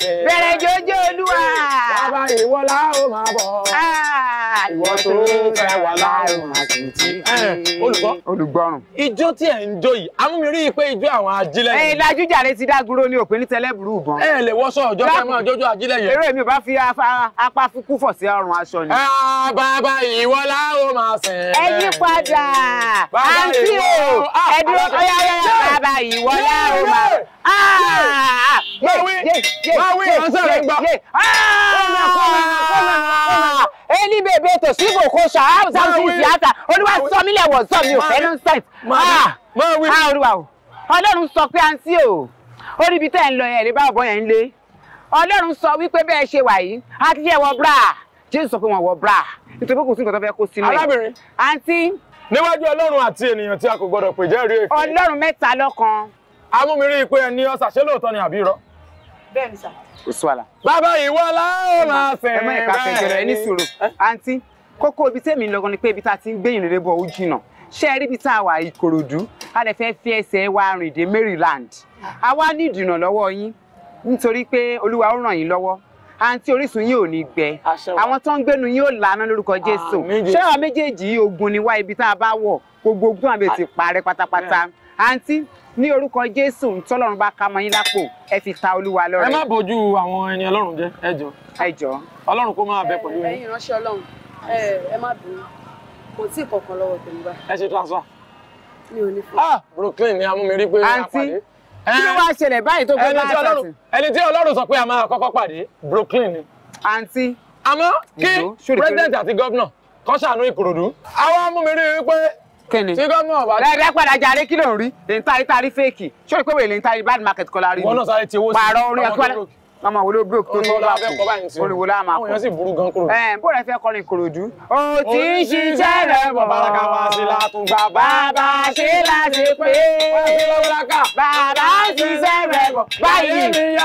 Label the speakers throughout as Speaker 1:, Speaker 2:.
Speaker 1: Yes. Yes. olùkọ́ tó fẹ́
Speaker 2: wà láàrùn àtìtì.
Speaker 1: olùkọ́ olùgbọ́rùn. ijó tí ẹ̀ ń jó yìí amúmirí pé ijó àwọn ajílẹ̀. ẹyin lajú jàre ti dágúró ní òpin ní tẹlẹbùrú ìbọn. ẹ lè wọṣọ ọjọ́ fẹ́ máa jójó ajílẹ̀ yẹn. eré mi ò bá fi apá kúkú fọ̀ sí ọrùn aṣọ ni. Ah, bàbá ìwọ láwo máa sìn. ẹ yí padà
Speaker 2: àǹtí o ah, ẹ dúró ọyá ọyá bàbá ìwọ
Speaker 1: láwo máa. Ah, máa wí, máa wí, máa sọ̀rọ̀ ìgbà ẹni bèbè ètò síbò kò ṣàá sáwùsì tíátà olúwa sọ mí lẹ̀wọ̀ sọ mi ò fẹ́ ló ń sọ ìt. a olúwa o ọlọ́run sọ pé àǹtí o orí ibi tẹ́ ń lọ yẹn rí bá ọ̀bọ yẹn ń lé ọlọ́run sọ wípé bẹ́ẹ̀ ṣe wà yìí a ti ṣe wọ bra jésù sọ pé wọn wọ bra nítorí pé kò sí nǹkan tó fẹ́ kó sínú ẹ̀. arábìnrin àǹtí. níwájú ọlọ́run àti ènìyàn tí a kò gbọdọ̀ pè jẹ́rìí èké. ọlọ́run mẹ́ta lọ́kan. amúmirí pé ẹni ọ̀sà ṣé lóòótọ́ ni àbí irọ́. bẹ́ẹ̀ ni sà ìsúwàlà. bàbá ìwọlá ó máa fẹ̀rẹ̀ rẹ̀. ẹ mọ̀ ìka fẹ̀kẹ̀rẹ̀ ní sùúrù. àǹtí kókó ibi tèmi ni pé ibi tá a ti ń gbẹ̀yìn rere bọ̀ ó jìnà ṣé ẹ a wà ìkòròdú fi ẹsẹ̀ wa rìn dé maryland a wá ní ìdùnnà lọ́wọ́ yín nítorí pé olúwa ó ràn yín lọ́wọ́ àǹtí orísun yìí ò ní gbẹ àwọn tó ń gbénu yìí ò lànà lórúkọ jésù ṣé àwọn ogun ni wá ibi tá a bá gbogbo ogun àbẹ̀ ti parẹ́ pátápátá àǹtí ní orúkọ jésù tọ́lọ́run bá ka mọ́ yín lápò ẹ fi ta olúwa lọ́rẹ. ẹ má bójú àwọn ẹni ọlọ́run jẹ́ ẹ jọ. ẹ jọ. ọlọ́run kó máa bẹ pẹ̀lú yín. ẹ̀yin ránṣẹ́ ọlọ́run ẹ má bínú kò tí ì kọ̀ọ̀kan lọ́wọ́ tèmi ẹ ṣe transfer. mi ò ní fún. ah brooklyn ni amúmi rí pé a pàdé. kí ló eh, wá ṣẹlẹ̀ báyìí tó gbé láàṣà ẹni tí ọlọ́run sọ pé a máa kọ́kọ́ pàdé brooklyn ni. àǹtí. àmọ́ kí president àti gómìnà kọ́ ṣàánú ìkòròdú. àwọn amúmi rí i pé kíni. ṣé gómìnà wà. lẹ́ẹ̀dẹ́ padà jàre kí ló ń rí lè ń tari tari fèkì ṣé o rí lè ń tari bad market kọ́ la rí. wọn náà sáré ti owó sí i. pààrọ̀ orin ẹ̀kọ́ ọmọ wo ló broke tó tó bá kù olùwò la máa kù. àwọn èèyàn sì burú gan kúrò. ẹ bó rẹ fẹ́ kọrin Ìkòròdú. o ti ń ṣiṣẹ́ rẹ̀ bọ̀ baraka wá sí látúgbà bàbá sí láti pé
Speaker 3: bàbá ṣiṣẹ́ rẹ̀ bọ̀ báyìí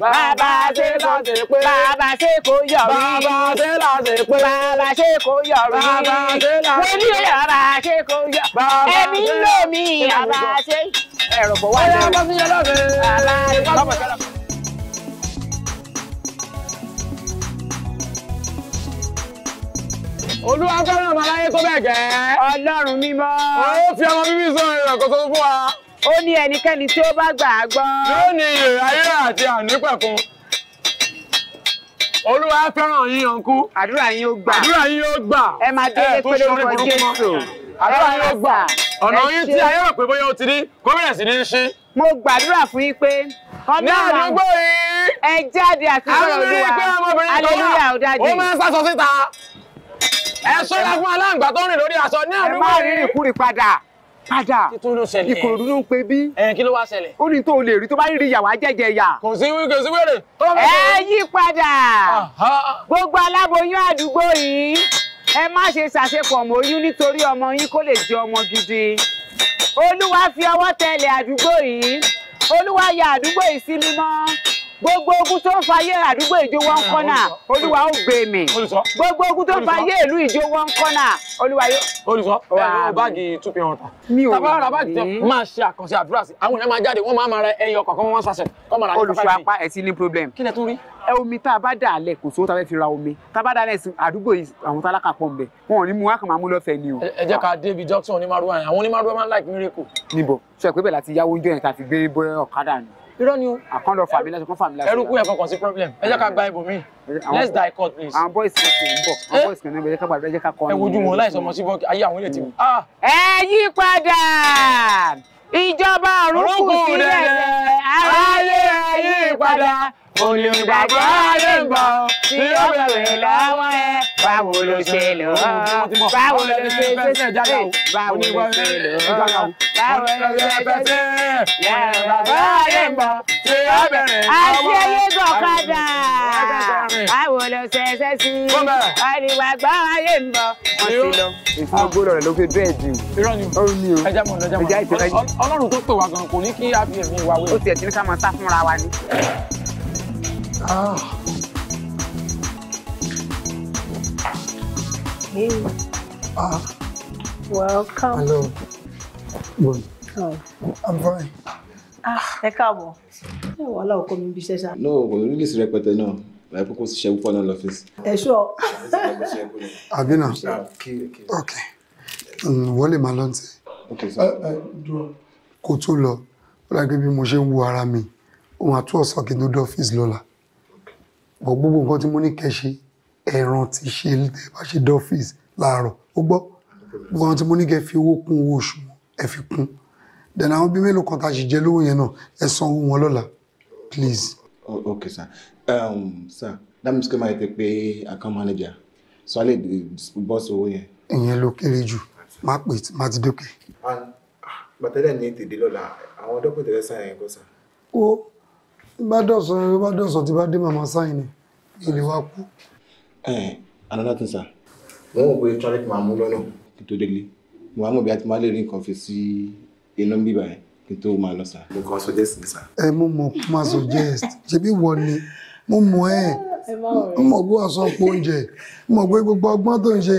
Speaker 3: bàbá ṣe láti pé bàbá ṣe kò yọrí
Speaker 1: bàbá ṣe láti pé bàbá ṣe kò yọrí bàbá ṣe láti pé wọ́n ní bàbá ṣe
Speaker 3: kò yọrí ẹ̀mí lómi bàbá ṣe ẹ̀rọ̀ bọ̀ wá. bàbá ṣe yọ lọ́sẹ̀. bàbá ṣe
Speaker 2: lọ́sẹ̀.
Speaker 1: olúwa fẹ́ràn ọmọ aláyé tó bẹ̀ gẹ́. ọlọ́run mímọ́. ó fi ọmọ bíbí sọ ìrìn àkóso fún wa. ó ní ẹnikẹ́ni tí ó bá gbà á gbọ́. yóò ní èrè ayé àti àní pẹ̀kun. olúwa fẹ́ràn yín ọ̀nkú. àdúrà yín ó gbà. àdúrà yín ó gbà. ẹ máa délé pẹ̀lú ọmọ jésù. àdúrà yín ó gbà. ọ̀nà yín tí ayé rò pé bóyá ó ti rí gómìnà sì ní í ṣí. mo gbàdúrà fún yín pé ọlọ́run ẹ jáde àti ìṣòro olúwa aleluya ó dájú. ó máa ń sásọ síta ẹ ṣọ́ra fún aláǹgbá tó ń rìn lórí aṣọ ní àdúgbò yìí. ẹ má rírì kúrì padà padà ìkòròdú ló ń pe bí. kí ló wá ṣẹlẹ̀. ó ní tó lè rí tó bá rí ìyàwó ajẹjẹ yà. kò sí wí kò sí wèrè. ẹ yí padà gbogbo aláboyún àdúgbò yìí ẹ má ṣe ṣàṣepọ̀ mọ́yún nítorí ọmọ yín kó lè jẹ ọmọ gidi olúwa fi ọwọ́ tẹ̀lé àdúgbò yìí olúwa ya àdúgbò yìí sí mímọ́ gbogbo ogun tó ń fayé àdúgbò ìjó wọn kọ́nà olúwa ó gbé mi
Speaker 2: gbogbo
Speaker 1: ogun tó ń fayé ìlú ìjó wọn kọ́nà olúwa yóò. olùsọ ẹ báàgì two pm ta tàbá ra báàgì tẹ hmm. máa ṣe àkànṣe àdúrà sí àwọn èèyàn máa jáde wọn máa máa ra ẹyọ kọ̀ọ̀kan wọn sàṣẹ kọ́ máa ra ní five olùsọ apá ẹ̀ sí ní problem. kí lẹ tún rí. ẹ omi tá a bá dà lẹ kò sówó tá a fẹ́ fi ra omi tá a bá dà lẹ sí àdúgbò àwọn tálákà pọ̀ ń bẹ̀ wọn ò ní mu wá kàn máa mú lọ́fẹ̀ẹ́ ni o. ẹ jẹ́ ká débi junction onímàrúwá yẹn àwọn onímàrúwá máa ń like miracle. níbo sọ pé bẹ́ẹ̀ láti yáwó oúnjẹ yẹn tá a fi gbé bọ́ ọ̀kadà ni irọ́ ni o. àkọ́ndọ̀ fàmí lẹ́sùn kọ́ fàmí lẹ́sùn. ẹrú kú yẹn kankan sí problem ẹ jẹ́ ká gba ibòmí let's die court please. àwọn boys kan kì í bọ̀ àwọn eh? boys kan náà bẹ̀rẹ̀ ká gbàdúrà jẹ́ ká kọ́ ẹ wojú wọn láìsọ ọmọ sí bọ́ọ̀kì ayé àwọn ilé ti wù. Ah!
Speaker 2: ẹ yí padà ìjọba òrùkù sílẹ̀ ayé ẹ yí padà
Speaker 3: olùgbàgbọ́ lè gbọ́ tí ó bẹ̀rẹ̀ lọ́wọ́ ẹ.
Speaker 2: báwo ló ṣe lò báwo ló ṣe fẹsẹ̀ jáde
Speaker 1: báwo ló ṣe lò ó
Speaker 2: báwo ló ṣe fẹsẹ̀ olùgbàgbọ́ lè gbọ́ tí ó bẹ̀rẹ̀ lọ́wọ́ ẹ. àṣẹ lẹ́gbọ̀ kọ́dà báwo ló ṣe ṣẹ́ sí i olùgbàgbọ́ gbọ́. wọ́n ti lọ
Speaker 1: ìfún gbọ́dọ̀ rẹ̀ ló fi bẹ́ẹ̀ di irọ́ ni o ẹja mọ̀ ẹja mọ̀ ọlọ́run tó pè wá gan kò ní kí á fi ẹ̀mí wa wé. ó tiẹ̀ ti ní
Speaker 4: ká máa sá fúnra wa ni. Oh. Hey. Ah. Welcome. Hello. Good. Oh. I'm fine. Ah, ẹ káàbọ̀. Ṣé wàhálà ọkọ mi ń bí ṣẹ́ṣá?
Speaker 5: No, kò ní release rẹpẹtẹ náà. Láì kókó ṣiṣẹ́ púpọ̀ náà lọ́fíìsì. Ẹ ṣọ́. Àbí náà.
Speaker 4: Ok.
Speaker 3: Mm, wọ́n
Speaker 1: lè máa lọ́ntì. Kò tó lọ, ó dàgbé bí mo ṣe ń wo ara mi, ó máa kí n tó dé lọ́la bọ̀ gbogbo nǹkan tí mo ní kẹ́ ṣe ẹ̀ràn ti ṣe tẹ́ bá ṣe dọ́fíìsì láàárọ̀ ó gbọ́ gbogbo àwọn tí mo ní kẹ́ fi owó kún owó oṣù ẹ fi kún dẹ̀nà àwọn bí mélòó kan tá a ṣì jẹ lówó yẹn náà ẹ san owó wọn lọ́la please.
Speaker 5: ok sir um, sir that means kí n máa tẹ pé account manager so a lè bọ́ sí owó yẹn.
Speaker 1: ìyẹn ló kéré jù má pè tí má ti dókè.
Speaker 5: Ah, bàtẹ́lẹ̀ ní tèdè lọ́la àwọn dókítà ẹ̀ sáyẹn kọ́ sá.
Speaker 1: ó bá dọ̀sán ló bá dọ̀sán tí bá dé màmá sáyìn ni èlé wa kú.
Speaker 5: ẹ ẹ another thing sir. mo ń wò pé traffic máa mú lọ́nà. kí n tó délé mo wá mọ̀ bí a ti máa lè rí nǹkan fi sí iná bíbá yẹn kí n tó máa lọ sá. mo kàn suggest ni sá. ẹ
Speaker 1: mo mọ̀ kó suggest ṣebí wọ ni mo mọ̀ ẹ́ n mọ̀ aṣọ ọ̀pọ̀ oúnjẹ n mọ̀ gbogbo ọgbọ́n tó ń ṣe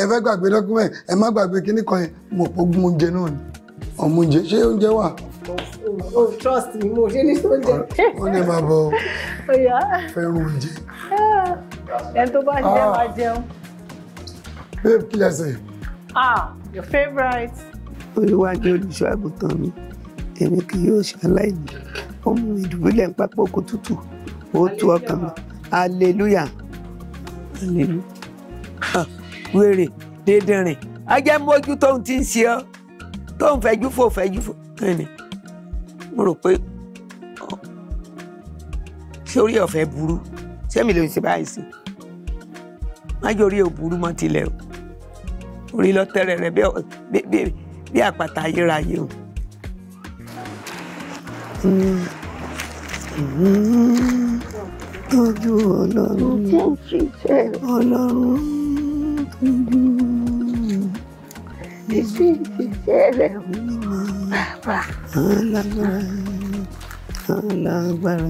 Speaker 1: ẹ fẹ́ gbàgbé dọ́kúmẹ̀ ẹ má gbàgbé kíní kan yẹn mo pọ̀ gbọ́n oúnjẹ náà ni ọmọ oúnjẹ ṣé oúnjẹ wà
Speaker 4: Oh, trust mi
Speaker 1: mo ṣe ní sóúnjẹ. wọ́n ní máa bọ oh, fẹ́ràn oúnjẹ.
Speaker 4: Ah, ẹni tó bá jẹ́ ah. máa jẹun.
Speaker 1: babe kí lẹ sè.
Speaker 4: ah your favourite.
Speaker 1: olùwàjẹ olùṣọ́ àgùntàn mi èmi kì yóò ṣe aláìní ó mú ìdùbúlẹ̀ ń papọ̀ kó tútù ó tu ọkàn mi hallelujah hallelujah ah, wèrè dédìrín ajá mójú tóun ti ń ṣe ọ tóun fẹjú fò fẹjú fò kìnìún mo rò pé ṣé orí ọ̀fẹ́ burú sẹ́mi ló ń ṣe báyìí sí májò orí ò burú mọ́ tilẹ̀ o orí lọ́tẹ̀rẹ̀ rẹ bí àpáta ayérayé o.
Speaker 3: Tọ́jú ọlọ́run. Ọlọ́run tọ́jú.
Speaker 4: Ìsìn rẹ̀
Speaker 3: wúlò alágbára. alágbára
Speaker 4: alágbára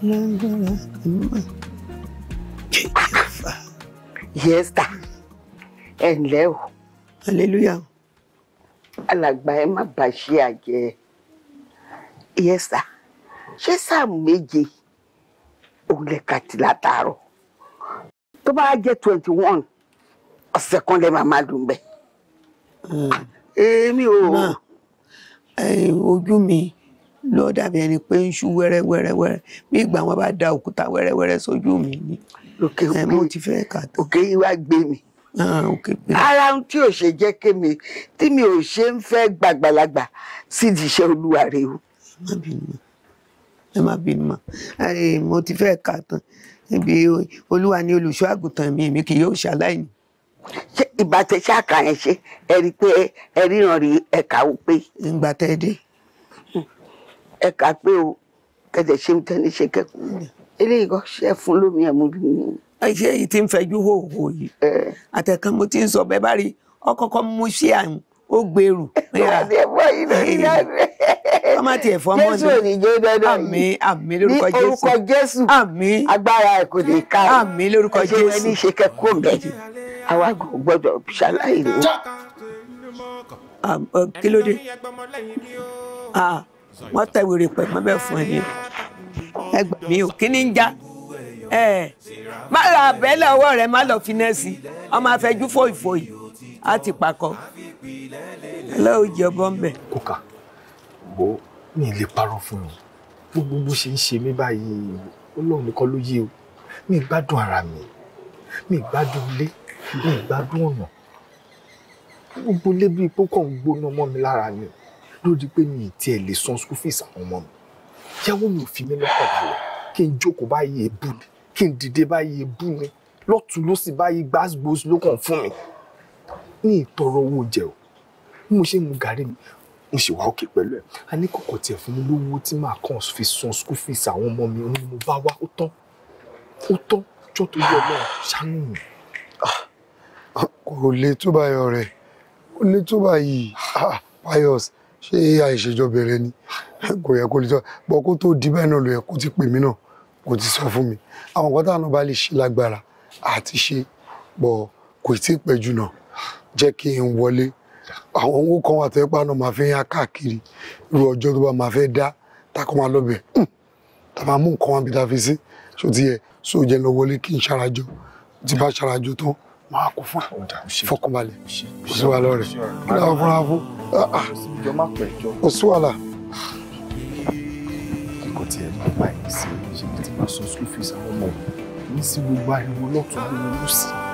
Speaker 3: alágbára
Speaker 4: ìmọ̀
Speaker 1: jẹjẹfà. yẹ́sà ẹ ǹlẹ́ o. aleluya. alàgbà ẹ má bàa ṣe àjẹ́ yẹ́sà ṣé sáàmù méje òun lè kàtí látàárọ̀ tó bá jẹ́ twenty one ọ̀sẹ̀ kan lè máa dùn bẹ́ẹ̀. Hmm èmi ò. ojú mi ló dàbí ẹni pé ń ṣú wẹ́rẹ́ wẹ́rẹ́ wẹ́rẹ́ bí ìgbà wọn bá da òkúta wẹ́rẹ́ wẹ́rẹ́ sójú mi ni mo ti fẹ́ kà tó. òkè yìí wá gbé mi ara ohun tí ò ṣe jẹ́ kémi tí mi ò ṣe ń fẹ́ gbàgbàlagbà sí ìdíṣẹ́ olúwa rẹ o. ẹ má bínú mọ́ mo ti fẹ́ kà tán ibi olúwa ni olùṣọ́ àgùntàn mi èmi kì yóò ṣaláìní ṣé ìgbà tẹ ṣáàkà yẹn ṣe ẹ rí pé ẹ ríran rí ẹ̀ka ó pé. ìgbà tẹ dé. Hmm. ẹ̀ka pé o kẹ̀dẹ̀ ṣe ń tẹ́ni ṣe kẹ́kọ̀ọ́ eléyìí kọ́ ṣe fún lómi ẹ̀mú bí mi. ṣé èyí ti ń fẹjú hòhò yìí àtẹ̀kàn mo ti ń sọ bẹ́ẹ̀ bá rí ọkọ̀ọ̀kan mú ṣé àrùn ó gbèrú. ọmọ tiẹ̀ fọ́ ọmọ jésù òní jẹ́ dandan yìí àmín àmín lórúkọ jésù ní orúkọ jésù àmín agbára ẹ̀ kò lè ká ẹ̀ àmín lórúkọ jésù ẹ̀ṣẹ̀ ẹni ṣe kẹ́kọ̀ọ́ mẹ́rin àwa gbọ́dọ̀ ṣaláì ní. kí ló dé wọ́n tẹ wèrè pẹ̀ mọ́ bẹ́ẹ̀ fún ẹ ní ẹ gbà mí o kí ni ń já má ra àbẹ́lẹ̀ ọwọ́ rẹ má lọ fi náà ọmọ afẹ́jú fòyìfòyì á ti pakọ aláwòjì ọbọ ń bẹ. kókà Bo, ní ilé parọ́ fún mi gbogbo bó ṣe ń ṣe mí báyìí Ọlọ́run nìkan ló yé o mi gbádùn ara mi mi gbádùn ilé mi gbádùn ọ̀nà gbogbo ilé bíi pọ́kàn ń gbóná mọ́ mi lára ni lórí pé mi ì tiẹ̀ lè san school fees àwọn ọmọ mi yàwó mi ò fi mí lọ́kàn balẹ̀ kí n jókòó báyìí èébú ni kí n dìde báyìí èébú ni lọ́tún lọ́sì báyìí gbásgbós ló fún mi ní ìtọrọ owó jẹ o bí mo ṣe ń mu gàrí mi mo ṣe wà òkè pẹ̀lú ẹ̀ a ní kòkò tiẹ̀ fún mi lówó tí màá kàn fi san school fees àwọn ọmọ mi ni mo bá wá ó tán ó tán jọ́ tó yẹ ọlọ́run ṣàánú mi. Ah, kò lè tó báyọ̀ rẹ̀ kò lè tó báyìí ah, pius ṣé àìṣèjọba rẹ ni kò yẹ kó lè tọ́ bọ́ kó tó di náà ló kó ti pè mí náà kò ti sọ fún mi àwọn nǹkan táwọn bá lè ṣe lágbára àti ṣe bọ̀ kò tí ì pẹ́ jù náà jẹ́ kí n wọlé àwọn owó kan wà tó yẹ pé àná máa fi ń yá káàkiri irú ọjọ́ tó bá máa fẹ́ dá takò máa lọ hmm. tá a máa mú nǹkan wọn bí ta fi sí so ti yẹ so jẹ́ lọ wọlé kí n ṣarajọ tí bá ṣarajọ tán máa kó fún fọkànbalẹ̀ kò rẹ̀ kí
Speaker 5: ló fún kò sí wàhálà. kíkọ́ ah, ah. tí ẹ máa bá yín sí ṣe ti máa sọ school fees àwọn ọmọ
Speaker 1: mi ní sí gbogbo ariwo lọ́tún lórí lọ́sìn.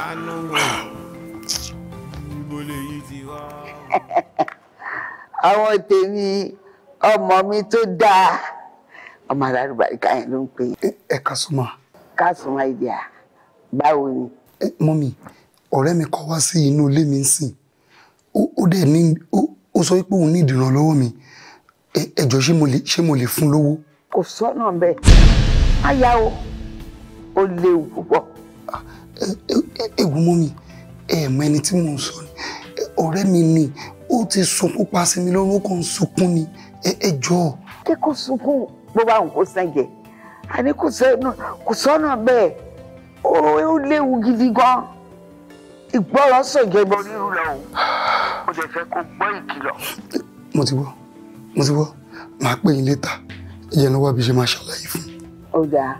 Speaker 3: àánú ibo lèyí ti wá.
Speaker 1: àwọn tèmi ọmọ mi tó dáa ọmọ alárùbáríkà yẹn ló ń pè é. ẹ kásùmá. kásùmá ìdí à báwo ni. mọ́mì ọ̀rẹ́ mi kọ́ wá sí inú ilé mi ń sìn ó dẹ̀ ní ó sọ pé òun ní ìdìrànlọ́wọ́ mi ẹjọ́ ṣé mo lè fún lówó. kò sọ́nà bẹ́ẹ̀ má yá o ó léwu púpọ̀ ẹ̀gbọ́n mọ́ mi ẹ̀ mọ ẹni tí mò ń sọ ọ̀rẹ́ mi ni ó ti sunkún pa sí mi lọ́rùn ó kàn ń sunkún ni ẹ jọ̀ọ́. jẹ́ kó sunkún bó bá òun kó sẹ́jẹ̀ àní kò sọ́nà bẹ́ẹ̀ ó léwu gidi gan ìgbọ́ràn sọ̀jẹ̀ bọ rírú lọ o mo dẹ̀ fẹ́ kó gbọ́ ìkìlọ̀. mo ti wọ mo ti wọ màá pè yín létà ẹ jẹ́ ní wàá bí ṣe máa ṣàlàyé fún. ó dáa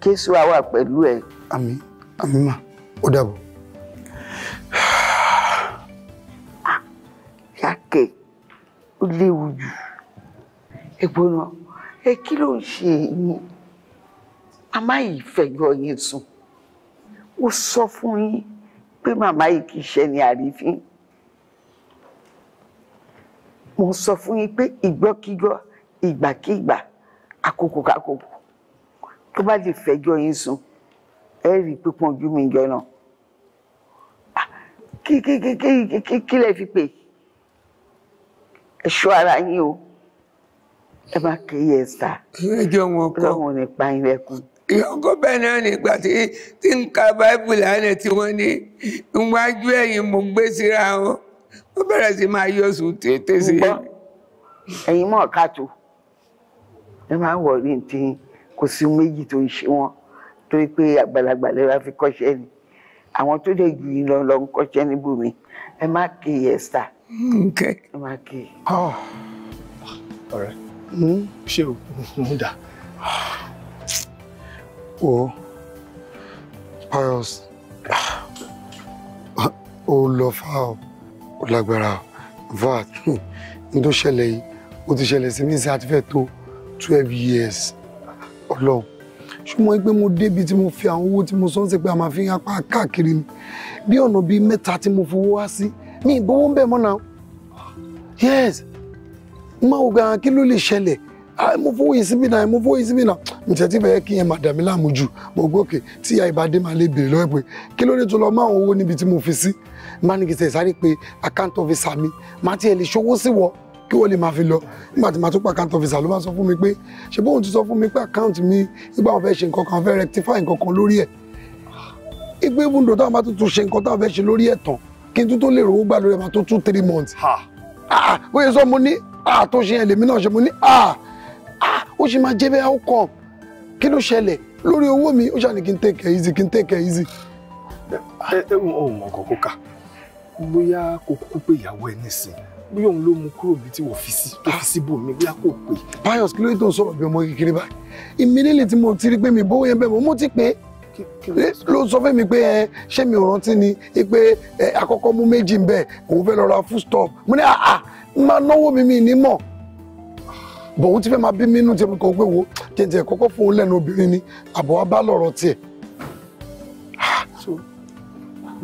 Speaker 1: kí èso wa wà pẹ̀lú ẹ. àmín. Amima, mà ó dàbọ̀. yàkè ó léwu jù ẹ̀gbọ́n náà ẹ kí ló ń ṣe yín màmá yìí fẹ̀yọ́ yín sùn ó sọ fún yín pé màmá yìí kì í ṣe ni àrífín mo sọ fún yín pé ìgbọ́kígbọ́ ìgbàkígbà àkókò kákòókò tó bá lè fẹ̀jọ́ yín sùn ẹ rí pípọ́n ojú mi jọ náà ah, kí kí kí kí kí kí lẹ fi pè ẹ ṣọ́ ara yín o ẹ má kéye ẹ sá ẹjọ́ wọn kọ́ lọ́wọ́n nípa yín lẹ́kùn ìyọkọ bẹ́ẹ̀ náà nígbà tí tí ń ka báíbùlù àná tí wọ́n ní iwájú ẹ̀yìn mo gbé síra wọn wọ́n bẹ̀rẹ̀ sí máa yọ sùn tètè sí i. ẹ̀yin mọ̀ ká tó ẹ máa wọ̀ ní ti kò sí méjì tó ń ṣe wọ́n torí pé àgbàlagbà lè wá fi kọ́ṣẹ́ ni àwọn tó dẹ̀ jù yín lọ lọ ń kọ́ṣẹ́ níbòmí ẹ má kì í ẹ̀sà. ǹkẹ́ ẹ má kì í. Ah. ọ̀rẹ́ hmm? ṣé o mú dà? o Pius o lọ fà o o lágbára o vat n tó ṣẹlẹ̀ yìí o ti ṣẹlẹ̀ sí mi sí tó twelve years ọlọ́run ṣùgbọ́n pé mo débi tí mo fi àwọn owó tí mo sọ́n sí pé a máa fi ń apá káàkiri ni bí ọ̀nà bíi mẹ́ta tí mo fowó wá sí mi ìbówó ń bẹ̀ mọ́ náà yes máa wò gan ah, kí ló lè ṣẹlẹ̀ ah, mo fowó yìí síbí náà mo fowó yìí síbí náà ǹjẹ́ tí bẹ́ẹ̀ kí yẹn máa dà láàmú jù mo gbọ́ pé tí ìyá ìbàdí máa lè béèrè lọ́wọ́ pé kí ló dé tó lọ máa owó níbi tí mo fi sí máa ní kí sẹ̀ sáré pé account officer mi máa tiẹ̀ lè ṣowó sí wọ́ọ́ kí wọ́n lè máa fi lọ nígbà tí màá tún pa account officer ló bá sọ fún mi pé ṣe bóun ti sọ fún mi pé account mi nígbà wọn fẹ́ ṣe nǹkan kan fẹ́ rectify nǹkan kan lórí ẹ̀ ìgbé ibùdó táwọn bá tuntun ṣe nǹkan táwọn fẹ́ ṣe lórí ẹ̀ tán kí n tún tó lè rówó gbà lórí ẹ̀ máa tó two three months. ó yẹ sọ mo ní tó ṣe yẹn lèmi náà ṣe mo ní ó ṣe máa jẹ́ bẹ́ẹ̀ ó kí ló ṣẹlẹ̀ lórí owó mi ó ṣàní kí n take easy kí n take easy. ẹ ẹ wọn ò mọ kókó ká bóyá kókó pé ìyàwó ẹ nísìnyí bí òun ló mú kúrò bí tí wọ́n fi sí tó fi síbò mi bóyá kò pé. Pius kí ló tó ń sọ̀rọ̀ bí ọmọ kékeré báyìí ìmílẹ̀lẹ̀ tí mo ti rí pé mi bó yẹn bẹ́ẹ̀ mo mú ti pé ló sọ fún mi pé ẹ ṣé mi ò rántí ni pé ẹ mú méjì bẹ́ẹ̀ òun fẹ́ lọ ra full stop mo ní àà máa náwó mi mi ní mọ̀ bọ̀ òun ti fẹ́ máa bí mi inú tí mo kàn pé wo jẹjẹ kọ́kọ́ fún òun lẹ́nu obìnrin ni àbọ̀ wa bá lọ̀rọ̀ tiẹ̀.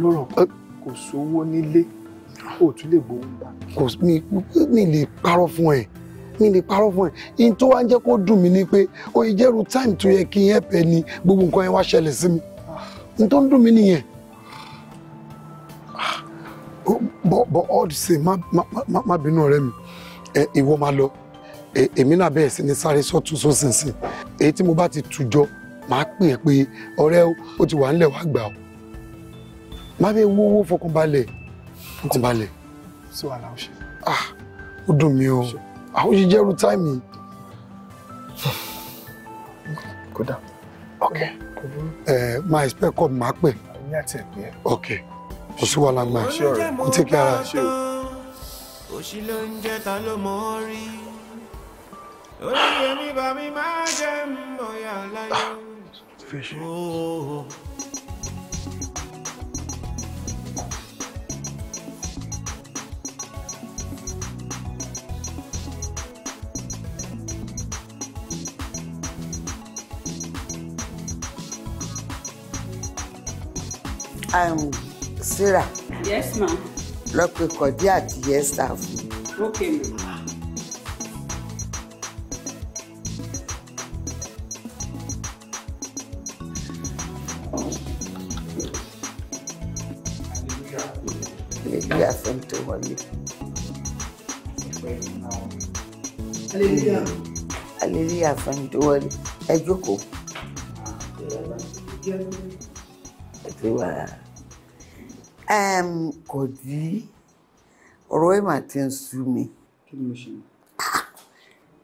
Speaker 1: lọ́rọ̀ kò sówó nílé o tún lè gbowó gbà. kò mi mi lè parọ́ fún ẹ mi lè parọ́ fún ẹ in tó wá ń jẹ́ kó dùn mí ni pé o yìí jẹ́rù time tó yẹ kí n help ẹ ni gbogbo nǹkan yẹn wá ṣẹlẹ̀ sí mi n tó ń dùn mí nìyẹn but but all the same má má má bínú ọ̀rẹ́ mi ẹ ìwọ máa lọ èmi náà bẹ̀rẹ̀ sí ní sáré sọ́tún sósìnsìn èyí tí mo bá ti tùjọ màá pè é pé ọ̀rẹ́ o ti wà ńlẹ̀ wá gbà ọ́ má bẹ́ẹ̀ wó owó fọkànbalẹ̀ n ti balẹ̀. sí wàhálà ó ṣe. ah ó dùn mí o àwọn ah, ṣe jẹ́rú táìmì. kódà. ok ẹ eh, máa expect kọ́ máa pẹ̀. ní àti ẹ̀ pé. ok kò sí wàhálà máa ṣe ọ̀rẹ́ n ti kí ara ṣe o.
Speaker 3: òṣì ló ń jẹ́ ta ló mọ̀ ọ́ rí olóyè mi bá mi máa jẹ́ mọ̀ yà láyé. Ah,
Speaker 1: um, Sarah. yes ma'am. Look, pe kọ̀dí àti yẹ́sà fún mi. ok ma. Hallelujah fún tó wọlé. Ẹ ti wà kò dí ọ̀rọ̀ ẹ̀ mà ti ń sú mi. kí ni mo ṣe.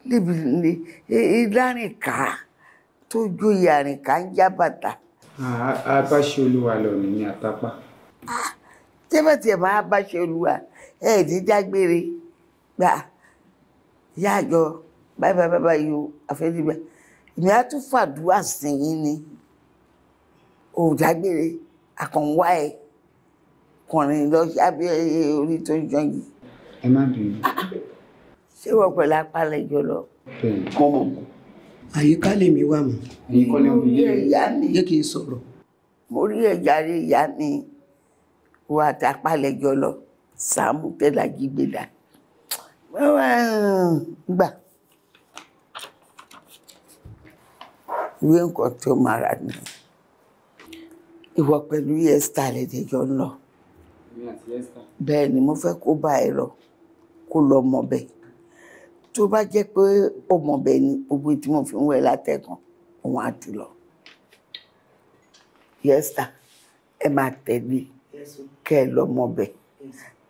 Speaker 1: níbi ni ìlànìkà tó jóye àrìnkà ń já bàtà. abáṣe olúwa lọ ní àtàpá. tẹ́bẹ̀tẹ̀ máa báṣe olúwa ẹ̀ ní dágbére gbà yáàjọ báyìí báyìí báyìí o àfẹ́dìgbà èmi á tún fàdúrà sẹ́yìn ni òòjàgbére àkànwá ẹ̀ kọrin lọ sábẹ́ orí tó jọ yìí. ẹ má bínú. ṣé wọ́n pẹ̀lú apálẹ̀ jọ lọ. kọ́mọ. àyíká lèmi wà mọ́. àyíká lèmi wà mọ́. yé kí n sọ̀rọ̀. mo rí ẹ̀já rí ìyá mi wà tápálẹ̀ jọ lọ sàmú tẹ́lá jí gbé dà. wọ́n wá gbà. ìwé nǹkan tó mara ni ìwọ pẹ̀lú yẹ́sítà lẹ́dẹ̀ẹ́jọ́ ń lọ bẹ́ẹ̀ ni mo fẹ́ kó bá ẹ lọ kó lọ mọ̀ bẹ́ẹ̀ tó bá jẹ́ pé ó mọ̀ bẹ́ẹ̀ ni gbogbo tí mo fi ń wẹ̀ látẹ̀kàn òun á dùn lọ. yẹ́sà ẹ máa tẹ̀lé kẹ́ ẹ lọ mọ̀ bẹ́ẹ̀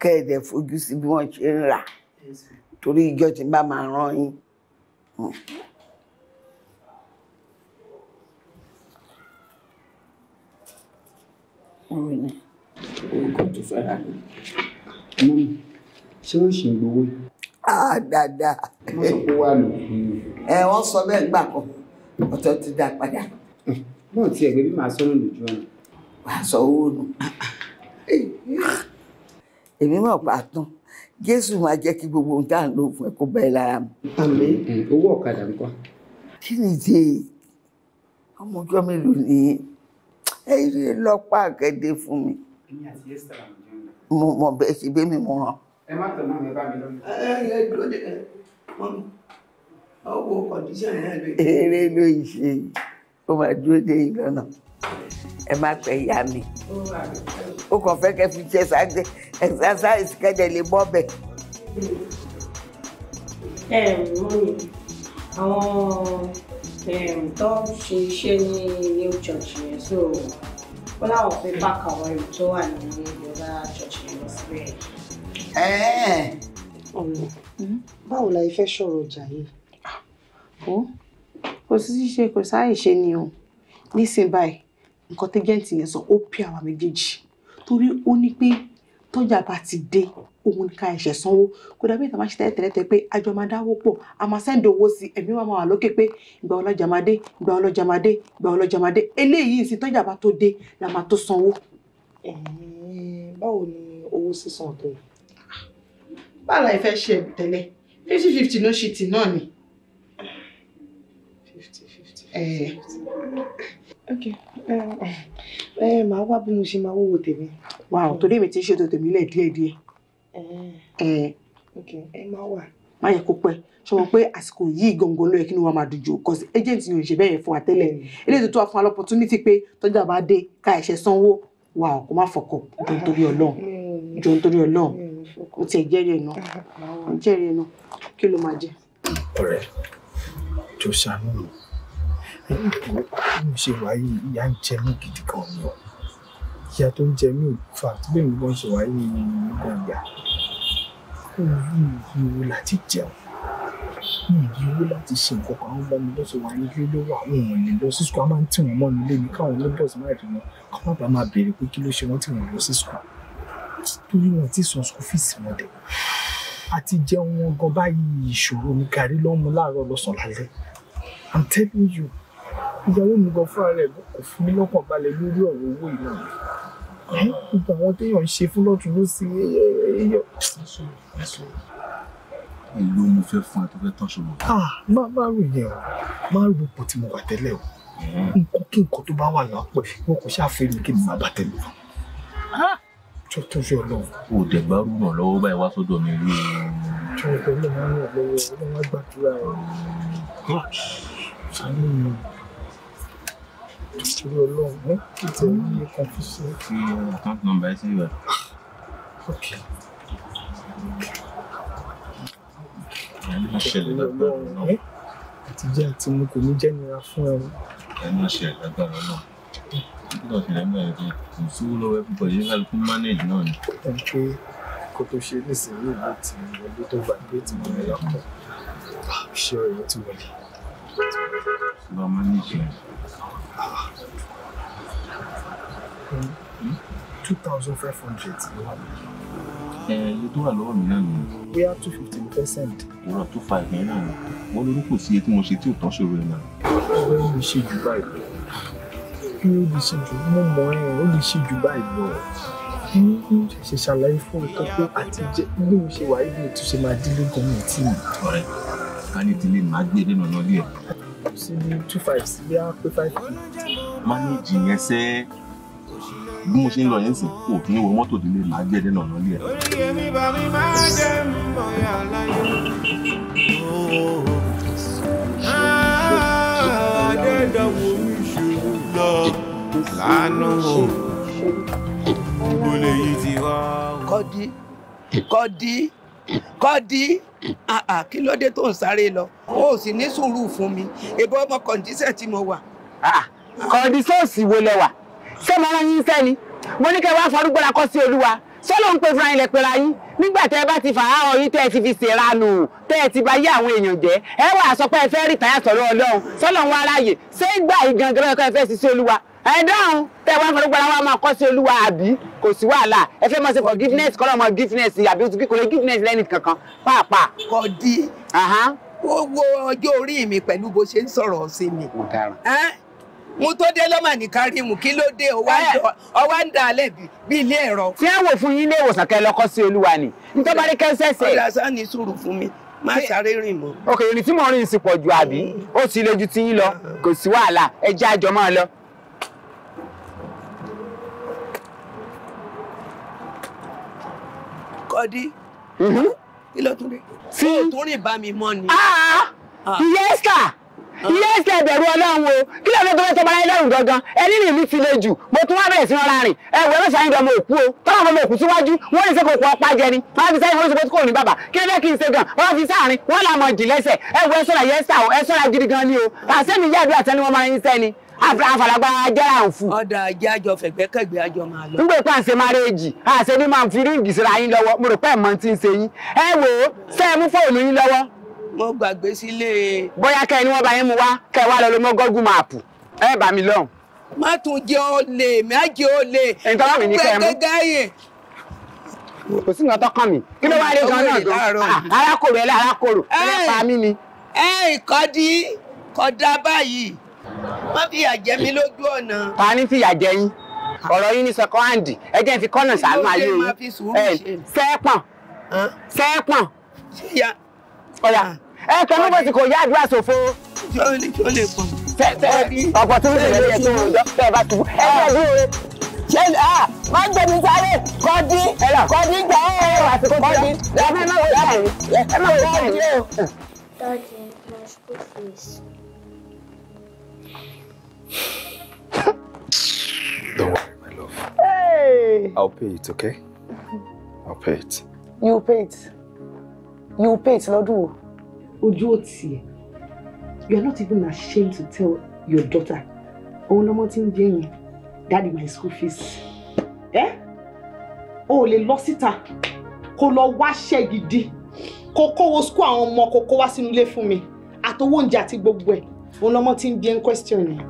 Speaker 1: kẹ́ ẹ dẹ̀ fojú sí bí wọ́n ṣe ń rà torí ìjọ tí bá máa rán yín. Mm.
Speaker 3: Mm orúkọ tó fẹ́ra ni. mọ́mí
Speaker 1: ṣé wọ́n ṣì gbowó yìí. dáadáa. wọ́n sọ pé wà lò. ẹ wọ́n sọ bẹ́ẹ̀ gbà kan ọ̀tọ̀ ti dá padà. náà tiẹ̀ gbé bí màá sọ́nà lójú ọ̀nà. wàá sọ owó nù. èmi mọ̀ pàtó jésù máa jẹ́ kí gbogbo ohun tá à ń lò fún ẹ kó bẹ́ẹ̀ lára mu. àmín owó ọ̀kadà ńkọ́. kí ni ìdí ọmọ ọjọ́ mélòó ni ẹ rí lọ́pàá àgẹ́dẹ́ fún mi èmi àti esther ń jẹun. mo mọ bẹ́ẹ̀ sì bẹ́ẹ̀ mi mo ràn. ẹ má tọ̀ náà ẹ bá mi lọ́nà. ẹ ẹ dúró de ẹ wọn ọwọ́ kọ̀díṣàn náà lóye. eré ló ń ṣe ó máa dúró de yìí lọ́nà ẹ má pẹ́ ìyá mi ó kàn fẹ́ kẹ́ fi ṣe ṣáájú exercise kẹ́dẹ̀ lè bọ́
Speaker 4: bẹ̀. ẹ ẹ mọ́mí àwọn tó ṣe iṣẹ́ ní new church yẹn so wọn láwọn fẹ́ bá kàwọn ẹrù tó wà ní yorùbá church lọ síbẹ̀. ọ̀nà báwo la ifẹ́ sọ̀rọ̀ ọjà yìí ó kò sí ṣíṣe kò sáàyè ṣe ni o nísìnyí báyìí nǹkan tẹ́gẹ́ǹtì yẹn sọ ó pè àwa méjèèjì torí ó ní pé tọ́jà bá ti dé òun ní ká ẹ̀ṣẹ̀ sanwó kó dàbí ìtàn máa ṣe tẹ́lẹ̀tẹ́lẹ̀ pé àjọ máa dáwó pọ̀ a máa sẹ́ńdì owó sí ẹ̀mí wa máa wà lókè pé ìgbà ọlọ́jà máa dé ìgbà ọlọ́jà máa dé ìgbà ọlọ́jà máa dé eléyìí sí tọ́jà bá tó dé la máa tó sanwó. báwo ni owó sísan tó yẹ. báwo la ìfẹ́ ṣe tẹ́lẹ̀ fifty fifty no shit náà ni. fifty fifty fifty. ok ẹ máa wá bí mo ṣe máa wọ́wọ́ tèmi. wàá torí èmi ti ń ṣètò tèmi lẹ̀ díẹ̀díẹ̀. Eh. Eh. ẹ má wà.
Speaker 1: má yẹ kó pẹ́ ṣọmọ pé àsìkò yìí gangan ló yẹ kí ni wọn máa dùn jù cause agent yóò ṣe bẹ́ẹ̀ fún wa tẹ́lẹ̀ mm. eléyìí tó wà fún wa opportunity pé tọ́jà bá dé ká
Speaker 4: ẹ̀ṣẹ̀ sanwó wa kó má fọkọ̀ jọ nítorí ọlọ́run mm. jọ nítorí ọlọ́run mm, o tiẹ̀ jẹ́rìí ẹ̀ náà ah, o jẹ́rìí ẹ̀ náà kí ló máa jẹ.
Speaker 3: ọ̀rẹ́
Speaker 1: jọ ṣàánú mi mo ṣe wáyé ìyá ń jẹ mí gidi gan ni o ìyá tó ń jẹ mí òfà tí bẹ́ẹ̀ mi bọ́n ṣe wáyé ní nǹkan ìyá òòrùn ìwò láti jẹun ìyíwó láti ṣe nǹkan kan àwọn ọmọ mi bọ́sù wà nílé ló wà àwọn òun lè lọ sí sùkúl a máa ń tì wọ́n mọ́ nílé mi káwọn oníbọ̀sì máa rí wọn ká má bàa máa béèrè pé kí ló ṣe wọ́n tì wọ́n lọ sí torí wọn ti san sùkúl fíìsì wọn dẹ̀ àti jẹun wọn gan báyìí ìṣòro ní gàrí lọ́mú láàárọ̀ lọ́sàn lálẹ́ I'm telling you ìyàwó mi gan fúnra rẹ̀ kò fún mi lọ́kàn balẹ̀ lórí ọ̀rọ̀ owó yìí náà gbogbo àwọn téèyàn ń ṣe fún lọ́tún ló sì yọ.
Speaker 5: èlò mo fẹ́ fún ẹ tó fẹ́ tán ṣòro.
Speaker 1: má má rò yẹn o má rò pò tí mo wà tẹ́lẹ̀ o hmm. nǹkan kí nǹkan tó bá wà lọ pẹ́ wọn kò ṣàfihàn mi
Speaker 5: kí n má bà tẹ́lẹ̀
Speaker 4: fún tó tó fi ọlọ́run.
Speaker 5: o dẹ̀ gbárù ràn lọ́wọ́ báyìí wá sọ́dọ̀ mi rí.
Speaker 4: tí wọ́n fẹ́ lọ́wọ́ ràn lọ́wọ́ ọlọ́wọ́ gbàdúrà
Speaker 1: rẹ̀ ìlú hmm, ọlọ́run kí tẹ̀ ní
Speaker 4: confusion.
Speaker 5: ṣé account number ẹ ṣe wà. ìṣẹ̀lẹ̀ lágbára náà. àtijọ́ àti mo kò ní jẹ́ nira fún ẹ. ẹ má ṣe àgbàgbà náà nígbà tí lẹ́gbẹ̀ẹ́ yẹn kò sówó lọ́wọ́ ẹ̀kú pẹ̀lú yẹn kálukú manage náà ni. ẹ ń pé kó tó ṣe nísìnyí ìlú ti wọlé tó gbà pé
Speaker 1: two thousand five hundred ló wà lórí.
Speaker 5: ẹ iye tó wà lọ́wọ́ mi náà ni.
Speaker 1: bóyá two fifty ló fẹ́ send.
Speaker 5: ìrọ̀ two five yẹn náà ni wọ́n lórí kò sí iye tí mo ṣe tí ò tán ṣòro ẹ̀ náà.
Speaker 1: ọ̀rẹ́ mi ṣe jù báyìí lọ kí ó lè ṣe jù mo mọ̀ ẹ́ ó lè ṣe jù báyìí lọ mo ṣẹ̀ṣẹ̀ ṣàlàyé fún ọ̀tọ́ pé àti jẹ́ bí
Speaker 5: mo ṣe wà ibi ètò ṣe máa dílé gan-an tí mi. ọ̀rẹ́ ká ní ìdílé màá gbé e nínú ọ̀nà ilé ẹ̀. sí ní two five sí bí a pé five. mánéèjì yẹn sẹ́ẹ́ bí mo ṣe ń lọ yẹn sìn kò kí ń wo mọ́tò délé màá jẹ́ dẹ́nà ọ̀nà ilé ẹ̀. oríyẹ
Speaker 3: mi bá mi máa jẹ́ mọ̀yà láyé. àdédàwọ̀ mi ṣòro lọ lánàá o kò lè ti wá. kọ́dí kọ́dí
Speaker 1: kọ́dí kí ló dé tó ń sáré lọ o sì ní sùúrù fún mi ìbọn ọmọ kọ̀ǹdíṣẹ̀ tí mo wà. Ah, kọ̀ǹdíṣẹ̀ òsì wo lẹ wà ṣé mo rán yín sẹ́ni mo ní kẹ́ wá fọdúgbọ́ra kọ́ sí olúwa sọ́lọ́ ń pe fúnra ilẹ̀ pera yín nígbà tẹ́ ẹ bá ti fà á ọyún tẹ́ ẹ ti fi ṣèrànù tẹ́ ẹ ti bá yé àwọn èèyàn jẹ́ ẹ wà sọ pé ẹ fẹ́ rí tàyà sọ̀rọ̀ ọlọ́run sọ́lọ́ ń wá ráàyè ṣé gbà yìí gangan lọ́kọ́ ẹ fẹ́ sí sí olúwa ẹ dáhùn tẹ́ ẹ wá fọdúgbọ́ra wa máa kọ́ sí olúwa àbí kò sí wàhálà ẹ fẹ́ máa ṣe forgiveness kọ́ lọ́mọ forgiveness àbí oṣù kíkọ́ lè forgiveness lẹ́nì kankan pàápàá. kò di gbogbo ọjọ́ orí mi pẹ̀lú bó ṣe ń sọ̀rọ̀ sí mi mo tó dé lọ́mà ní kárìmù kí ló dé ọwá ń dà á lẹ́bi bí ilé ẹ̀rọ. tí ẹ wò fún yín ilé ìwòsàn kẹ lọkọ sí olúwa ni nítorí bá rí kẹsẹ̀ sí. ọ̀dà sá ní sùúrù fún mi má sáré rìn mọ́. òkè ìrìn tí mo rìn sí pọ̀ ju àbí ó sì le ju ti yín lọ kò sí wàhálà ẹ jẹ́ àjọ máa lọ. kọ́dí mhm. kí ló tún dé. tí o tún rìn bá mi mọ́ ni. Ah, ah, ah. ìyá esther yes lè bẹ̀rù ọlọ́run o kí lóò tó fẹ́ sọ bára ẹlẹ́rù gangan ẹni rìn mi ti le jù mo tún wá bẹ̀rẹ̀ sí ọ̀la rìn ẹ̀wù ẹ̀rọ ṣàyìn dọ̀mọ òkú o tọ́lá ọmọ òkú síwájú wọ́n lè ṣe kò kọ́ ọpá jẹni wọ́n fi sẹ́yìn wọ́n sọ kò ní bàbá kí lóò kí n ṣe gan wọ́n fi sáàrin wọ́n làmọ̀ jì lẹ́sẹ̀ ẹ̀wù ẹ̀ sọ̀rọ̀ yẹ́sà o ẹ̀ sọ̀rọ̀ gidi gan ni o àṣẹ́mi yá àdúrà tẹ́ni wọ́n máa ń sẹ́ni àfàlàgbà ajá àǹfù. ọ̀dà ajá àjọ fẹ̀gbẹ́kẹ̀gbẹ́ àjọ máa lọ. nígbà pé à ń ṣe márẹ́ẹ̀jì à ń ṣe ní máa ń fi ríǹgì síra yín lọ́wọ́ mo rò pé ẹ̀ mọ́ ti ń ṣe yín. ẹ wò ó ṣé ẹ mú fóònù yín lọ́wọ́ mo gbàgbé sílé. bóyá kẹ́ ẹ ní wọ́n bá yín mu wá kẹ́ ẹ wá lọ lọ mọ́ gọ́gùn máàpù ẹ bá mi lọ́hùn. má tún jẹ olè má jẹ olè. ìtọ́lá mi ní kẹ́ ẹ mú kò sí nǹkan tó kàn mí kí ló wá rí gan gan alákòrò ẹlẹ alákòrò ẹlẹpa mí ni. ẹ ìkọ́dí kọ́dá báyìí wọ́n fìyà jẹ mí lójú ọ̀nà. ta ni fìyà jẹ yín ọ̀rọ̀ yín ní sẹ́kọ́ńdì ẹ jẹ́ fi kọ́nà sàánú ayé yín sẹ́ẹ̀pọ̀n sẹ́ẹ̀pọ̀n. ọ̀yà ah ẹ kẹnu bó ti kò yá àdúrà ṣòfò. ìjọ ilé kí ó lè pọ̀. ọ̀pọ̀ tó ń lè lè tó dókítà bá tubú ẹ bẹ̀ bí o.
Speaker 2: ṣé a ah, máa ń gbẹmí sáré kọ́dí kọ́dí gbà ó ẹ wà sí kọ́dí. ẹ má wọ yára rẹ ẹ má wọ yára rẹ o. Daddy, my school fees.
Speaker 1: Don't worry, my love.
Speaker 4: Hey!
Speaker 1: I'll pay it, okay? I'll pay it.
Speaker 4: You pay it. You pay it, lọ́dún wo? ojú ò tiẹ̀ you are not even ashamed to tell your daughter òun lọ́mọ tí ń jẹ́ yẹn daddy my school
Speaker 1: fees ẹ o ò lè lọ síta kó lọ wáṣẹ́ gidi kó kówó school àwọn ọmọ kó kó wá sínú ilé fún mi àtowó oúnjẹ àti gbogbo ẹ̀ òun lọ́mọ tí ń jẹ́ ń question yẹn.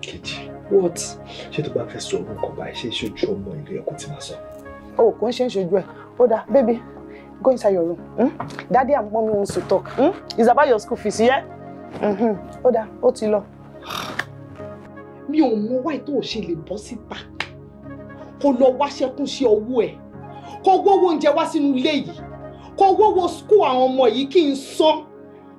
Speaker 1: kejì what. ṣé tó bá fẹ́ sọ orúkọ báyìí ṣé ìṣojú ọmọ ìlú ẹ̀kọ́ ti máa sọ. o kò ń ṣe é ṣojú ẹ ó dáa bébí Go inside your room. Mm? Daddy and mommy wants to talk. Mm? It's about your school fees, yeah? Mm-hmm. Ó dáa, ó ti lọ. Mi ò mọ wáyé tó o ṣe lè bọ́ síta. Kó lọ wá ṣẹ́kùn sí ọwọ́ ẹ̀. Kó gbówó oúnjẹ wá sínú ilé yìí. Kó gbówó skul àwọn ọmọ yìí kí n sọ.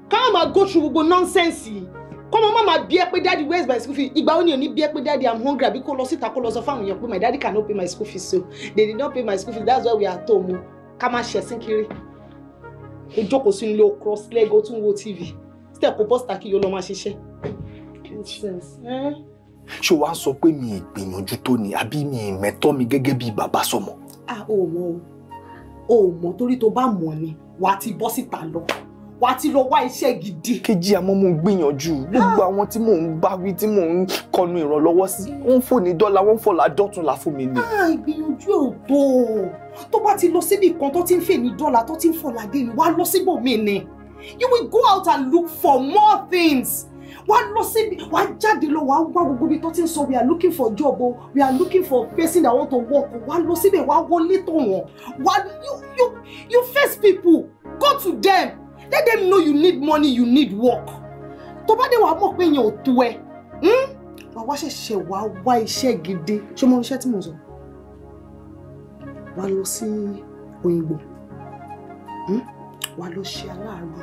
Speaker 1: Ká máa go through gbogbo nọ́nsẹ̀nsì yìí. Kọ́mọ má máa bí ẹ pé daddy is my school fee? Ìgbà ó ní òní bí ẹ pé daddy I'm hungry àbí kó lọ síta kó lọ sọ fáwọn èèyàn pé my daddy cannot pay my school fees so they did not pay my school fees that's why we are at home ká máa ṣẹ̀sìn kiri o sínú ilé o cross leg o tún wo tv títẹ̀ kó bọ́sítà kí yóò lọ máa ṣiṣẹ́. Eh? ṣé wàá sọ pé mi ì tó ni àbí mi ì mi gẹ́gẹ́ bí bàbá sọmọ. a ò mọ o ò mọ torí tó bá mọ ni wàá ti bọ́ síta lọ wà á ti lọ wá iṣẹ́ gidi. kejì àmọ́ mo ń gbìyànjú gbogbo ah! àwọn tí mò ń bá wí tí mò ń kọnu ìrànlọ́wọ́ sí wọ́n fò ní dọ́là wọ́n fò ládọ́tún là fún mi ni. Ah, ìgbìyànjú ò tó tó bá ti lọ síbi kan tó ti ń fè ní dọ́là tó ti ń fò ládé ni wàá lọ síbòmíì ni you will go out and look for more things wá lọ síbi wá jáde lọ wá wá gbogbo ibi tó ti ń sọ we are looking for job o we are looking for person that want to work o wá lọ síbẹ̀ wá wọlé tọ̀ wọ́n wá you you you face people go to them let them know you need money you need work tó bá dé wàá mọ̀ pé yẹn ò tó ẹ hmm? wàá wá ṣẹ̀ṣẹ̀ wàá wá iṣẹ́ gidi ṣé mo iṣẹ́ tí mo sọ wàá lọ sí òyìnbó hmm? wàá lọ ṣe aláàánú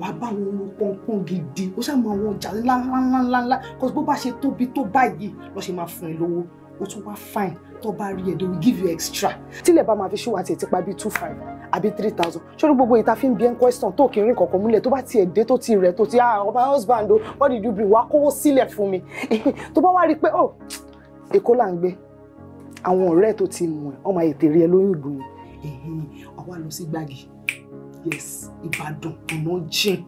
Speaker 1: wàá bá àwọn olùpọ̀npọ̀n gidi ó ṣáà máa wọn ọjà ńláńláńláńlá cause bó bá ṣe tóbi tó báyìí lọ́ ṣe máa fún ẹ lówó ó tún wá fine tó bá rí ẹ they will give you extra tílẹ̀ bá máa fi ṣó wa tètè pa bíi two five àbí three thousand ṣórí gbogbo ìta fi ń bí ẹ́ ń question tó kì í rìn kọ̀ọ̀kan múlẹ̀ tó bá tiẹ̀ dé tó ti rẹ̀ tó ti ah my husband o what did you bring wá kówó sílẹ̀ fún mi tó bá wá rí i pé oh èkó là ń gbé àwọn ọ̀rẹ́ tó ti mọ̀ ẹ́ ọmọ ètè rí ẹ lóyún ìgbìmọ̀ ọwọ́ lọ sí gbági yes ìbàdàn ọ̀nà jìn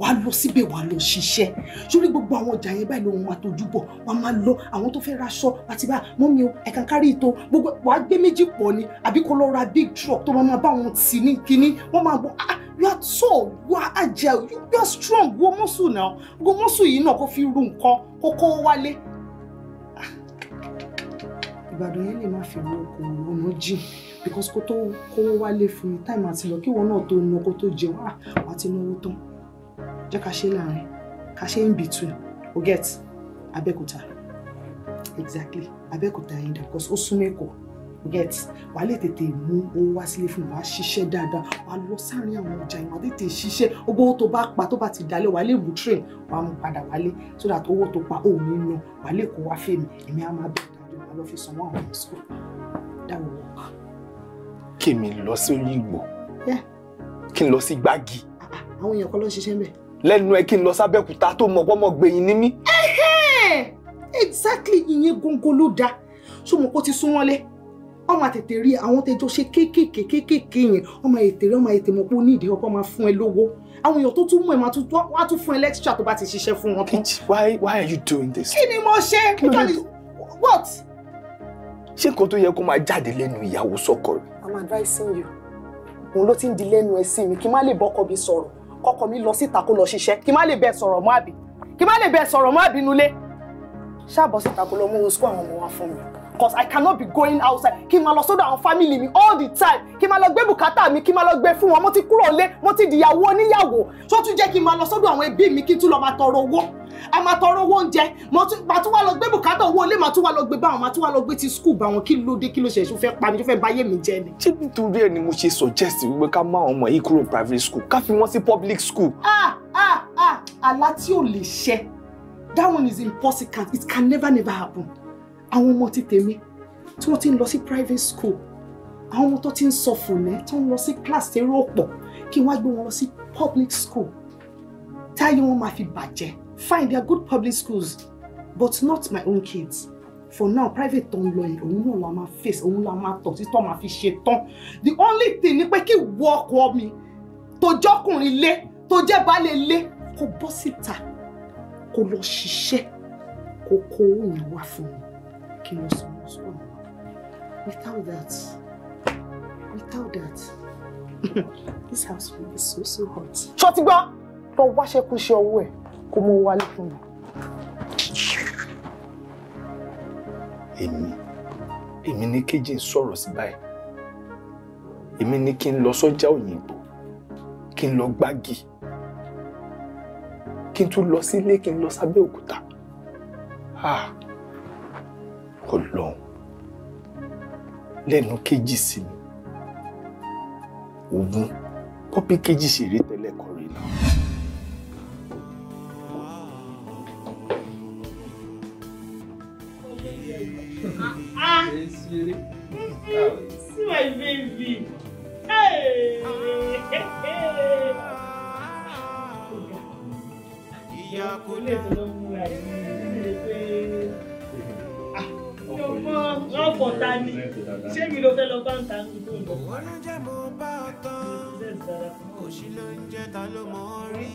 Speaker 1: wàá lọ síbẹ̀ wàá lọ ṣiṣẹ́ sórí gbogbo àwọn ọjà yẹn báyìí lòun máa tójú bọ̀ wàá máa lọ àwọn tó fẹ́ raṣọ àti bá mọ́mí o ẹ̀ka kárí ìtò gbogbo wàá gbé méjì pọ̀ ni àbí kó lọ ra big truck tó máa bá wọn tì ní kinní wọ́n máa gbọ́ ah you are tall you are agile you are strong wo mọ́sù náà gbogbo mọ́sù yìí náà kó fi ru nǹkan kó kó wálé. Ah.
Speaker 4: ìbàdàn yẹn lè má fi wọ ọkọ̀ ọ̀nà jìn because kó tó kó wálé fún mi táìmù àti lọ kí wọn náà tó nu ọkọ ah,
Speaker 1: jẹ́ ká ṣe láàrin ká ṣe in between o get Abẹ́òkúta exactly Abẹ́òkúta yẹn dà because ó súnmọ́ Èkó o get wàá lè tètè mú owó wá sílé fún mi wàá ṣiṣẹ́ dáadáa wàá lọ sáàrin àwọn ọjà yìí wàá tètè ṣiṣẹ́ gbogbo owó tó bá pa tó bá ti dalẹ̀ wàá lè bu train wàá mú padà wálé so that owó tó pa òun nínú wàá lè kó wá fèmí èmi á máa bẹ̀rẹ̀ dájú wàá lọ fi sanwó àwọn ọmọ sùkúl dáwọ wọ. kí mi lọ sí Òyìngbò kí n lọ sí Gbági. Ah, ah, àwọn èèyàn kan ló ń ṣiṣẹ́ bẹ́ẹ̀ lẹ́nu ẹ kí n lọ sábẹ́kúta tó mọ pọ́mọ gbẹ̀yìn ní mí. exactly ìyẹn góńgó ló dáa ṣó mọ̀ kó ti sún wọ́n lé ọmọ àtètè rí àwọn tẹjọ ṣe kéékèèké kéékèèké yẹn ọmọ ètè rí ọmọ ètè mọ̀ pé ó ní ìdí máa fún ẹ lówó àwọn èèyàn tó tún mú ẹ máa tún wá tún fún ẹ lẹ́tíṣà tó bá ti ṣiṣẹ́ fún wọn tán. why why are you doing this. kí ni mo ṣe because what. ṣé nǹkan tó yẹ kó máa jáde lẹ́nu ìyàwó sọ́kọ rẹ̀. i'm advising you òun ló ti ń di lẹ́nu ẹ̀ sí mi kí n má lè bọ́kọ bí sọ̀rọ̀ kọ́kọ́ mi lọ síta kó lọ ṣiṣẹ́ kí má lè bẹ́ẹ̀ sọ̀rọ̀ mọ́ àbí kí má lè bẹ́ẹ̀ sọ̀rọ̀ mọ́ àbí nulẹ̀ ṣáàbọ̀ síta kó lọ mú owó sukú àwọn ọmọ wa fún mi because I cannot be going outside kí n máa lọ sọ́dọ̀ àwọn family mi all the time kí n máa lọ gbé bùkátà mi kí n máa lọ gbé fún wọn mo ti kúrò lé mo ti dìyàwó oníyàwó tó tún jẹ́ kí n máa lọ sọ́dọ̀ àwọn ẹbí mi kí n tún lọ máa tọrọ owó a máa tọrọ owó oúnjẹ màá tún wá lọ gbé bùkátà owó ilé màá tún wá lọ gbé báwọn màá tún wá lọ gbé ti school báwọn kí ló dé kí ló ṣe ṣe fẹ́ pa mi tó fẹ́ báyé mi jẹ ni. ṣé nítorí ẹ ni mo ṣe suggest wípé ká má àwọn ọmọ yìí kúrò private school ká fi wọn sí public school. ah ah ah àlá tí ò lè ṣẹ that one is impossible it can never never happen àwọn ọmọ ti tèmi tí wọ́n ti ń lọ sí private school àwọn ọmọ tó ti ń sọ fòlẹ́ tó ń lọ sí class tẹ́rọ ọ̀pọ̀ kí wọ́n á gbé wọn lọ sí public school táyé wọn máa fi bàjẹ́ fine they are good public schools but not my own kids for now private tó ń lọ yìí òun náà la máa face òun la máa tọ̀ títọ́ máa fi ṣe tán the only thing ni pé kí wọ ọkọ mi tó jọkùnrin lé tó jẹ́ baálé lé kó bọ́ síta kó lọ ṣiṣẹ́ kó kó òun wá fún
Speaker 4: mi kí ló sọ ló sọ without that without that this house will be so so hot. ṣọtí gbọ́ tó
Speaker 1: wáṣẹ́kù ṣe ọwọ́ ẹ̀ kó mú wálé fún mi. èmi èmi ní kejì ń sọ̀rọ̀ sí báyìí èmi ní kí n lọ sọ́jà òyìnbó kí n lọ gbági kí n tún lọ Ọlọ́run lẹ́nu kejì sí mi ògún pọ́pí kejì sì rí tẹ́lẹ̀ kọrin náà.
Speaker 3: òṣì ló ń jẹ́ ta ló mọ̀ ọ́ rí.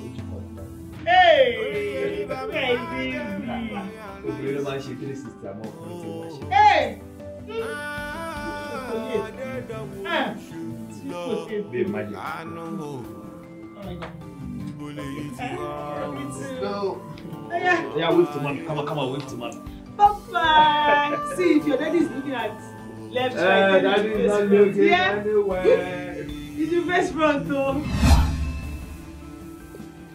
Speaker 3: obìnrin
Speaker 2: ló máa ń ṣe three sixty
Speaker 3: àmọ́ ọkùnrin tí wọ́n ṣe. bẹ́ẹ̀ ah, ah! má jẹ́ oh eh,
Speaker 1: Yeah, wave to mommy. Come on, come on, wave to mommy. Papa, see if your daddy is looking at left, right. Uh, daddy is not looking yeah. anywhere.
Speaker 3: It's your best friend o.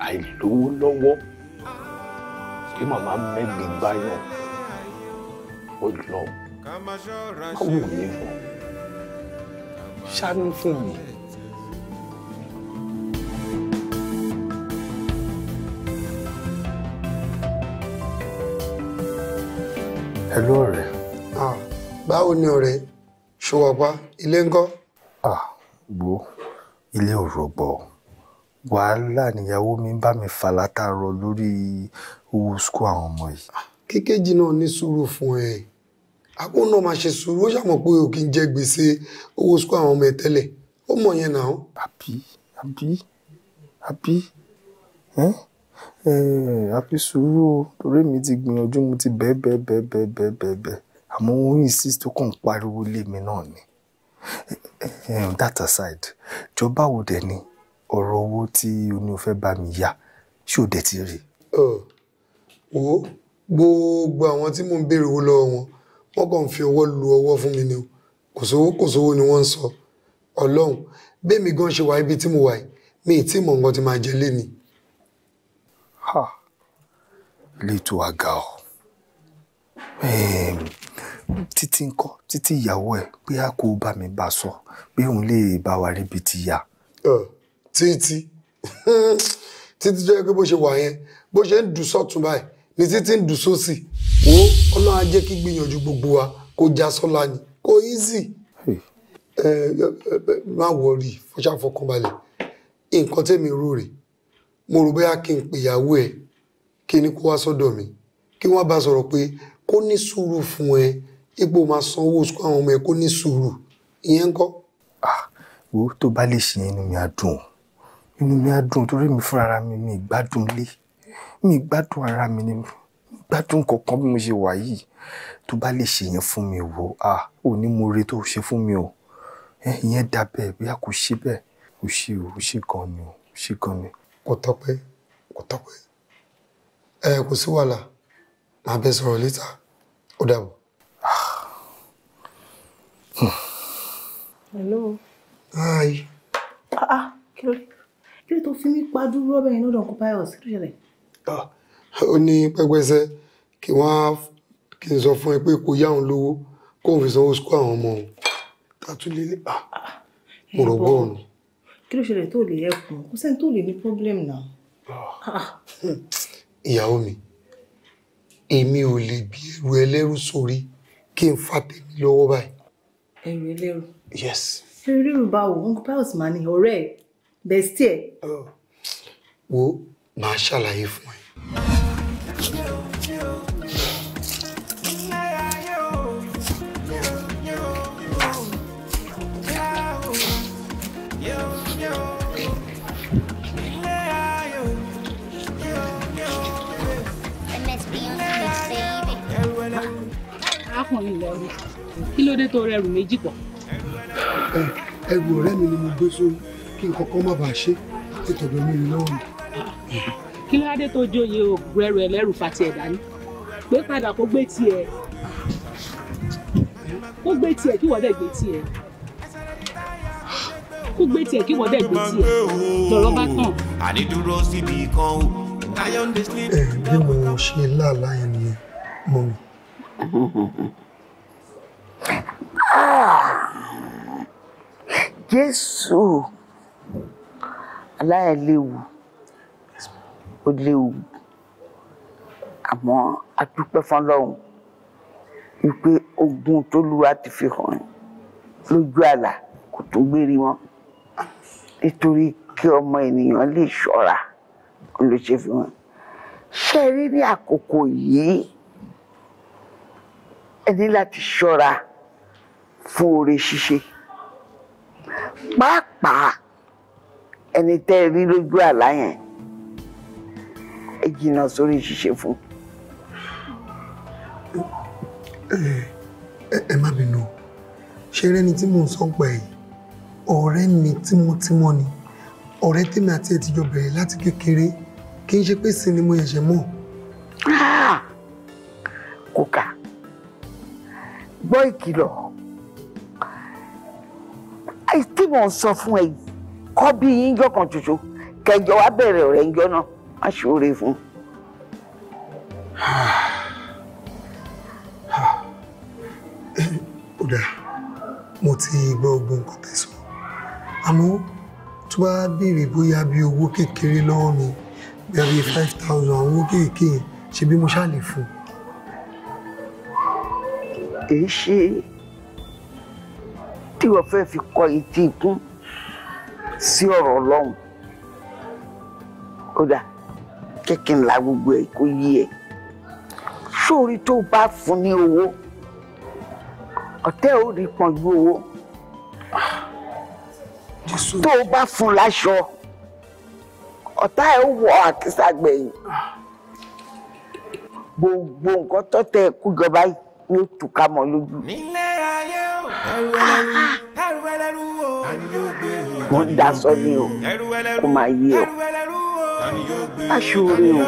Speaker 1: Àìlówó lọ́wọ́ ṣé màmá mẹ́gbẹ̀ gbáyọ̀ ó lọ. Báwo ni wọ́n? Ṣáánú fún mi. Hello ọ̀rẹ́. Ah, báwo ni ọ̀rẹ́? Ṣòwọ́pá ilé ńkọ́? Ah wo ilé ò rọ̀gbọ̀ wàhálà níyàwó mi ń bá mi fà látàárọ̀ lórí owó skul àwọn ọmọ yìí. kékejì náà ní sùúrù fún ẹ àbó náà máa ṣe sùúrù ó ṣàmọ̀ pé o kì í jẹ gbèsè owó skul àwọn ọmọ ẹ tẹ́lẹ̀ ó mọ̀ yẹn náà. àbí àbí àbí àbí sùúrù o torí mi ti gbìyànjú mo ti bẹ́ẹ̀ bẹ́ẹ̀ bẹ́ẹ̀ bẹ́ẹ̀ bẹ́ẹ̀ àmọ́ wọ́n insist tó kàn ń pariwo lé mi náà ni. Ehm, that aside jọ báwo dẹ̀ ni ọ̀rọ̀ owó tí o ní o fẹ́ bá mi yá ṣé o dẹ̀ ti rí. wo gbogbo àwọn tí mò ń béèrè owó lọ́wọ́ wọn wọ́n kàn fi ọwọ́ lu ọwọ́ fún mi ni o kò sówó kò sówó ni wọ́n ń sọ ọlọ́run bẹ́ẹ̀mi gan ṣe wà ibi tí mo wà yìí mi ì tí mọ̀ nǹkan tí máa jẹ léni. lẹ́tọ̀ àga ọ̀ títí ńkọ́ títí ìyàwó ẹ̀ pé a kò bá mi bá sọ pé òun lè bá wa ríbi ti yá. títí títí tó pé bó ṣe wà yẹn bó ṣe ń dùn sọ́tún báyìí ni títí ń dùn sósì wo ọlọ́run á jẹ́ kí gbìyànjú gbogbo wa kó já sọ́la ni kó easy ẹ má wọrí fọṣàfọkànbalẹ̀ nǹkan tẹ́mi rò rè mo rò bóyá kí n pèyàwó ẹ̀ kí ni kó wá sọ́dọ̀ mi kí wọ́n bá sọ̀rọ̀ pé kó ní sùúrù fún ẹ ipò máa san owó sukú àwọn ọmọ ẹ kó ní sùúrù ìyẹn ń kọ́. Ah, wo tó bá lè ṣe inú mi á dùn inú mi á dùn torí mi fúnra mi mi gbádùn lé mi gbádùn ara mi ni mi
Speaker 5: gbádùn kankan bí mo ṣe wà yìí
Speaker 1: tó bá lè ṣe yẹn fún mi wò á ò ní mo re tó ṣe fún mi o eh, ìyẹn dà bẹ́ẹ̀ bóyá kò ṣe bẹ́ẹ̀ kò ṣe o ṣe gan ni o kò ṣe gan ni. kò tọpẹ́ kò tọpẹ́ ẹ eh, kò sí wàhálà màá bẹ sọ̀rọ̀ létà ó dàbọ̀.
Speaker 4: Hello. Hi. Ah ah, kí ló dé? Kí ló tó fi mí pa dúró ọbẹ̀ yẹn lọ́dọ̀ Kópáyọ̀sí ló ṣẹlẹ̀?
Speaker 1: Ah, ó ní pẹ́pẹ́sẹ́ kí wọ́n á kí n sọ fún ẹ pé kò yá òun lówó kó fi sanwó sukú àwọn ọmọ òun.
Speaker 4: Tàtúlé ní à mo rò gbọ́ òun. Kí ló ṣẹlẹ̀ tó lè ẹkùn? Kò sẹ́ni tó lè ní pọ́blẹ́mù náà. Ah, ah, hmm,
Speaker 1: ìyàwó mi, èmi ò lè bí ẹrù ẹlẹ́rù sórí kí n fa tèmi lọ́wọ́ báyìí
Speaker 4: ẹrù ẹlẹ́rù. yes. ẹrù ẹlẹ́rù báwo uncle pius máa ní ọ̀rẹ́ ẹ̀ bẹ́sítì ẹ̀. Oh.
Speaker 1: wo màá ṣàlàyé fún ẹ.
Speaker 3: Come you
Speaker 4: kí ló dé tó rẹrù méjì pọ̀. ẹrù
Speaker 1: ọ̀rẹ́ mi ni mo gbé sórí kí n kọ́kọ́ má bàa ṣe ìtọ̀dọ̀ mi lọ́wọ́ mi. kí ló dé tó jóye ògùn ẹrù ẹlẹ́rù fati ẹ̀dá ni pé padà kó gbé tiẹ̀ kó gbé tiẹ̀ kí wọ́n dẹ̀ gbé tiẹ̀ kó gbé tiẹ̀ kí wọ́n dẹ̀ gbé tiẹ̀ lọ́rọ̀ bá tàn.
Speaker 3: àní síbi kan o.
Speaker 1: ẹ bí mo ṣe láàlá yẹn nìyẹn mọ mi. Jésù aláìléwu ó léwu àmọ́ a dúpẹ́ fọ́lọ́run wípé ogun t'Olúwa ti fi hàn lójú àlà kò tó gbérí wọn nítorí kí ọmọ ènìyàn lè ṣọ́ra olóṣè fi wọn ṣe rí ní àkókò yìí ẹ ní láti ṣọ́ra fún oore ṣíṣe pàápàá ẹni tẹ́ ẹ rí lójú àlá yẹn ẹ jìnnà sórí ṣíṣe fún. ẹ má bínú ṣe rẹ́ni tí mò ń sọ pa yìí ọ̀rẹ́ mi tímọ́tímọ́ ni ọ̀rẹ́ tèmi àti ẹ̀ ti jọ bẹ̀rẹ̀ láti kékeré kì í ṣe pé sinmi mo ẹ̀ṣẹ̀ mọ̀. Ah! kùkà gbọ́ ìkìlọ̀ tí mò ń sọ fún ẹ yìí kọ́ bí yín jọ kan ṣoṣo kẹjọ wá bẹ̀rẹ̀ ọ̀rẹ́ ń jọ náà má ṣòro fún. ó dáa mo ti gbọ́ gbogbo nǹkan tẹ̀ sọ àmọ́ tó bá béèrè bóyá bí owó kékeré lọ́wọ́ mi bẹ́ẹ̀ bí five thousand àwọn owó kéékèèké ṣe bí mo ṣáà lè fún un. ṣe tí wọ́n fẹ́ fi kọ etí ikún sí ọ̀rọ̀ ọlọ́run ó dà kékin la gbogbo ẹ̀ kó yí ẹ̀ sórí tó bá fún ní owó ọ̀tẹ́ ò rí pọ̀jù owó tó bá fún láṣọ ọ̀tá ẹ̀ wọ àkísàgbẹ̀yìn gbogbo nǹkan tọ́tẹ̀ kú jọba yìí yóò túká mọ́ lójú. nílẹ̀
Speaker 3: ayé o ẹrù ẹlẹ́rú
Speaker 1: ẹrù ẹlẹ́rú o tani yóò gbé o. wọ́n daṣọ ni o kó máa yé o
Speaker 4: aṣọ́ọ̀rẹ́ o.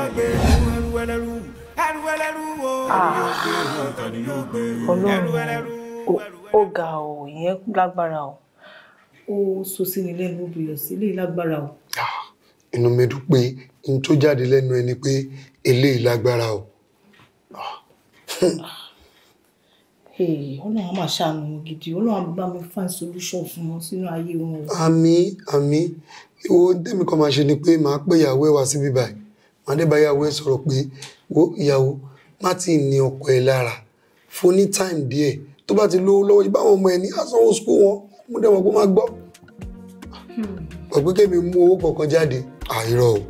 Speaker 4: ọlọ́run ó ga ọ ìyẹn lágbára o ó so sí ni lẹ́nu obìnrin sí ilé lágbára o. Ah,
Speaker 1: inú mi dùn pé n tó jáde lẹ́nu ẹni pé eléyìí lágbára o. Ah.
Speaker 4: Ah ọlọ́run á máa ṣàánú wọn gidi ọlọ́run á bá mi find solution fún wọn sínú ayé wọn.
Speaker 1: àmín àmín ìwọ tèmi kan máa ṣe ni pé màá pè ìyàwó ẹ wá síbí báyìí màá dé bá ìyàwó ẹ sọ̀rọ̀ pé wo ìyàwó má ti ní ọkọ ẹ lára fún ní time díẹ̀ tó bá ti lówó lọ́wọ́ ìbáwọn ọmọ ẹ ní asanwó sukú wọn mo dẹ̀ mọ̀ pé má gbọ́ ọ̀pẹ́ kẹ́mi mú owó kọ̀ọ̀kan jáde àìrọ̀ o.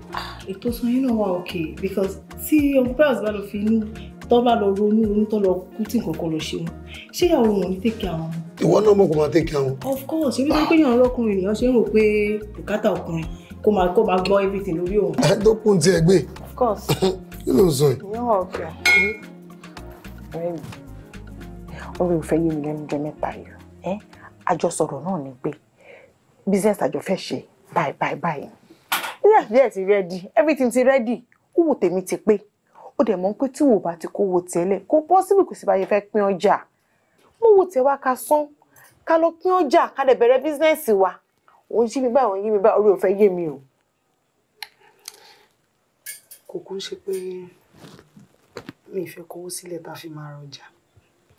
Speaker 4: ètò ah, sanyí náà wà òkè because tí ọgbẹ́ àgbàdo fi inú tó bá lọ ronú ronú tó lọ kú tí nǹkan kan lọ ṣe wọn ṣé ìyàwó wọn ní tèkì àwọn. ìwọ náà mọ̀ kó máa tèkì àwọn. of course ebi tó ń pèyàn lọkùnrin ènìyàn ṣe ń rò pé bùkátà ọkùnrin kó máa kó máa gbọ́ everything lórí òun. ẹ tó kún tiẹ̀ gbé. of course. kí ló ń sọ yìí. ìyá ọ̀fẹ́ ọ̀rẹ́ mi ọ̀rẹ́ ò fẹ́ yé mi lẹ́nu jẹ mẹ́ta yìí ẹ́ àjọsọ̀rọ̀ náà ni pé business àjọ fẹ́ ṣe báyìí báyìí báyìí yes yes ready everything ti ready owó tèmi ti pé ó dẹ̀ mọ̀ pé tí wò bá ti kówó tẹ́lẹ̀ kó possible kò sì bá yẹ fẹ́ pín ọjà mú wò tẹ́ wá ká sán ká lọ pín ọjà ká dẹ̀ bẹ̀rẹ̀ bísínẹ́sì wa òun yí mi báyìí òun yí mi báyìí orí ò yé mi o.
Speaker 1: kò kún ṣe pé mi ì fẹ́ kówó sílẹ̀ tá a fi máa rọjà.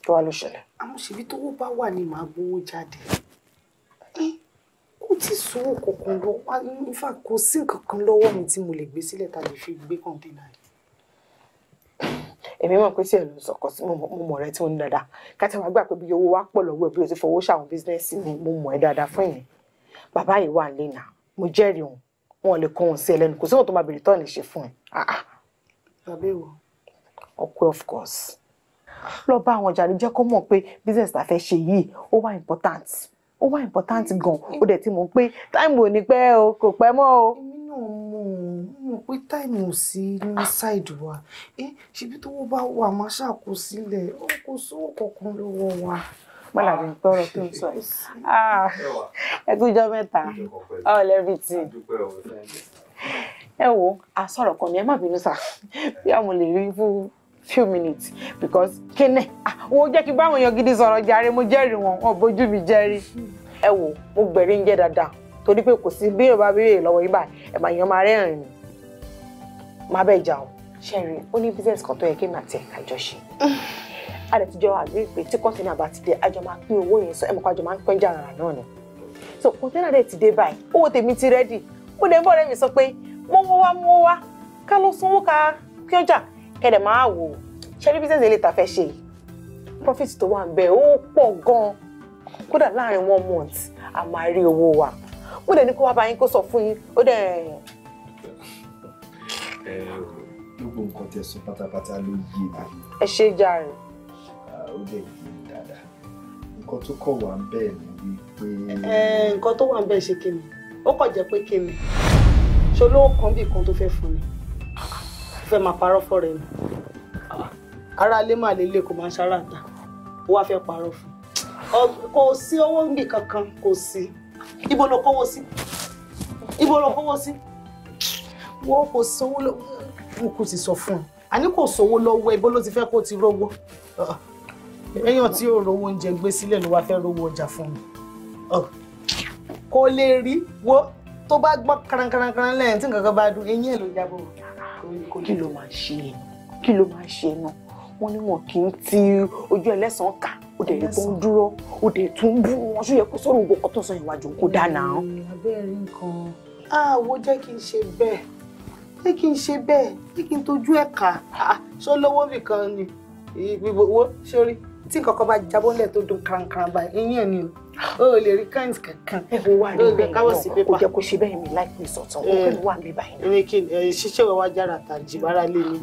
Speaker 1: tó wá ló ṣẹlẹ̀. àwọn òṣèlú bá wà ní màá gbowó jáde kò tí sówó kankan lọ in fact kò sí nǹkan kan lọ́wọ́ mi tí mo lè gbé sílẹ̀ tá a lè fi gbé kọ̀ǹtẹ́nà yìí
Speaker 4: èmi mọ̀ pé tí ẹ̀ ló sọ kọ́ sí mo mọ̀ rẹ tí ó ní dáadáa káta wàá gbà pé bí owó wá pọ̀ lọ́wọ́ ẹ̀ bí o ti fowó ṣàwọn bísínẹ́sì ni mo mọ̀ ẹ́ dáadáa fún ìyẹn bàbá yìí wà lẹ́nà mo jẹ́rìí òun wọn lè kọ́ òun sí ẹlẹ́nu kò sóhun tó máa bèrè tán lè ṣe fún ẹ. Ah, ah. bàbá ìwọ. ọkọ of course lọ bá àwọn jàre jẹ́ kó mọ̀ pé business la fẹ́ ṣe yìí ó wà important ó wà important gan ó dẹ̀ ti mọ̀ pé time ò ní pẹ́ o kò náà mọ̀ mọ̀ pé táìmù ò sí ní ṣáìdì wa ẹ ṣebí tó wọ́n bá wà máa ṣàkó sílẹ̀ ó kò sówó kankan lọ́wọ́ wa. Gbọ́dọ̀ ń tọrọ tó ń sọ yìí. Ah, ẹ kú jọ mẹ́ta,
Speaker 1: all everything.
Speaker 4: Ẹ wo, àsọ̀rọ̀ kan mi, ẹ má bínú sá, bí a mo lè rí fún few minutes because kéne, ah, wo jẹ́ kí báwọn èèyàn gidi sọ̀rọ̀ jàre, mo jẹ́rìí wọn, wọn bójú mi jẹ́rìí. Ẹ wo, mo gbẹ̀rí ń jẹ́ dáadáa torí pé kò sí bí yorùbá béèrè lọ́wọ́ yín báyìí ẹ̀mà èèyàn máa rẹ́rìn ni máa bẹ́ẹ̀ jà o ṣẹ́rin ó ní business kan tó yẹ kí èmi àti ẹ̀ka jọ ṣe a lè tí kọ́ńtínà bá ti dé àjọ máa pín owó yẹn sọ ẹ̀mọ̀kọ́ àjọ máa ń pẹ́ jàrà náà ni so kọ́ńtínà dẹ̀ ti dé báyìí owó tèmi ti rẹ́dì ó dẹ̀ ń bọ̀ rẹ́ mi sọ pé mọ́wọ́ wá mọ́wọ́ wá
Speaker 1: ká ló sanwó ká kí ọjà kẹ̀dẹ̀ máa wò ó ṣẹ́rí business eléta fẹ́ ṣe
Speaker 4: profit tó wà ń bẹ̀ ó pọ̀ gan-an kódà láàrin one month a máa rí owó wa ó dẹ̀ ní kó wá bá yín kó sọ fún yín o dẹ̀.
Speaker 1: gbogbo nǹkan tẹ́ sọ pátápátá ló yé mi. ẹ ṣe e. ó dẹ̀ yé mi dáadáa nǹkan tó kọ̀ wá ń bẹ̀ ni wípé. nǹkan tó wà ń bẹ̀ ṣe kí ni ó pé kí ṣe olówó kan bí kan tó fẹ́ fún ni ó fẹ́ máa parọ́ fọ́ ni ara lé mà lélẹ̀ kò máa ṣàràtà ó wá fẹ́ kò sí owó níbi kankan kò sí. ibo lo kówó sí ibo lo kówó sí wọ́n kò sanwó lọ́wọ́ kò sì sọ fún un àní kò sanwó lọ́wọ́ ibo ló ti fẹ́ kó ti rówó èèyàn tí ò rówó oúnjẹ gbé sílẹ̀ ló wá fẹ́ rówó ọjà fún mi kò lè rí wo tó bá gbọ́n karankarankaran lẹ́yìn tí nǹkan kan bá dún eyín ẹ̀ ló jábọ̀ kí ló máa ṣe é kí ló máa ṣe é náà wọ́n ní wọn kì í ti ojú ẹlẹ́sàn-án kà ó dẹ̀ rí pọ́n dúró ó dẹ̀ tún bú wọn ṣó yẹ kó sọ̀rọ̀ gbogbo ọ̀tọ̀ sọ ìwájú kó dáná.
Speaker 4: abẹ́rẹ́ nǹkan àwo jẹ́ kí n ṣe bẹ́ẹ̀ jẹ́ kí n ṣe
Speaker 1: bẹ́ẹ̀ jẹ́ kí n tójú ẹ̀ kà á ṣó lówó nìkan ni ìgbìbòwò sórí
Speaker 4: tí kankan bá jábọ́ ńlẹ̀ tó dùn kankan bá eyín ẹ̀ ni o ò lè rí káyìntì kankan. ẹ wo wà ní bẹ́ẹ̀ náà kò jẹ́ kó ṣe bẹ́ẹ̀ mi láìpẹ́ sọ̀tàn ó wà mí báyìí. ẹni wa wá jára tàjì bára lé mi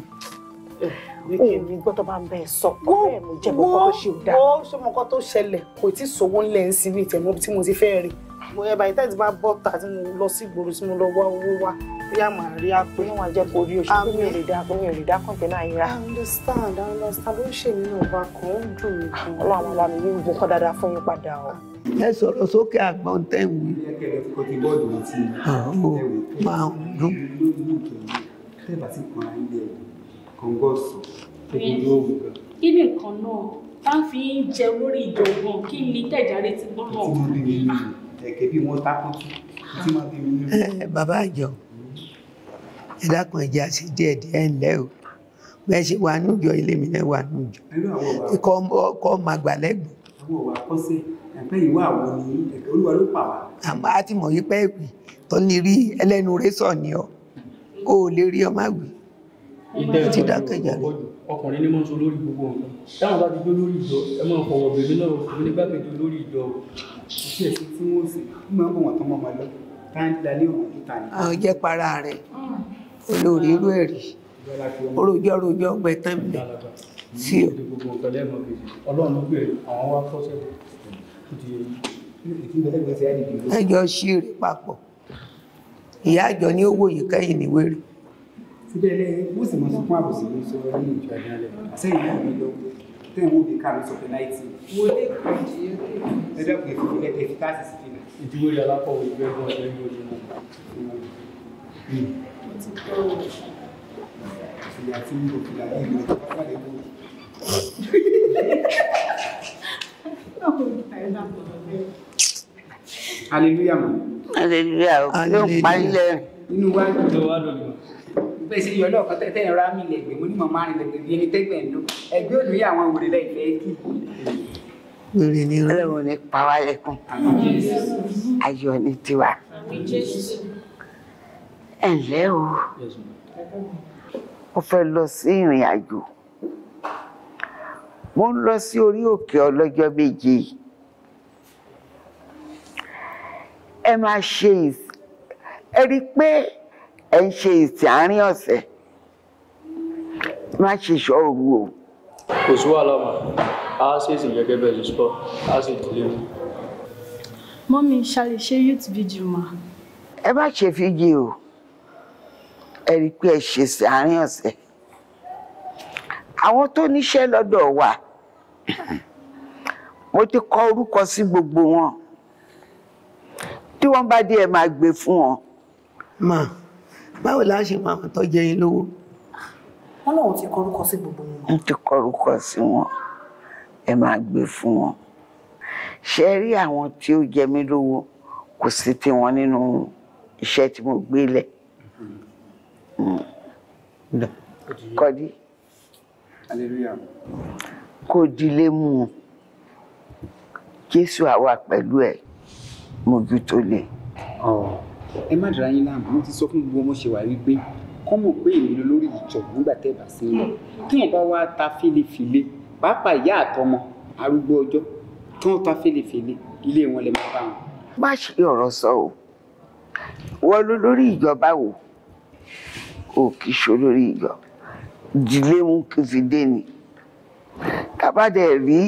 Speaker 4: o bá ń bẹ́ẹ̀ sọ ọ̀rẹ́ mo jẹ́ mọ́ kọ́
Speaker 1: ṣe ò dáa. wọ́n ṣe mọ́ kọ́ tó ṣẹlẹ̀ kò tí ì sówó ńlẹ̀ ń sinmi ìtẹ̀mọ́ tí mo ti fẹ́ rí mo yẹ báyìí tẹ́tí máa bọ́ ta tí mo lọ sí ìgboro tí mo lọ wá owó wá bóyá màá rí apò. níwọ̀n jẹ́ kó rí oṣù tó mi ò
Speaker 4: lè dá kó mi ò lè dá kọ̀ǹtẹ́nà yín ra. I understand I understand ló ń ṣe mí náà kan
Speaker 1: ẹ sọ̀rọ̀ sókè àgbọn tẹ̀wé. máa ń dùn kọ̀ǹgọ́ ọ̀sán tóbi yóò wù ká.
Speaker 4: kí nìkan náà tá a fi ń jẹ lórí ìjọ̀gbọ̀n kí ni tẹ̀jáde ti gbọ́n náà. tí wọ́n bí mi nínú
Speaker 1: ẹ̀kẹ́ bí wọ́n tá kọ́tù tí wọ́n bí mi nínú. bàbá àjọ ẹ dákun ẹ̀jẹ̀ àti díẹ̀ díẹ̀ ńlẹ́ o bẹ́ẹ̀ ṣe wà nújọ ilé mi náà wà nújọ kọ́ máa gbà lẹ́gbọ̀n. àwọn òwà kọ́sẹ̀ ẹ̀pẹ́ ìwà àwọn ni ẹ̀kẹ́ olúwa ló pà wá. àmọ́ a ti mọ̀ yí pé ẹ̀wì tó ní rí ẹlẹ́nu rẹ́sọ̀ ni ọ o ò lè rí ọmọ àgbẹ̀ ti dákẹ́ jàre. ọkùnrin ní mọ́ sọ lórí gbogbo ọ̀nà táwọn bá ti gbé lórí ìjọ ẹ máa fọwọ́ bèbí náà òfin nígbàgbẹ́jọ lórí ìjọ iṣẹ́ ẹ̀sìn tí wọ́n sì máa ń bọ̀ wọ́n tán mọ́ wọn lọ táńdà ní ọ̀nà ìta ni. àwọn jẹ́ para rẹ̀ olórí irú ẹ̀rí orojọ́ orojọ́ ọgbẹ́ tán mi sí o. ọlọ́run ló gbé e, àwọn wá fọ́sẹ̀ ẹjọ́ sí rè papọ̀ ìyá àjọ ní ó wòye kẹ́yìn síbẹ̀ lẹ́yìn ó sì mọ̀ sí fún àbòsí ló sọ ní ìjọ ìdánilẹ̀ àsẹ́yìn náà mi lọ tẹ́ ìwọ́n bí káàmì sọ
Speaker 4: pẹ̀láìtì. wo lè kọ́ ìdí
Speaker 1: ẹ dẹ́kun ìfúnfún ẹ̀kẹ́ fi káàsì sí fìlà. ìdíwọ́ yà lápọ̀ ìgbẹ́ bọ́ ọ̀dẹ́yìn ojú náà. ìyá tí ń lò fìlà yìí ló wà lè wò. hallelujah ma. hallelujah o yóò pa ilẹ̀. inú wa dùn pé ṣe yọ lọ́ọ̀kan tẹ́tẹ́ ẹ̀rọ àmì ilẹ̀ gbé mo ní màmá rìn lẹ́gbẹ̀ẹ́ bí ẹni tẹ́gbẹ̀ ẹ̀nu ẹgbẹ́ òdò yà àwọn òrìlẹ̀ ìfẹ́ kì. lórí ni ọlọ́run ní pàwá lẹ́kùn ayọ̀ ní tiwa ẹ̀ǹlẹ́ o mo fẹ́ lọ sí ìrìn àjò mo ń lọ sí orí òkè ọlọ́jọ́ méje ẹ máa ṣe ẹ rí i pé ẹ ń ṣe ìsìn àárín ọ̀sẹ̀ má ṣe ìṣọ́ òru o. kò sí wàhálà mọ́ a ṣe ìsìn gẹ́gẹ́ bẹ́ẹ̀ ṣe sọ a sì dìlé.
Speaker 4: mọ́mí ṣàlè ṣe youth vigil mà. ẹ má ṣe fíjì o
Speaker 1: ẹ rí i pé ẹ ṣe ìsìn àárín ọ̀sẹ̀ àwọn tó níṣẹ́ lọ́dọ̀ wa mo ti kọ orúkọ sí gbogbo wọn tí wọ́n bá dé ẹ máa gbé fún wọn. máa báwo la ṣe máa tọ́ jẹ yín lówó.
Speaker 4: wọn náà ti kọrúkọ sí gbogbo wọn.
Speaker 1: wọn ti kọrúkọ sí wọn ẹ máa gbé fún wọn ṣe rí àwọn tí ó jẹ mí lówó kò sí tiwọn nínú iṣẹ́ tí mo gbé lẹ̀ kọ́dí kò dílé mú un Jésù àwa pẹ̀lú ẹ̀ mójútó lè. Oh ẹ má dara yín láàmú mo ti sọ fún gbogbo ọmọ ṣe wà wípé kọ́ mọ̀ pé èmi ló lórí ìjọ nígbà tẹ́ bá sí lọ téèyàn bá wá ta fílefìle pàápàá ìyá àtọmọ arúgbó ọjọ́ tí wọ́n ta fílefìle ilé wọn lè má bá wọn. má ṣe ọ̀rọ̀ sọ o wọ́n ló lórí ìjọba wò ó kì í ṣe lórí ìjọ ìdílé mú kí n fi dé ni kábàdé rí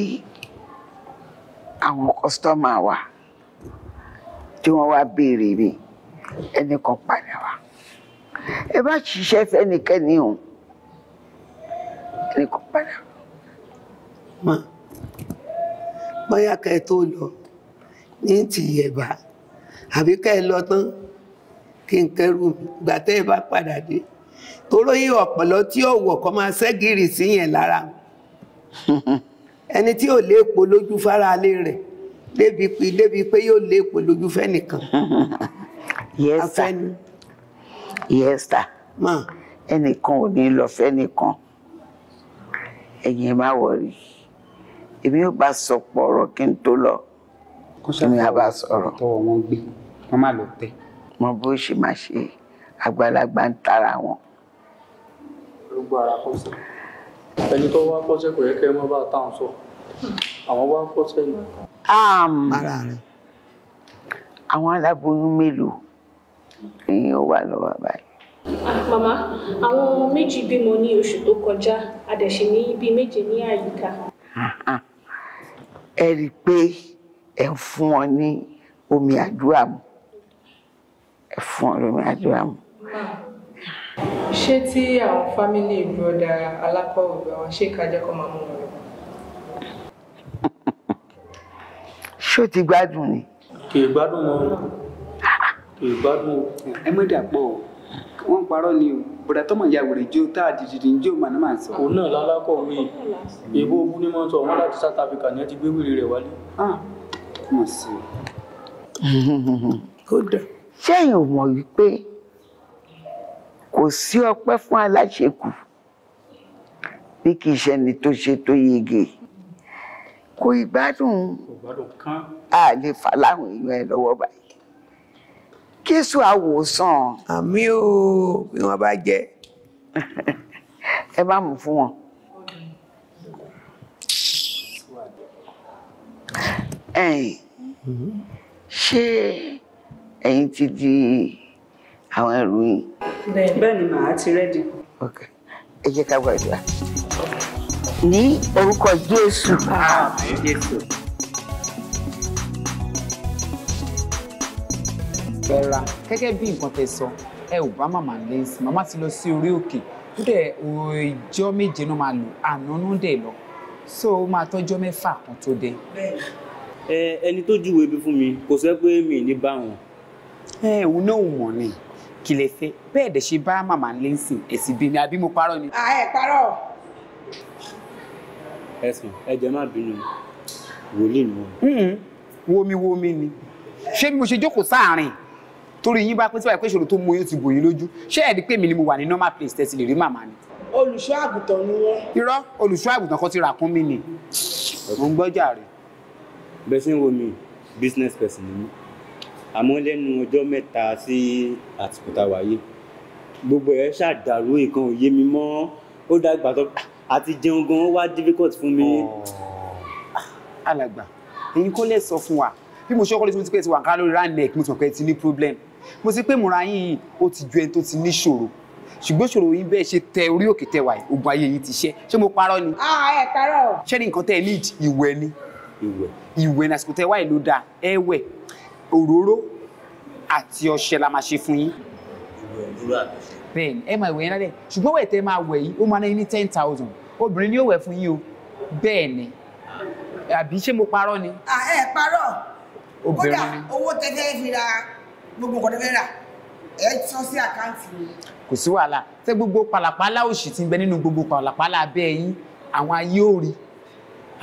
Speaker 1: àwọn kọ́sítọ́mà wa tí wọ́n wá béèrè mi ẹnìkan padà wá ẹ bá ṣiṣẹ́ fẹ́nikẹ́ni o ẹnìkan padà. mà bóyá ká ẹ tó lọ ní ti yẹ̀bà àbí ká ẹ lọ tán kí n kẹrù gbà tẹ́ ẹ bá padà dé toró yí ọ̀pọ̀lọ́ tí ó wọ̀ kọ́ máa ṣẹ́gìrì sí yẹn lára ẹni tí ò léèpo lójú fáráalé rẹ̀ débi pé yóò léèpo lójú fẹ́nìkan yẹ́sà yẹ́sà ẹnìkan ò ní lọ fẹ́nìkan ẹ̀yin má wọ̀rí èmi ò bá sọ̀pọ̀ ọ̀rọ̀ kí n tó lọ èmi á bá sọ̀rọ̀. tọwọ́ wọn gbé wọn má lọ tẹ. mo bó ṣe máa ṣe àgbàlagbà ń tara wọn. gbogbo ara kò ẹni tó wá kọ́ṣẹ́ kò yẹ kẹ́ ẹ mọ́ bá táwọn sọ
Speaker 4: àwọn wá kọ́ṣẹ́
Speaker 1: yìí. àwọn aláboyún mélòó ìyẹn ó wà lọ́wọ́ báyìí.
Speaker 4: màmá àwọn méjì bímọ ní oṣù tó kọjá a dẹ̀ ṣe ní ibi méje ní àyíká.
Speaker 1: Ah, ẹ rí i pé ẹ ń fún ọ ní omi àdúrà mu
Speaker 4: ẹ fún ọ lómi àdúrà mu. ṣé tí àwọn fámílì bọ́dà alápá òbí àwọn ṣé kájá kọ́ máa mú wọn lọ.
Speaker 1: ṣó ti gbádùn ni. kì í gbádùn mọ́ ìgbádùn. ẹ mọ̀ dàpọ̀ wọ́n ń parọ́ ni o bùrà ìyá wèrè jó tá a dìdìdì ń jó màná màá sọ. òun náà lálákọ̀wé ìbò ogunimọ̀tò ọ̀wọ́n láti South Africa ni wọ́n ti gbé wèrè rẹ̀ wálé. mọ̀ sí i. kódà sẹ́yìn ò mọ̀ wípé kò sí ọpẹ́ fún aláṣekù bí kì í ṣẹni tó ṣe tó yege kò ìgbádùn a lè fà láwọn èèyàn ẹ lọ́wọ́ báyìí. Jésù àwòsàn. àmì o bí wọ́n bá jẹ́. ẹ bá mú fún wọn.
Speaker 4: ẹ̀yin ṣé
Speaker 1: ẹ̀yin ti di àwọn ẹrù yìí.
Speaker 4: bẹ́ẹ̀ ni màá ti rẹ́dì.
Speaker 1: ẹ jẹ́ ká gbàdúrà
Speaker 4: ní orúkọ Jésù.
Speaker 1: àmín Jésù. rárá gẹ́gẹ́ bí nǹkan tẹ́ sọ ẹ ò bá màmá lé sí màmá ti lọ sí orí òkè dẹ ọjọ́ méje náà máa lò ànánú dẹ̀ lọ so ó máa tọ́jọ́ mẹ́fà kan tó dé. ẹni tó júwe bí fún mi kò sẹ́ pé mi ní bá wọn. ẹ òun náà ò mọ̀ ni kí lẹ fẹ́ bẹ́ẹ̀ dẹ̀ ṣe bá màmá lé sí ẹ̀sìn bí mi àbí mo parọ́ ni.
Speaker 4: à ẹ parọ́.
Speaker 1: ẹsùn ẹ jẹ má bínú wòlíì ni wọn. Hmm, womi womi ni ṣé mo ṣe jókòó sáàárín torí yín bá pín síbáyìí pé ìṣòro tó mú yín ti bò yín lójú ṣé ẹ̀ rí pé mi ni mo wà ní normal place tẹ̀sí lè rí màmá mi. olùṣọ́ àgùntàn ni wọ́n. irọ́ olùṣọ́ àgùntàn kan ti rà kún mi ni mo ń gbọ́jà rẹ̀. bẹ́sẹ̀ ń wo mi business person ni mí àmọ́ lẹ́nu ọjọ́ mẹ́ta sí àtìkù tá a wáyé gbogbo ẹ̀ ṣàdàrú nǹkan òye mi mọ́ ó dàgbà tó àti jẹun gan wá difficult fún mi. alàgbà ẹ̀yin kò lè sọ fún wa bí mo ṣe ọkọ lè tún ti pẹ́ ti wà ká lórí round neck mo ti mọ̀ pé ti ní problem mo sì pé múra yín ó ti ju ẹni tó ti níṣòro ṣùgbọ́n ṣòro yín bẹ́ẹ̀ ṣe tẹ orí òkè tẹ wàyí ogun ayé yín ti ṣẹ́ ṣé mo parọ́ ni. a ah, ẹ parọ́. ṣé ní nǹkan tẹ́ ẹ ní ìwẹ̀ ni ìwẹ̀ ìwẹ̀ ní àsìkò tẹ wáyé ló dáa ẹ wẹ̀ òróró àti ọṣẹ la máa ṣe fún yín. bẹ́ẹ̀ni ẹ máa ìwẹ̀ yẹn lálẹ́ ṣùgbọ́n wẹ̀ tẹ máa wẹ̀ yìí ó máa ná ní ten thousand obìnrin ni ó wẹ̀ fún yín o bẹ́ẹ̀ni àbí ṣé mo parọ́ ni. à ah, ẹ parọ́ kódà owó tẹ́tẹ́ fi ra gbogbo nǹkan tẹ́fẹ́ rà ẹ sọ sí àkáǹtì mi. kò sí wàhálà ṣé gbogbo pàlàpàlà òṣì ti ń bẹ nínú gbogbo pàlàpàlà abẹ́ yín àwọn ayé ò rí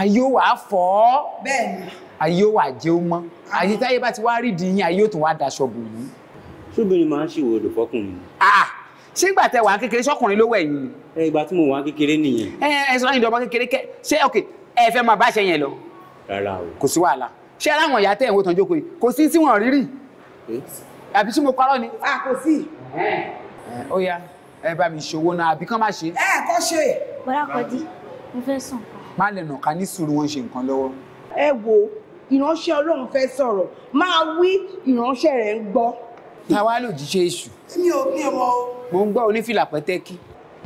Speaker 1: ayé ò wà á fọ́. bẹ́ẹ̀ni. ayé ò wà á jẹ́ ó mọ́ àyè ah. táyé bá ti wá rí di yín ayé ò tún wá daṣọ bò yín. sóbìnrin máa ń ṣèwọ odò fọkùnrin. Ah, ṣé ìgbà tẹ wà kékeré sọkùnrin ló wẹ̀ yín. ẹ ìgbà tí mo wà kékeré nìyẹn. ẹ ẹ sọ láyìn dọ́gba kékeré kẹ ṣé ok ẹ fẹ́ máa bá ṣe yẹn lọ. rárá o. kò sí wàhálà ṣé aláwọn ìyá tẹ̀ ń wo tán jókòó yìí kò sí tí wọ́n rí àbí tí mo parọ́ ni. a ah, kò sí. ó yá ẹ bá mi ṣòwò náà àbí kán má ṣe. ẹ
Speaker 2: kọ́ ṣe. bọ́lá kọ́dí
Speaker 1: mo fẹ́ sùn. má lè nà ká ní sùúrù wọn ṣe nǹkan lọ́wọ́. ẹ wo ìránṣẹ́ ọlọ́run fẹ́ sọ̀rọ̀ máa wí ìránṣẹ́ rẹ̀ ń gbọ́. táwa lòjíṣẹ́ èṣù.
Speaker 2: mi ò ní ọmọ.
Speaker 1: mo ń gbọ́ onífìlà pẹ́tẹ́kì.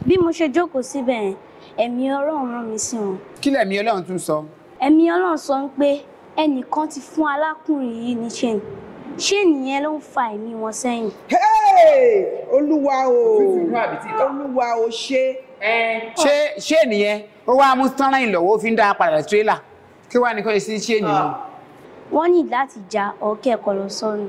Speaker 2: bí mo ṣe jókòó síbẹ̀ ẹ̀mí ọlọ́run rán mi sí wọn.
Speaker 1: kí lẹ̀mí ọlọ́run tún sọ.
Speaker 2: ẹ̀mí ọlọ́run sọ pé ẹnìkan ti fún alákùnrin yìí níṣẹ́ ni ṣé nìyẹn ló ń fa ẹ̀mí wọn sẹ́yìn. olúwa o olúwa o
Speaker 1: ṣe. ṣé ṣé nìyẹn ó wá mú tánrán ìlọ́wọ́ ó fi ń dá padà tírélà kí wàá nìkan ṣe ṣé nìyẹn. Ah.
Speaker 2: wọ́n ní láti ja ọ̀kẹ́ ẹ̀kọ́ lọ sọ́nù.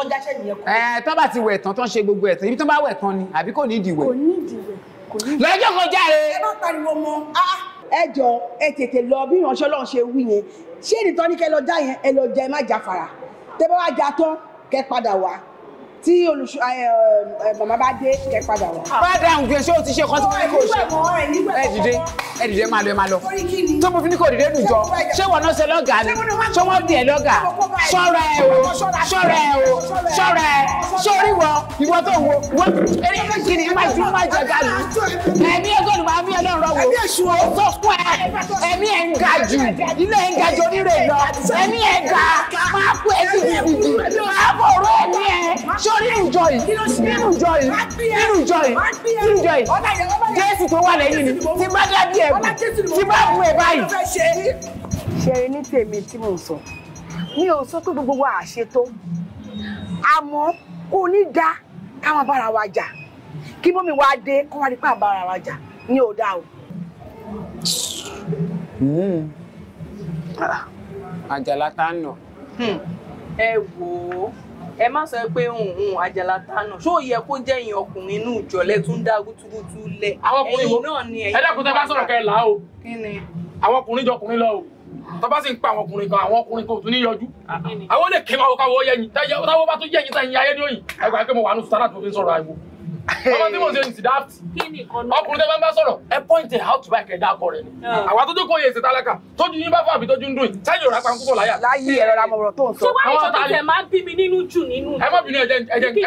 Speaker 2: ọjà ṣe nìyẹn kọ́. ẹ tán bá ti wẹ̀ tán tán ṣe gbogbo ẹ̀ tán ibi tán bá wẹ̀ tán ni àbí kò ní ìdìwẹ̀. kò ní ìdìwẹ̀
Speaker 1: kò ní. lọ́jọ́ kan jáde. ẹ bá pariwo mọ́ ah, ah. ẹ jọ ẹ tètè lọ bí ìránṣẹ́ ọlọ́run ṣe
Speaker 4: wí yẹn ṣé ìdìtọ́ ní kẹ́ lọ já yẹn ẹ lọ jẹ ẹ má já fara tẹ́ bá wá já tán kẹ́ padà wá tí olùṣọ màmá bá dé kẹ padà wá. padà ń gbé ṣé o ti ṣe
Speaker 1: kan tí wọ́n ní kò ṣe ẹ dìde ẹ dìde máa lọ ẹ máa lọ tó mo fi ní kò dìde dùjọ ṣé wọn náà ṣe lọ́gàá ni ṣé wọ́n dì ẹ lọ́gàá ṣọ́ra ẹ o ṣọ́ra ẹ o ṣọ́ra ẹ sórí wọ ìwọ tó wo wọ eré kiri máa ju máa jẹ gàdú ẹ̀mí ẹgọ́dù máa mí ọlọ́run rọwọ́ o tó fún ẹ ẹ̀mí ẹ̀ ń ga jù ilé ẹ̀ ń ga jù onírè lọ ẹ̀mí ẹ̀ ga máa kú ẹ̀ sí gbìgbìgbì sórí ìjọ yìí nínú ìjọ yìí nínú ìjọ yìí nínú ìjọ
Speaker 3: yìí
Speaker 4: jésù tó wà lẹ́yìn ni tí bá dábí ẹ̀ tí bá mú ẹ báyìí. ṣeré ní tèmi tí mo sọ mi ò sọ pé gbogbo wa àṣetó àmọ́ kò ní dá káwọn bára wa jà kí mọ́mi wa dé kó wá nípa
Speaker 1: bára wa jà ní ò o. Hmm. Ah. àjàlá tá a nà. Hmm. ẹ wò ó ẹ má sọ pé òun àjàlá tánà ṣó yẹ kó jẹ́ ìyẹn ọkùnrin inú ìjọlẹ tún dá gútúgútú lẹ ẹ̀yin náà ni ẹ̀yin. ẹ dákun tẹ bá sọ̀rọ̀ kẹ o àwọn ọkùnrin jọ ọkùnrin lọ o tó bá sì ń pa àwọn ọkùnrin kan àwọn ọkùnrin kan ò tún ní yọjú àwọn lè kí wọn káwọ yẹyin táwọn bá tún yẹyin táyìn ayé ní òyìn ẹgbàá pé mo wà nù sàrà tó fi ń sọ̀rọ̀ àìwò ọmọ tí mo ṣe ní sidapt ọkùnrin tẹ́ bá ń bá sọ̀rọ̀ ẹ point out báyìí kẹ́ ẹ dákọ rẹ̀ ni àwa tó jókòó yẹ ìṣe tálákà tójú yín bá fún àbí tójú ń dùn táyì òrà pa ń kúkọ̀ láyà. láyé ẹ̀rọ la mọ̀ ọ̀rọ̀ tó ń sọ. tí wọ́n á sọ pé ẹ máa ń bí mi nínú jù nínú. ẹ má bínú ẹ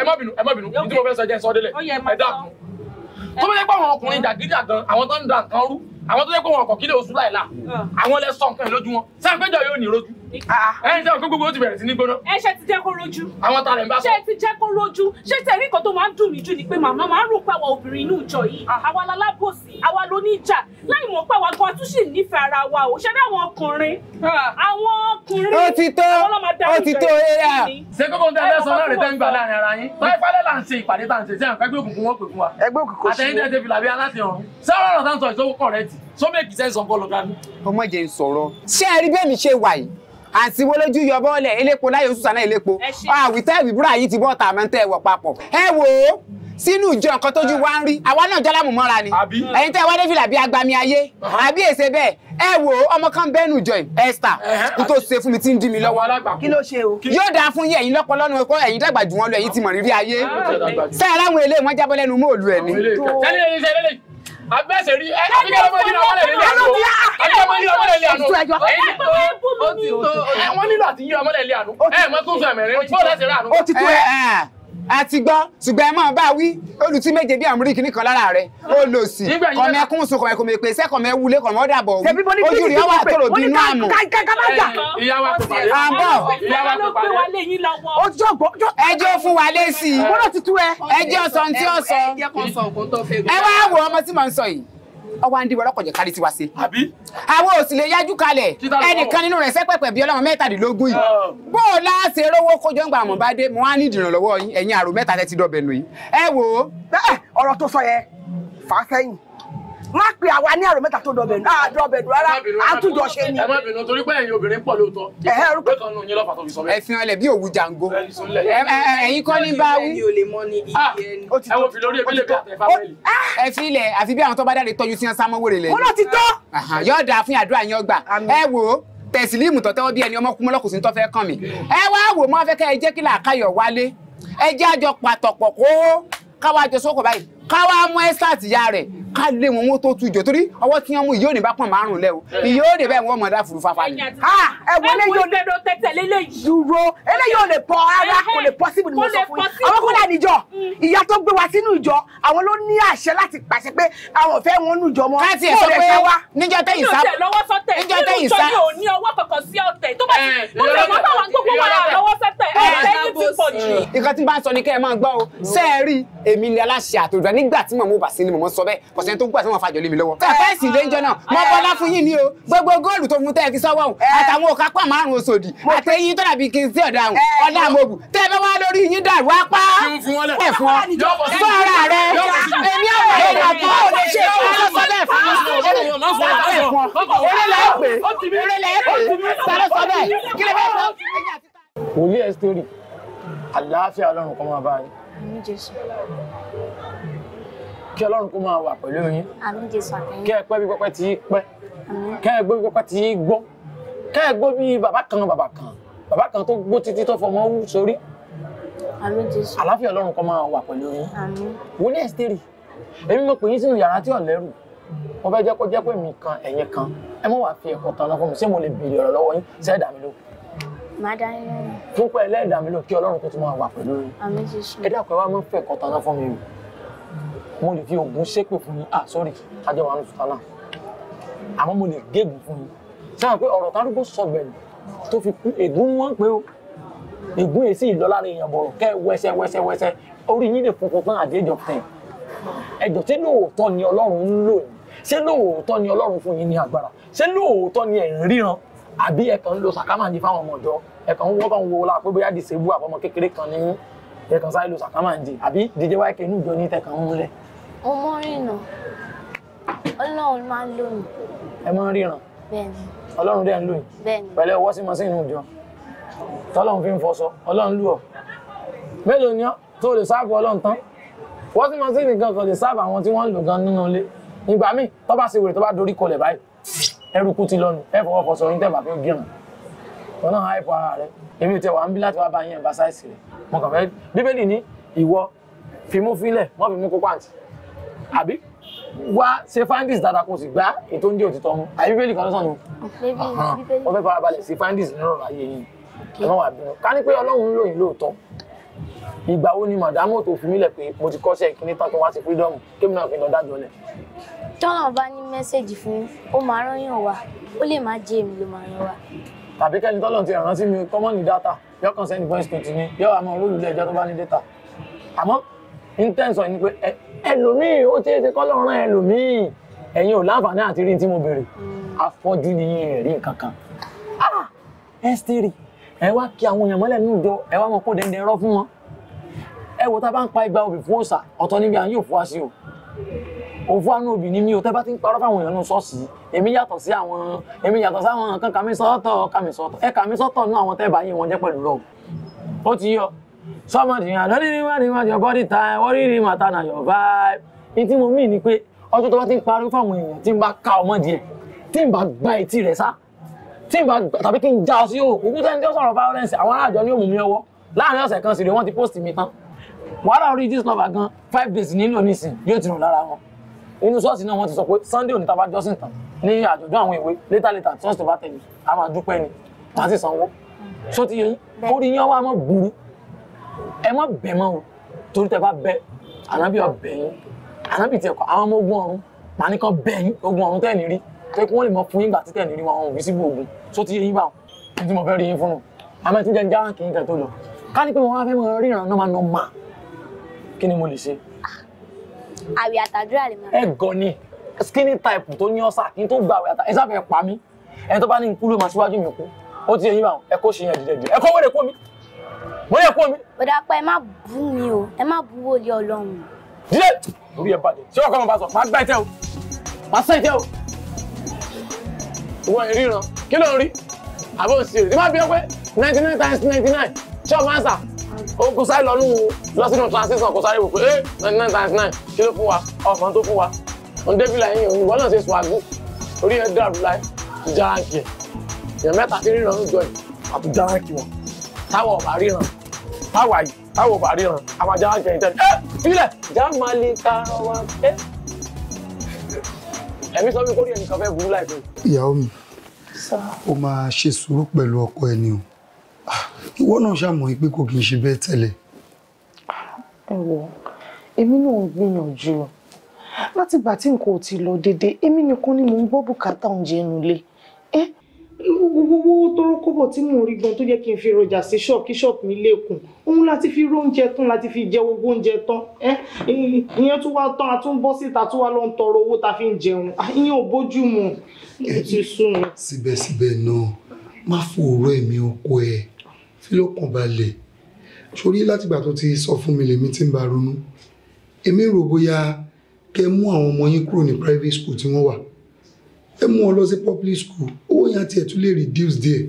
Speaker 1: má bínú ẹ má bínú ní mo fẹ́ sọ jẹ́ sọ délẹ̀ ẹ dákun ẹ̀yin sẹ́wọ̀n kó gbogbo ti bẹ̀rẹ̀ sí ní gbóná. ẹ ṣe ti jẹ́ kó rojú. àwọn ta lẹ̀ ń bá sọ. ṣe ti jẹ́ kó rojú ṣé tẹ̀rí nǹkan tó máa ń dùn mí jù ni pé màmá máa ń rò pé àwa obìnrin inú ìjọ yìí ah. àwa
Speaker 4: lalábòsí àwa lóníjà láì mọ̀ pé àwa gan tún sì nífẹ̀ẹ́ ara wa o ṣe ní àwọn ọkùnrin. Ah. àwọn ọkùnrin ó ti tó ó ti tó ẹ̀yà. ṣé kókó ń tẹ́ sọ náà rẹ̀ láàrin
Speaker 1: ara yín. báyìí pálẹ̀ là ń ṣe ìpàdé tá à ń ṣe sẹ́yìn ẹgbẹ́ òkùnkùn wọn pè fún wa. ẹgbẹ́ òkùnkùn ṣe àtẹ̀yìn tẹ́ àti wọlójú yọ bọ́ọ̀lẹ̀ elépo láyé oṣù sànà elépo àwítẹ́ ah, ìwìbúra yìí ti bọ́ tàmọ́ tẹ́ wọ̀ papọ̀ ẹ wò ó sínú ìjọ nǹkan tójú wa ń rí àwa náà jálámù mọ́ra ni ẹ̀yin tẹ́ wá dé fìlà bí agbami ayé àbí èsè bẹ́ẹ̀ ẹ wò ọmọ kan bẹ́ẹ̀nù ìjọ yìí Esther n tó ṣe fún mi tí ń dí mi lọ́wọ́ kí ló ṣe o yóò dáa fún yín ẹ̀yin lọ́pọ̀ lọ́nu ẹ̀kọ́ ẹ̀yin dàgbà jù wọ́n lọ ẹ̀yin ti mọ̀ rírí ayé sẹ́yìn ah. aláwọn eléyìí wọ́n jábọ́ lẹ́nu mọ́ òlu ẹ̀ abẹ́sẹ̀ rí ẹ kí ló máa yíra mọ́lẹ̀ nílé àná kí ló nílò àti yíra mọ́lẹ̀ nílé àná ẹ̀ mọ́ tó sọ ẹ̀mẹ̀rin bọ́ọ̀lù ẹ̀sẹ̀ rà àti gbọ́ ṣùgbọ́n ẹ máa bá wí olùtí méje bí àmúrí kìíní kan lára rẹ̀ ó lò sí kọ̀mẹ́ kún sun kọ̀mẹ́ kọ̀mẹ́ pèsè kọ̀mẹ́ wulẹ̀ kọ̀mẹ́ ọ̀dà bọ̀ wí ojú rẹ̀ wà tòrò bí inú àmù. ìyáwó àpòpọ̀ ẹjọ́ fún wa lé sí i ẹjọ́ sọ ohun tí ó sọ ẹ wá wo ọmọ tí mò ń sọ yìí ọwọ́ àǹdí wọ́rọ́ kọ̀jẹ̀ kárí tiwa ṣe. àwọn ò sì lè yájú kalẹ̀ ẹnìkan nínú rẹ̀ sẹ́pẹ̀pẹ̀ bíi ọlọ́run mẹ́tàdínlógún yìí. Ah. bó o lá ṣe rówó kójọ ń gba àmọ́ bá dé mo wá ní ìdìrànlọ́wọ́ yín ẹ̀yin àrò mẹ́ta tẹ́ ti dọ̀bẹ̀ nù yìí. ẹ wo eh, ọ̀rọ̀ tó sọ yẹn fà sẹ́yìn má pe àwa ní àrò mẹ́ta tó dọ̀bẹ̀ nù àdọ̀bẹ̀ ah, nù rárá àtúndọ̀ ṣe ni. ẹ má bínú torí pé ẹ̀yin obìnrin pọ̀ lóòótọ́. ẹ̀hẹ́ orúkọ kan nù yín lọ́fà tó fi sọ bẹ́ẹ̀. ẹ̀sìn ọlẹ̀ bí òwú jàǹgó ẹ̀yin kọ́ ní bá wí. Ah, ẹ wo fi lórí ebile bí àtẹ̀fà mẹ́lì. Ah! ẹ fi ilẹ̀ àfi bí àwọn tó bá dáre tọ́jú sí ọ̀sán mọ́wòrè lẹ̀. kọ́lọ́ ti tọ́. yóò dáa fún àdúrà yín ọgbà ẹ wo tẹ̀sílíìmù tọ́tẹ́wọ́ bí ẹni ọmọ kúmọ́ lọ́kùnrin tó fẹ́ kàn mí. ẹ wá wò mọ́ fẹ́ kẹ́ ẹ jẹ́ kí làákàyọ̀ wálé ẹ jẹ́ àjọ pàtọ̀pọ̀ kó káwá jọ sókò báyìí káwá mú ẹ́sà àtìyá rẹ̀ ká lé wọn wọn tó tu ìjọ torí ọwọ́ tí wọ́n mú ìyóòdè bá pọ̀n márùn lẹ́wọ̀ ìyóòdè bẹ́ẹ̀ wọ́n mọ̀ dá furu fafa ni. ẹ wo eléyìí ò lè dúró eléyìí ò lè bọ ara kò lè possible ni mo sọ fún yín àwọn kúlẹ̀ níjọ mm. ìyá tó gbé wa sínú ìjọ àwọn ló ní àṣẹ láti pàṣẹ pé àwọn ò fẹ́ wọn nù jọ mọ́ kó lè ṣe wá. níjọ tẹ ìsá níjọ tẹ ìsá nínú ìjọ yóò ní ọwọ́ kankan sí ọ̀tẹ̀ tó bá ti mo lè mọ́ bá wọn gbogbo wọn lọ́wọ́ sẹ́tẹ̀ ọ̀tẹ̀ yìí ti ni kẹ́ ẹ sẹ́ni tó gbà sọ́wọ́n fàjọ lé mi lọ́wọ́. fẹ́ẹ̀sì lẹ́jọ́ náà mo bọlá fún yín ni o gbogbo góòlù tó fún tẹ́ ẹ ti sọ́wọ́ òun àtàwọn òkápá márùn-ún oṣòdì àtẹ̀yìn tó dàbí kí n sí ọ̀dà òun ọ̀dà àmọ́bù tẹ́ ẹ bá wá lórí yín dàrú apá ẹ̀ fún ọ rẹ èmi àwọn ọ̀rẹ́ máa ọ̀rẹ́ ṣe fún fún ọ story àlàáfíà ọlọ́run kan máa bá yín kí ọlọ́run kó máa wà pẹ̀lú yín kí ẹ pẹ́ bí pẹ́pẹ́ tí
Speaker 2: pẹ́
Speaker 1: kí ẹ gbó bí pẹ́pẹ́ tí gbó kí ẹ gbó bí bàbá kan bàbá kan bàbá kan tó gbó títí tó fọmọ wú sórí àlàáfíà ọlọ́run kó máa wà pẹ̀lú yín wòlíì ẹ̀sítẹ́rì èmi mo pè yín sínú yàrá tí ò lẹ́rù mo fẹ́ jẹ́ kó jẹ́ pé mi kan ẹ̀yin kan ẹ mọ̀ wá fi ẹ̀kọ́ tán lọ́kọ́ mi ṣé mo lè béèrè ọ̀rọ̀ lọ́wọ́ yín ṣe é dà mí ló.
Speaker 2: má dá yín lóhùn.
Speaker 1: fún pé ẹlẹ́dàá mi ló kí ọlọ́run kó tún máa wà pẹ̀lú àmì ti sùn. ẹ dákun ẹ wá máa ń fẹ́ ẹ̀kọ́ tán lọ́fọ́ mi o mo lè fi oògùn ṣépè fún yín ah sorry ajẹ́ wa ń sùn tánà àmọ́ mo lè gégùn fún yín sáà pé ọ̀rọ̀ tárúgbó sọ̀gbẹ̀rì tó fi kú ègún wọn pé o ègún èsì ìlọ́lárin èèyàn bọ̀rọ̀ kẹ́ wẹsẹ wẹsẹ wẹsẹ orí yín lè funfun fún àdéjọ tẹ̀ ẹjọ́ tí lóòótọ́ ni ọlọ́run ń lò yín ṣé lóòótọ́ ni ọlọ́run fún yín ní agbára ṣé lóòótọ́ ni ẹ̀ ń ríran àbí ẹ̀kan ń lo sàkámà ní fáwọn ọmọ ọ̀dọ́ ẹ̀kan ń wọ́kàn wo la pé bóyá dìsebú àbọ̀mọ kékeré kan ní ẹ̀kan sáré lo sàkámà ní àbí díjẹ́ wáyé kẹ́nu ìjọ ní tẹ̀kan ń múlẹ̀
Speaker 2: mo mọ ríran ọlọ́run máa ń lóyún. ẹ máa ń ríran. bẹ́ẹ̀ni.
Speaker 1: ọlọ́run dẹ̀ ń lóyún. bẹ́ẹ̀ni. pẹ̀lú ọwọ́ sí masínú ìjọ tọ́lọ́run fi ń fọṣọ ọlọ́run lù ọ́ mélòó ni ọ́ tó lè sáàbù ọlọ́run tán wọ́n sì masínú nǹkan kan lè sáàbù àwọn tí wọ́n ń lò gan nínú ilé ìgbà míì tó bá ṣe wèrè tó bá dorí kọlẹ̀ báyìí ẹrùkú ti lọ́nu ẹ fọwọ́ fọṣọ yín tẹ̀ bá fi gírun ọ̀nà àìpọ̀ ara rẹ̀ èmi ò tẹ̀ wá ń bí láti wá bá yín ẹ̀ bá sáìsì rẹ̀ mo kàn fẹ́ bíbélì ní ìwọ fimú fílẹ̀ mọ́ fimú kó pàǹtì àbí wá ṣe findings kó o sì gbá ètò oúnjẹ òtítọ́ mu àbí bíbélì kan lọ́sàn-án
Speaker 2: nù
Speaker 1: wọ́n fẹ́ farabalẹ̀ ṣe findings nírọ̀rùn ayé yìí ẹ̀ máa wà bínú ká ní pé ọlọ́run ló yín lóòótọ́ ìgbà wo ni màdámù tó fi mílẹ̀ pé mo ti kọ́ṣẹ́ ìkíní tán tó wá sí freedom kí mi náà fi lọ dájọ́ lẹ̀.
Speaker 2: tọ́nà bá ní mẹ́sẹ̀gì fún ó máa rán yàn wá ó lè má jẹ́ èmi ló máa rán wá.
Speaker 1: tàbí kẹ́ni tọ́lọ̀ ti rán sí mi kọ́mọ́ ní data yọ kàn sẹ́ni voice note ni yọ àmọ́ olólùlẹ̀ ẹjọ́ tó bá ní data àmọ́ intention ni pé ẹlòmíì ó ti ṣe kọ́lọ́run ẹlòmíì ẹ̀yin ò láǹfààní àti rí tí mo béèrè mm. afọ́jú ni yín ẹ̀rí kankan ẹ ah! stérì ẹ wá kí àwọn èèyàn mọ́lẹ̀ nínú ìjọ ẹ wá mọ kó dẹ́ndẹ́ rọ́ fún wọn ẹ wo tá a bá ń pa igba obì fún òòṣà ọ̀tọ̀ níbi à ń yóò o òfu àánú obì ni mí o tẹ́ bá ti ń parọ́ fáwọn èèyàn nínú ṣọ́ọ̀ṣì èmi yàtọ̀ sí àwọn èmi yàtọ̀ sí àwọn kàmí sọ́tọ̀ kàmí sọ́tọ̀ ẹ kàmí sọ́tọ̀ nínú àwọn tẹ́ bá yé wọn jẹ́ pẹ̀lú rọ̀ ó ti yọ somebody yẹn àlọ́ nínú ìwádìí ìwádìí your body time wọ́n rí ní màtá na your vibe ní tí mo mìín ni pé ọjọ́ tó bá ti ń parí fáwọn èèyàn tí n bá ka ọmọ díẹ̀ tí n bá gba etí rẹ̀ sá tí n bá tàbí kí n já ọ sí òkú kí sẹ́ni tí ó sọ̀rọ̀ violence àwọn aráàjọ ní òmùmí ọwọ́ láàrin ọ̀sẹ̀ kan sì rè wọ́n ti post mi tán wàhálà orí dis lover gan five days nílò nísìn yóò ti rùn lára wọn inú ṣọ́ọ̀ṣì náà wọ́n ti sọ pé sunday òní tàbá jọ́sìn tán ní àjọ̀dún àwọn ìwé later later ṣọ́ọ̀ṣì tó bá tẹ̀lé a máa dúpẹ́ ni wọ́n á sì sanwó sótìyẹyìn orí yẹn wọ́n á mọ̀ gbúrú ẹ má bẹ̀ mọ́ o torí tẹ bá bẹ ànábì wa bẹ̀ yín ànábì tẹ kọ àwọn ọmọ ogun ọ̀run màní bẹ̀ yín ogun ọ̀run tẹ̀ ní rí pé kí wọ́n lè mọ fún yín gbà títẹ̀ ní rí wọn àwọn òbí síbi tó ti yé yín báwọn tí mo fẹ́ rí yín fún un àmọ́ tí jẹun jáwá kì í tẹ̀ tó lọ
Speaker 2: ká ní pé mo wá fẹ́ mọ ríran náà
Speaker 1: mà kí ni mo lè ṣe.
Speaker 2: àwẹ̀ àtàdúrà lè máa.
Speaker 1: ẹ gọ ni skinny type tó ní ọ̀sà kí n tó gba àwẹ̀ àtàdúrà ẹ sáfẹ́ pa mí ẹ
Speaker 2: bóyá kú mi. bọ̀dà pa ẹ má bú mi o ẹ má bú wòlíì ọlọ́run.
Speaker 1: díẹ̀ orí ẹ bàjẹ́ ṣé ọkọ mi bá sọ máa gbá ẹ tẹ́ o máa sẹ́ ẹ o. ìwọ ìríran kí ló ń rí àbò sí èrè tí máa bí ọ pé ninety nine times ninety nine ṣé ọmọ àṣà kò sáré lọ nù lọ sínú transition kò sáré wò pé eh ninety nine times nine kí ló fún wa ọkàn tó fún wa òun débi là ń yìn òyìnbó náà ṣe sùn àgbò orí ẹ dàrú láì járánkì ẹ èèyàn mẹ́ta ti ríran ń jọ yìí àti járánkì wọn táwọn ọ̀bà ríran táwa yìí táwa ò bá ríran àwọn ajá wa jẹyìn tẹ́lẹ̀ ẹ́ sílẹ̀ já máa lè ta ọwọ́ ẹ́ ẹ̀mí sọ wípé orí ẹnìkan fẹ́ burú láìpẹ́. ìyàwó mi ó máa ṣe sùúrù pẹ̀lú ọkọ ẹni o ìwọ náà ṣàmọ̀ pé kò kì í ṣe bẹ́ẹ̀ tẹ́lẹ̀. ẹ wò èmi náà ń gbìyànjú láti gbà tí nǹkan ò ti lọ déédéé èmi nìkan ni mò ń gbọ́ bùkátà oúnjẹ nulẹ̀ owó tóró kọ́bọ̀ tí mò ń rí gan tó yẹ kí n fi rọjà sí ṣọ́ọ̀bù kí ṣọ́ọ̀bù mi lékun òun láti fi ró oúnjẹ tán láti fi jẹ gbogbo oúnjẹ tán ìyẹn tún wá tán a tún bọ́ síta tún wá lọ ń tọrọ owó ta fi ń jẹun ah, ìyẹn ò bójú mu ó ti sún mi. síbẹ̀síbẹ̀ náà má fòòró ẹ̀mí ọkọ ẹ̀ fi lọ́kàn balẹ̀ sórí látìgbà tó ti sọ fún mi lèmi tí ń ba ronú èmi rò bóyá kẹ́ mú àwọn ọmọ yín kúrò ní private school tí wọ́n wà ẹ mú ọ lọ sí public school owó yẹn àti ẹ̀tún lè reduce díẹ̀.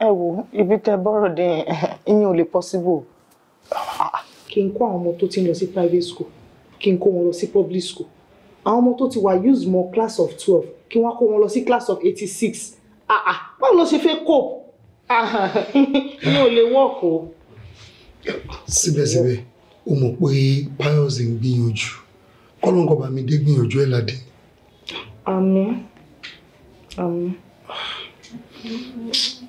Speaker 1: ẹ wo ibi tẹ bọ́rọ̀ dé ìyẹn ò lè possible. kí n kó àwọn ọmọ tó ti ń lọ sí private school kí n kó wọn lọ sí public school àwọn ọmọ tó ti wà use mọ class of twelve kí wọ́n kó wọn lọ sí class of eighty six ah, ah, báwo ló ṣe fẹ́ cope ìyẹn ò lè work o. síbẹ̀síbẹ̀ o mọ̀ pé pius ń gbìyànjú kọ́lọ́ńkọ́ bá mi dé gbìyànjú ẹ̀ ládìí
Speaker 4: àmín àmín.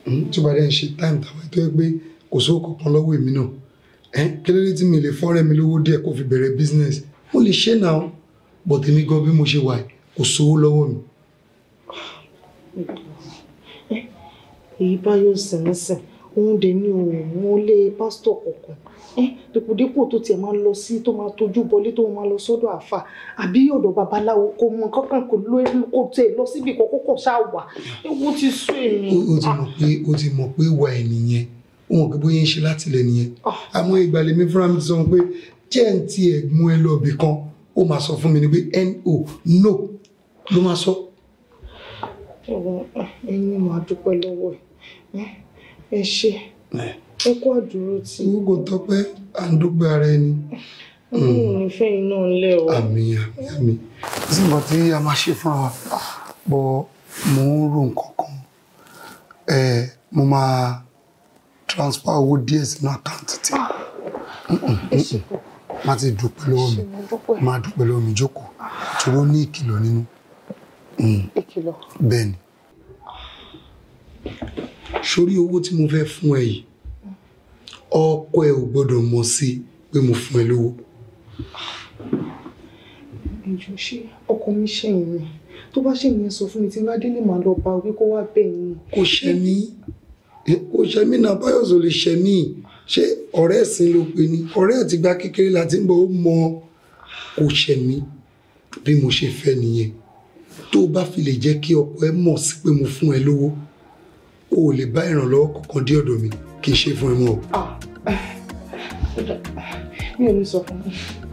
Speaker 1: Hmm, tó bá dẹ́ ń ṣe táìmù táwọn ètò ẹ pé kò sówó kankan lọ́wọ́ èmi náà kí ló dé tí mi lè fọ́rẹ́ mi lówó díẹ̀ kó fi bẹ̀rẹ̀ business mo lè ṣe náà bọ̀ tèmi gan bí mo ṣe wà kò sówó lọ́wọ́ mi.
Speaker 4: èyí bá yóò sìn nísìn òun dè ní òun mo lé pásítọ̀ kọ̀ọ̀kan dèpòdépò eh, tó tiẹ̀ máa ń lọ sí tó máa tójú bọlé tó máa lọ sọ́dọ̀ àfà
Speaker 1: àbí ọ̀dọ̀ babaláwo kò mọ kankan kò kò tiẹ̀ lọ síbi kọ́kọ́ kọ̀ ṣáà wà ewu ti sún èmi. o ti mọ̀ pé o ti mọ̀ pé wà ẹ̀ nìyẹn ohun bóyá ń ṣe látìlẹ̀ nìyẹn ah. àwọn ìgbàlẹ̀ mi fúnra mi ti sọ pé jẹ́ ń ti ẹ̀gbọ́n ẹ lọ́ọ̀bì kan ó máa sọ fún mi ni pé no no ló máa sọ.
Speaker 4: ẹ̀yin máa dúpẹ́ lọ́wọ́ ẹ ṣe ó kó àdúró tí. owó kò tọpẹ́
Speaker 1: à ń dúpẹ́ ara ẹni.
Speaker 4: Hmm. ìfẹ́ iná ńlẹ̀ o. àmín àmín àmín.
Speaker 1: kò tí a máa ṣe fúnra wa bọ mo ń rò nǹkan kan ẹ mo máa transfer owó díẹ̀ sínú àkáǹtì tí ah. má ti dúpẹ́ lọ́wọ́ mi má dúpẹ́ lọ́wọ́ mi jókòó ah. torí ó ní ìkìlọ̀ nínú. Mm. bẹ́ẹ̀ ni ah. sórí owó tí mo fẹ́ fún ẹ yìí ọkọ ẹ ò gbọ́dọ̀ mọ̀ sí pé mo fún ẹ lówó. ìjọ ṣe ọkọ mi ṣẹ̀yìn mi tó bá ṣe ìyẹn sọ fún mi tí n bá délé màá lọ bá wí kó wá bẹ̀ yín. kò ṣẹ mí kò ṣẹ mí náà báyọ̀sọ̀ lè ṣẹ mí ṣé ọ̀rẹ́ ẹ̀sìn ló pe ni ọ̀rẹ́ àtìgbà kékeré láti ń bọ̀ ó mọ kò ṣẹ mí bí mo ṣe fẹ́ nìyẹn tó o bá fi lè jẹ́ kí ọkọ ẹ mọ̀ sí pé mo fún ẹ lówó o ò lè bá ìrànlọ́wọ́ kankan dé ọ̀dọ̀ mi kì í ṣe fún ẹ mọ́ o. Ah, mi ò ní sọ fún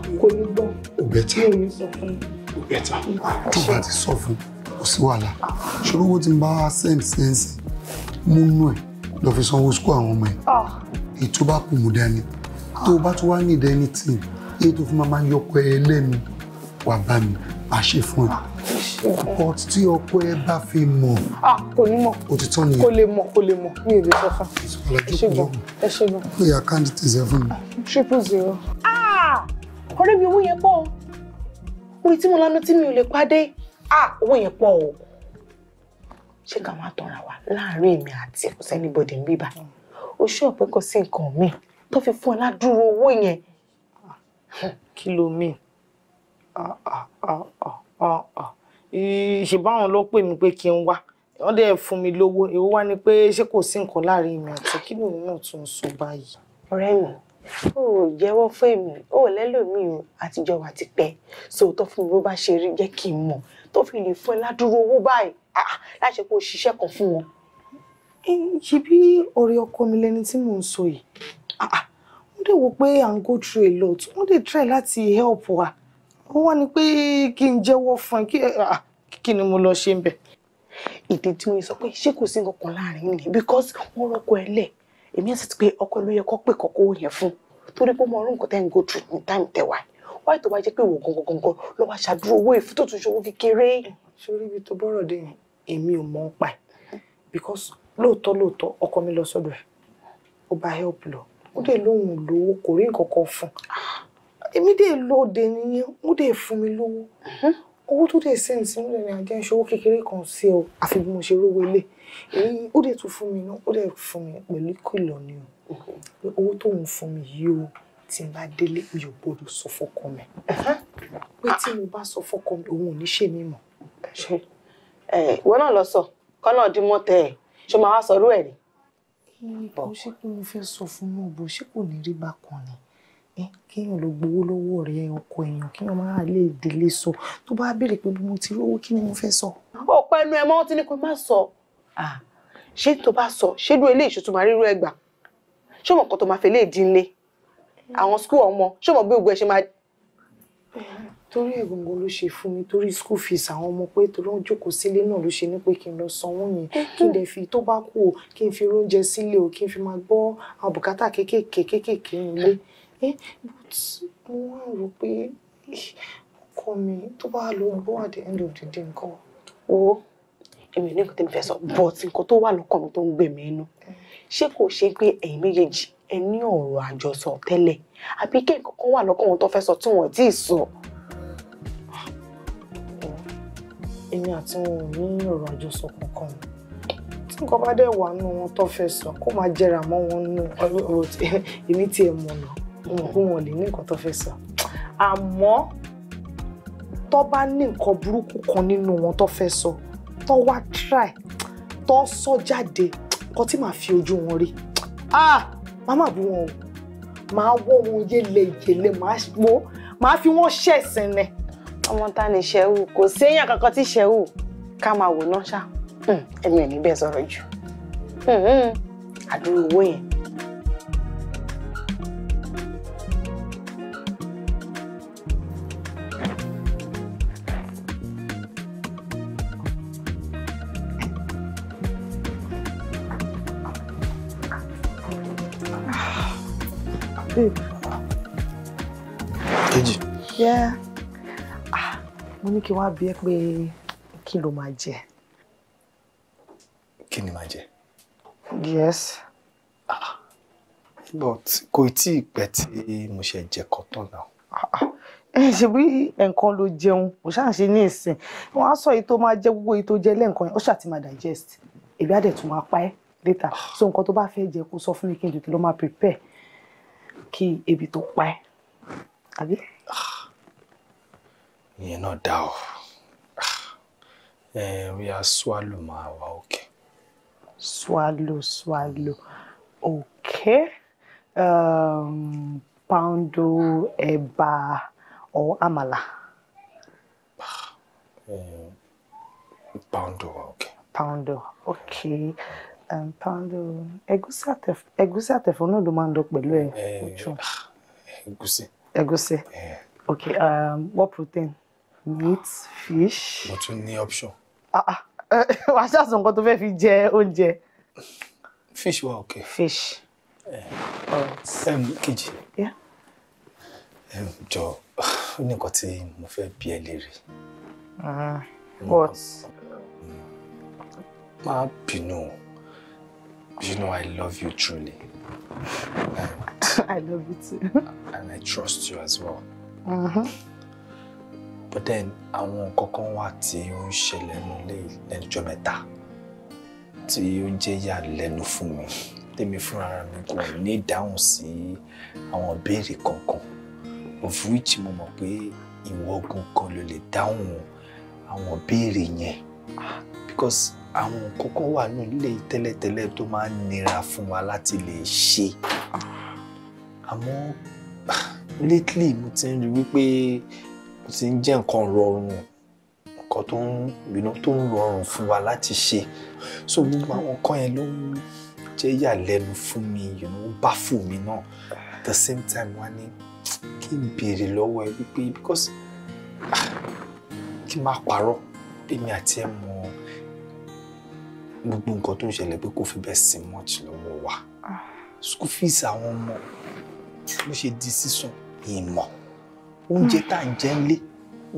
Speaker 1: un kò ní gbọ́ mi ò ní sọ fún un. ó bẹ̀tà tó bá ti sọ fún kò sí wàhálà ṣòro owó tí ń bá send sense mú nú ẹ lọ fi sanwó sukú àwọn ọmọ ẹ ah. ètò bá kù mú dání tó bá tún wá ní ìdẹ́ni tì ètò fún máa yọkọ ẹ lẹ́nu wà bá mi àṣẹ fún ẹ. Ah ọkọ tí ọkọ ẹ bá fi mọ̀. a kò ní mọ̀ òtítọ́ nìyẹn kò lè mọ̀ kò lè mọ̀ mi ò lè sọ fún un ẹ ṣe gan ẹ ṣe gan. ó yà káńtì tì sẹ́ fún mi.
Speaker 4: triple zero. ọ̀rẹ́ mi owó yẹn pọ̀ o orí tí mo lánà tí mi ò lè pàdé owó yẹn pọ̀ o ṣé ká máa tọ̀ra wa láàárín èmi àti kò sẹ́ni bọ̀dẹ̀ ń bíbá o ṣé ọ̀pẹ́ kò sí nǹkan mi tó fi fún ẹ ládùúró owó yẹn. kí ló mean? ah ah
Speaker 1: ah ah ah ṣe báwọn ló pè mí pé kí n wá wọ́n dẹ̀ fún mi
Speaker 4: lówó èwo wá ni pé ṣé kò sí nǹkan láàrin mi àti kí lòun náà tún sọ báyìí. ọ̀rẹ́ mi ò jẹ́wọ́ fún èmi ò lẹ́lòmíì o àtijọ́ wa ti pẹ́ sòótọ́ fún mi bó bá ṣe rí jẹ́ kí n mọ̀ tó fi lè fún ẹ ládùúrú owó báyìí ah, ah, láṣẹ kó o ṣiṣẹ́ kan fún wọn. ṣe bí ọ̀rẹ́ ọkọ mi lẹni tí mò ń sọ yìí wọ́n ah, dẹ̀ wò pé à ń go through a lot wọ́n dẹ̀ try láti help wa. ó wá ní pé
Speaker 1: kí n jẹ́wọ́ fún ẹ kí eh, ah, ni mo lọ ṣe ń bẹ̀. ìdí tí mo sọ pé ṣé
Speaker 4: kò sí nǹkan láàrin ni because wọ́n rọ́kọ ẹ lẹ̀ èmi ẹ̀ sì ti pé ọkọ ló yẹ kó pè kọ́kọ́ yẹn fún torí pé mo rún nǹkan ní táìmù tẹ́wà wáyé tó jẹ́ pé ló wá
Speaker 1: ṣàdúró owó because lóòótọ́ lóòótọ́ ọkọ mi lọ sọ́dọ̀ ẹ̀ bá help lọ ó kò èmi dẹ̀ lọ òde nìyẹn wọ́n dẹ̀ fún mi lówó uh-huh. owó tó dẹ̀ sẹ́ǹd sínú rẹ̀ ní ajá ìṣòwò kékeré kan sí ọ àfi bí mo ṣe rówó ilé èyí ó dẹ̀ tún fún mi náà ó dẹ̀ fún mi pẹ̀lú ìkìlọ̀ ni o pé owó tóun fún mi yìí o tí n bá délé mi ò gbọdọ̀ sọ fọ́kọ mi uh-huh. pé tí mo bá sọ
Speaker 4: fọ́kọ mi òun ò ní ṣe mí mọ̀. ìwọ náà lọ sọ kọ́nà dín mọ́ tẹ ẹ̀ ṣé máa wá sọ irú ẹ̀ rí. bó ṣe pé mo fẹ́ sọ fún un bó ṣe kò ní
Speaker 1: rí bákan ni kéèyàn ló gbowó lọ́wọ́ rẹ̀ ọkọ èèyàn kéèyàn máa lè délé sọ tó bá béèrè pé mo ti rówó kí ni mo fẹ́ sọ. ọ̀pọ̀ ẹnu ẹ̀ mọ́ ti ní kó má sọ
Speaker 4: ṣé tó bá sọ ṣé dúró ilé ìṣòtò máa rírú ẹgbà ṣé mọ̀ kan tó máa fẹ́ lè dín àwọn skul ọmọ ṣé mọ̀ bí ògùn ẹ ṣe máa. torí ẹ̀gbọ̀ngàn ló
Speaker 1: ṣe fún mi torí school fees àwọn ọmọ pé tó ló ń jókòó sílé náà ló ṣe ní pé kí n lọ sanwó yẹn kí n
Speaker 4: dẹ̀ fi tó bá kú o kí n fi oúnjẹ sílé o kí n fi máa gbọ́ àbùkátà kéékèèké kéékèèké nílé but mo wá rò pé ọkọ mi
Speaker 1: tó bá lọ gbọ́ at the end of the day nǹkan
Speaker 4: wo èmi ní nǹkan tí mo fẹ́ sọ but nǹkan tó wà lọ́kàn mi tó ń gbè mí inú ṣé kò ṣe pé ẹ̀yin méjèèjì ẹ ní ọ̀rọ̀ àjọsọ tẹ́lẹ̀ àbí kí nǹkan kan wà lọ́kàn wọn tó fẹ́ sọ tí wọ́n ti sọ. èmi àti wọn ò ní ọ̀rọ̀ àjọsọ kankan
Speaker 1: tí nǹkan bá dẹ̀ wà nù wọn tó fẹ́ sọ kó máa jẹrà mọ́ wọn nù ọ̀rọ̀ èmi tiẹ̀
Speaker 4: mọ̀ náà mọ̀ pé wọn ò lè ní nǹkan tó fẹ́ sọ àmọ́ tó bá ní nǹkan burúkú kan nínú wọn tó fẹ́ sọ tó wá try tó
Speaker 1: sọ jáde nǹkan tí màá fi ojú wọn rí ah màmá bú wọn o
Speaker 4: màá wọ́ wọn yélé yélé màá fi wọn ṣẹ̀sìn ni. ọmọ ta ni ṣẹ́wù kò séèyàn kankan tí ṣẹ́wù ká máa wò náà ṣá ẹ̀mí ẹ̀ níbẹ̀ sọ̀rọ̀ jù hmm, hmm. àdúrà owó yẹn babe. Kejì. Yeah. Ah, mo ní kí wá bi ẹ́ pé kí ló máa jẹ.
Speaker 1: Kí ni máa jẹ? Yes. Ah, but kò tí ì pẹ́ tí mo ṣe jẹ kan tán náà. Ẹ ah, ah. eh, ṣe bí nǹkan ló jẹun,
Speaker 4: kò ṣáà ṣe ní ìsìn. Wọ́n á sọ èyí tó máa jẹ gbogbo èyí tó jẹ lẹ́ǹkan yẹn, ó ṣáà ti máa digest. Èbí á dẹ̀ tún máa pa ẹ́ later. Ah. So nǹkan tó bá fẹ́ jẹ kó sọ fún mi kí n tètè lọ máa prepare kí ebi tó pa ẹ́ àbí. ìyẹn
Speaker 1: náà dá o ẹ rí a swallow máa wà òkè.
Speaker 4: swallow swallow òkè um, poundo ẹ̀bà or amala. Um, poundo òkè. poundo okay. Um, pàǹdù ẹ̀gúsí àtẹ̀fọ́ náà ló máa ń lọ pẹ̀lú ẹ̀ eh, ojú. Ah, ẹ̀gúsí. ẹ̀gúsí eh. ok um, what protein
Speaker 1: meat fish. mo tún ní option. Ah, ah, eh, wàá ṣàṣọ nǹkan tó fẹ́ fi jẹ
Speaker 4: oúnjẹ. fish wa
Speaker 1: ok. fish. Oh. kejì jọ ó ní nǹkan tí mo fẹ́ bi ẹ́ léèrè. what. máa bínú o. You know I love you truly.
Speaker 4: I love you too.
Speaker 1: and I trust you as well. Uh-huh. But then, àwọn kankan wà tí ó ń ṣẹlẹ̀ nílé lẹ́nujọ́ mẹ́ta tí ó jẹ́ ìyàlẹ́nu fún mi. Tèmi fúnra mi kò ní ìdáhùn sí àwọn ìbéèrè kankan. Of which mo mọ̀ pé ìwọ ogun kan ló lè dáhùn àwọn ìbéèrè yẹn. Because àwọn kókó wà nù nílé tẹ́lẹ̀tẹ́lẹ̀ tó máa ń nira fún wa láti lè ṣe àmọ́ lately mo ti ń rí wípé mo ti ń jẹ́ nǹkan rọrùn nǹkan tó ń bínú tó ń rọrùn fún wa láti ṣe so gbogbo àwọn nǹkan yẹn ló ń jẹ́ ìyàlẹ́nu fún mi you know bá fún mi náà at the same time wá ní kí n béèrè lọ́wọ́ ẹ wípé because kí n má parọ́ èmi àti ẹ mọ̀ ọ́ gbogbo nǹkan tó ń ṣẹlẹ̀ pé kò fi bẹ́ẹ̀ sí much lọ́wọ́ wa ah. school fees àwọn ọmọ bó ṣe di sísun ìmọ̀ oúnjẹ tá à ń jẹ ńlé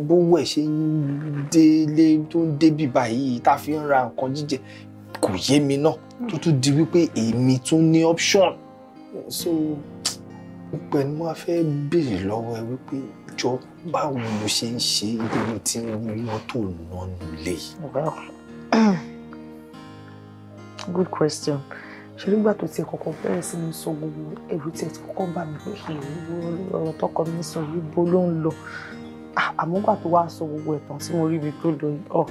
Speaker 1: bówó ẹ̀ ṣe ń délé tó ń débì báyìí tá a fi ń ra nǹkan jíjẹ kò yé mi náà hmm. tó tún di wípé èmi tún ní option so gbogbo ẹni mo fẹ́ béèrè lọ́wọ́ ẹ wípé jọ báwo ló ṣe ń ṣe ìdíwọ́ tí wọ́n tó nánú lé good question ṣe nígbà tó ti kọ́kọ́ bẹ̀rẹ̀ sí ní sọ gbogbo ẹ̀rù tí ẹ ti kọ́kọ́ bà mí pé ọ̀rọ̀ tọkọ mi sọ yìí bó ló ń lọ ah, àmọ́ gbà tó wá sọ
Speaker 4: gbogbo ẹ̀tàn tí mo rí ibi tó lọ ọ̀ oh,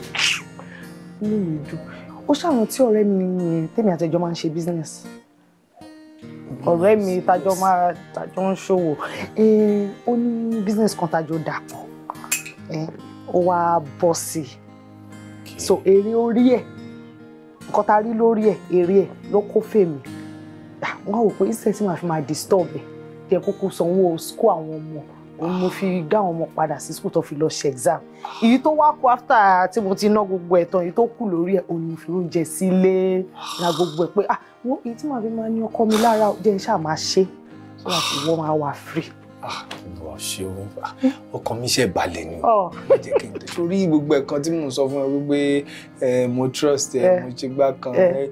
Speaker 4: inú mi dùn ó ṣàwọn tí ọ̀rẹ́ mi yẹn tèmi àtẹjọ́ máa ń ṣe business ọ̀rẹ́ mi tajọ máa tajọ ń
Speaker 1: ṣòwò ó ní business kan tajọ dàpọ̀ ó wá bọ́ sí i so èrè orí ẹ̀ nǹkan tá a rí lórí ẹ̀ èrè ẹ̀ ló kó fèmí wọ́n wò pé ìṣẹ̀ tí màá fi máa disturb ẹ̀ kí ẹ kúkú sanwó school àwọn ọmọ òun mo fi dá àwọn ọmọ padà sí school tó fi lọ ṣe exam èyí tó wá kú after tí mo ti ná gbogbo ẹ̀ tán èyí tó kù lórí ẹ̀ òun fi oúnjẹ sílé
Speaker 4: na gbogbo ẹ̀ pé ah wọ́n èyí tí màá fi máa ní ọkọ mi lára jẹ́ ń ṣáà ṣe so that ìwọ máa wà free
Speaker 1: ìwà ṣeun ọkàn mi ṣe balẹ̀ ni
Speaker 4: o oh. jẹ́
Speaker 1: kí n tẹ̀ sórí gbogbo ẹ̀kan tí mò ń sọ fún ẹ wípé mo trust ẹ eh. mo ṣe gbá kan eh.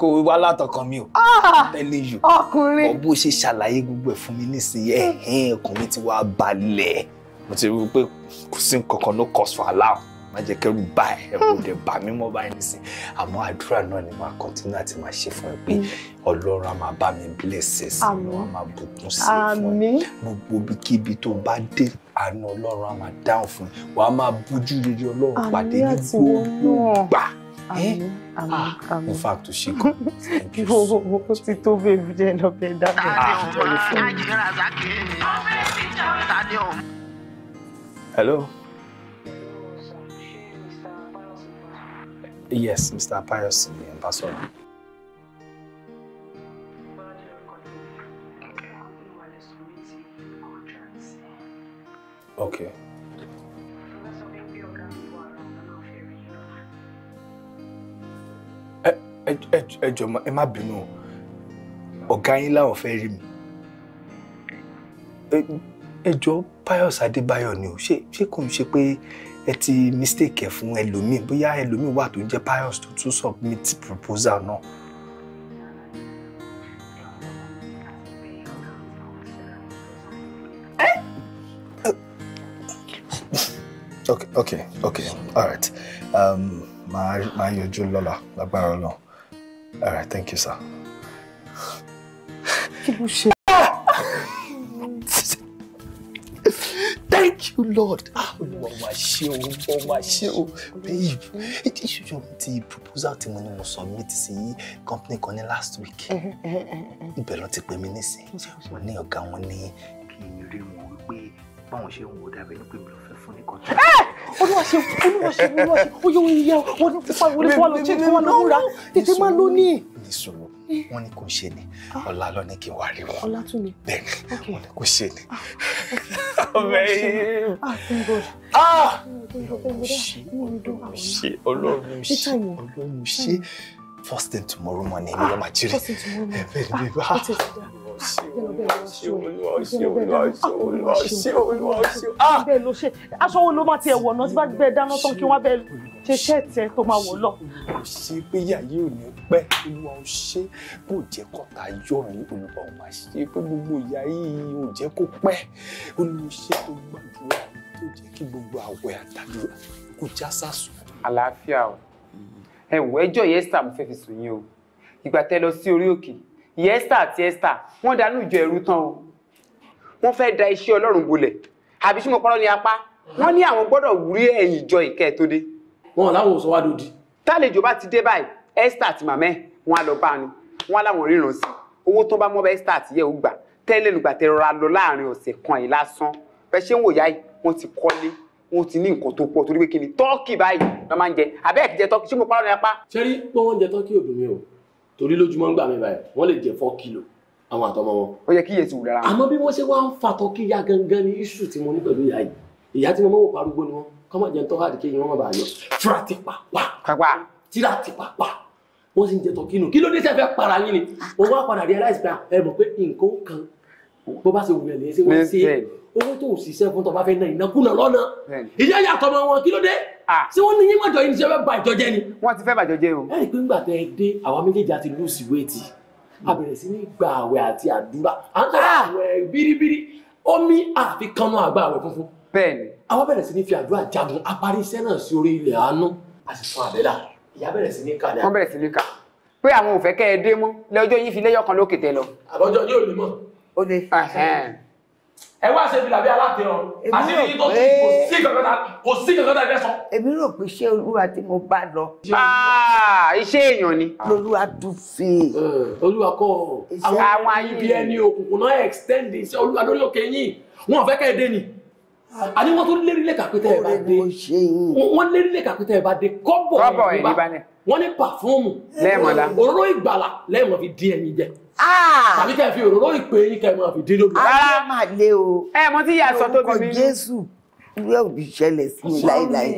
Speaker 1: kò wá látọkàn mi o ah! tẹ́lẹ̀ yù ọkùnrin ọbọ̀ ṣe ṣàlàyé gbogbo ẹ̀ fún mi nísìnyí ẹ̀hìn ọkàn mi ti wá balẹ̀ mo ti rí i pé kò sí nǹkan kan no cause for alarm má jẹ́ kẹ́rù bá ẹ ẹ̀rù òde bá mi mọ́ báyìí nísìn àmọ́ àdúrà náà ni máa kọ́ntínú àti máa ṣe fún ẹ pé mm. ọlọ́run á máa bá mi bílẹ̀sẹ̀ sí i wọ́n á máa bùkún sí i fún ẹ gbogbo ibikíbi tó bá dé àánú ọlọ́run á máa dáhùn fún ẹ wàá máa bójú rere ọlọ́run pàdé ní gbogbo
Speaker 4: gbà. Àmín, àmín, ah, àmín. In
Speaker 1: fact, she go. Wo wo wo ti tó bèbí jẹ́ lọ bẹ̀ dábẹ̀. Ah, Hello.
Speaker 5: Yes, Mr. Pius ni ẹ̀ ń bá sọ̀rọ̀.
Speaker 3: Okay.
Speaker 1: ẹ jọ̀ọ́ ẹ má bínú ọ̀gá yín láwọn fẹ́ rí mi ẹ jọ̀ọ́ Pius Adébáyọ̀ ni o ṣé kò ń ṣe pé ẹ ti mistake ẹ fún ẹlòmíì bóyá ẹlòmíì wà tó jẹ́ pious tó tún submit proposal náà. Eh? okay okay okay all right um, máa máa yọjú lọ́la lágbára Ọlọ́run all right thank you sir. kí ló ṣe. you lord ah olúwa wàá ṣe o
Speaker 3: olúwa
Speaker 1: wàá ṣe o babe ìṣòro ti proposal tí mo ní mo submit sí company kan ní last week ibẹ̀ ló ti pè mí nísìn wọn ní ọ̀gá wọn ní kí n rí wọn wípé báwọn ṣe ń wò ó dàbí ní pé mi ló fẹ́ fún ní kan. olúwa ṣe olúwa ṣe olúwa ṣe oyè oyè yẹ wọn ní fún wa lọ ṣe fún wa lọ múra tètè máa lónìí. ní sọ̀rọ̀ wọ́n ní kò ṣe ni ah. ọ̀la lọ ní kí wàá rí wọn ọ̀la tún ni kò ṣe ni
Speaker 3: ah, ọmọ yìí ah, ọlọ́run ṣe
Speaker 1: ọlọ́run ṣe first thing tomorrow morning ni wọ́n máa jírí
Speaker 4: bẹ́ẹ̀ ṣe olúwa ṣe
Speaker 1: olúwa ṣe olúwa ṣe olúwa ṣe olúwa ṣe. bẹ́ẹ̀ ló ṣe aṣọ wo ló máa tiẹ̀ wọ̀ náà tí bá bẹ́ẹ̀ dáná tán kí wọ́n bẹ́ẹ̀ ṣe ṣẹ́ẹ̀tì tó máa wọ̀ lọ. kò ṣe pé yàyé ò ní pẹ́ olúwa ò ṣe bó jẹ́ kọ́ta yọ̀ mí olúwa ò máa ṣe pé gbogbo ìyá yìí ò jẹ́ kó pẹ́ olúwa ṣe tó gbàdúrà tó jẹ́ kí gbogbo àwẹ̀ àtàdúrà kò já sásùn. àlàáfíà o ẹ̀wọ̀ ẹjọ́ yẹn sàmúfẹ́ fi sùn yín o ìgbà tẹ́ lọ sí orí òkè ìyẹn Esther àti Esther wọ́n dànù ìjọ ẹ̀rú tán o wọ́n fẹ́ da iṣẹ́ Ọlọ́run bolẹ̀ àbí sí mo pọ́nrọ́ ní apá wọ́n ní àwọn gbọ́dọ̀ wúrí ẹ̀yìn ìjọ ìkẹ́ tó dé. wọn làwọn ò sọ wá lòdì. tálejò bá ti dé báyìí Esther àti màmá ẹ̀ wọ́n á lọ bá nu wọ́n á láwọn ríran sí owó tó bá mọ́ bá Esther àti yẹ ò gbà tẹ́lẹ̀ lùgbà tẹ rọra lọ láàrin ọ̀sẹ̀ kan yìí lásán bẹ́ẹ̀ ṣé ń wòyá yìí wọ́n ti kọ́lé wọ́n ti ní nǹkan tó pọ̀ torí pé kí ni tọ́kì báyìí lọ́ máa ń jẹ àbẹ́ẹ̀kì jẹ tọ́kì ṣé mo parọ́ ní apá. ṣẹ́rí pé wọ́n ń jẹ tọ́kì òdùnmí o torí lójúmọ́ ń gbà mí báyìí wọ́n lè jẹ four kilo àwọn àtọmọ wọn. ó yẹ kí iye ti wù àmọ́ bí wọ́n ṣe wá ń fatọ́ kí gangan ni iṣu tí mo ní pẹ̀lú ìyá yìí ìyá tí mo mọ̀ wò parúgbó ni wọ́n kọ́ máa jẹ ń tọ́ka àdìkẹ́ yìí wọ́n máa bàa yọ tíra ti pa wọ́n sì ń jẹ tọ́kì nù kí ló dé sẹ́fẹ́ para yín ni òun wá padà rí aláìsí pé ah, ẹ mọ̀ pé nǹkan kan bó bá ṣe wù owó tó ò ṣiṣẹ́ fún tọba fẹ́ na ìnákúnà lọ́nà ìyá yàtọ̀ ọmọ wọn kí ló dé ṣé wọ́n ní yín mọ̀jọ yìí ní ṣe fẹ́ bà ìjọ jẹ́ ni. wọ́n ti fẹ́ bà ìjọ jẹ́ o. ẹ rí i pé ńgbà tẹ ẹ dé àwa méjèèjì àti lùsì wéètì a bẹ̀rẹ̀ sí ní gba àwẹ̀ àti àdúrà à ń sọ̀rọ̀ àwẹ̀ bíríbírí omi àfi kan mọ́ àgbà àwẹ̀ funfun. bẹ́ẹ̀ni. àwa bẹ̀rẹ̀ sí ní fi àdúrà jagun a parí iṣẹ́ náà sí orí ilẹ̀ àánú a sì fún àbẹ́là
Speaker 3: ìyá bẹ̀rẹ̀ sí ní kà ní. wọ́n
Speaker 1: bẹ̀rẹ̀ sí ní kà pé àwọn ò fẹ́ kẹ́ ẹ dé mọ́ lọ́jọ́ yín fi lẹ́yọ̀ kan lókè tẹ lọ. àbọ̀jọ́ yóò lè mọ̀ ẹ wá ṣe bìlàbí aláàtẹ ọ àti ní tó ti kò sí kankan náà kò sí kankan náà ẹgbẹ́ sọ. èmi rò pé iṣẹ́ olúwa tí mo bá lọ. Ah, iṣẹ́ èèyàn ni. lolúwa tún fi. olúwa kọ àwọn ibi ẹni òkùnkùn náà extend iṣẹ́ olúwa lórí òkè yín wọn fẹ́ kẹ́ ẹ dé ni àní wọ́n tún lérí lẹ́ka ẹ̀ bá dé wọ́n lérí lẹ́ka ẹ̀ bá dé kọ́bọ̀ ẹ̀ níbà wọ́n ní pàfúùmù òróró ìgbàlà lẹ́ẹ̀mọ̀ fi dín ẹyin jẹ tàbí ah! kẹ́ fi òróró ìpè yín kẹ́ máa fi dín lóbi. ara máa lé o ẹ mọ tí ìyá sọ tóbi mi. jésù yóò fi ṣẹlẹ̀ sí mi láéláé.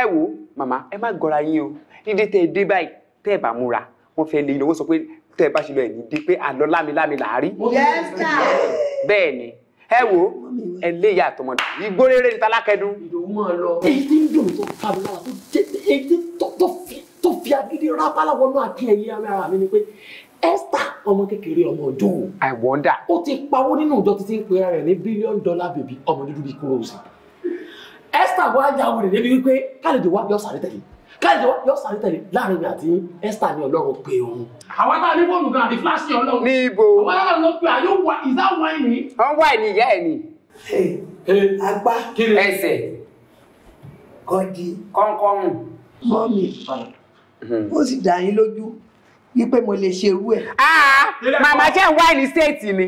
Speaker 1: ẹ wo màmá ẹ má gọra yín o dídé tẹ ẹ dé báyìí tẹ ẹ bá múra wọn fẹ́ lè lówó sọ pé tẹ ẹ bá ṣe lọ ẹni dé pé àlọ lámilámi là á rí. bẹ́ẹ̀ ni ẹ wo ẹ lé ìyá àtọmọdé igbó rere ní tálákẹdùn. ìdòwú máa lọ. èyí tí ń dùn tó kábi lára tó jẹ èyí tó fi agídí rábálà wọnú àti ẹyẹ ara mi ni pé Esther ọmọ kékeré ọmọ ọdún. I wonder. ó ti pawó nínú ìjọ títí ń pera rẹ̀ ní billion dollar baby? ọmọ dúdú bíi kúrò sí. Esther wá já wèrè débi wípé káàdì wá yọ sàrí tẹ̀lé káàdì wá yọ sàrí tẹ̀lé láàrin mi àti Esther ní Ọlọ́run pé òun. àwọn tá a ní fóònù kan àti fúláṣí Ọlọ́run. ní ibo. àwọn tá a lọ pe àyè wà ìzá wáìn ni. wọ́n wá ìnìyá ẹ̀ ni. apá ẹsẹ̀ kọ́ńkọ́rùn. mọ́mì hmm. ó sì dà yín lójú wípé mo lè ṣe irú ẹ̀. Ah, màmá ṣe ń wá ní stéètì ni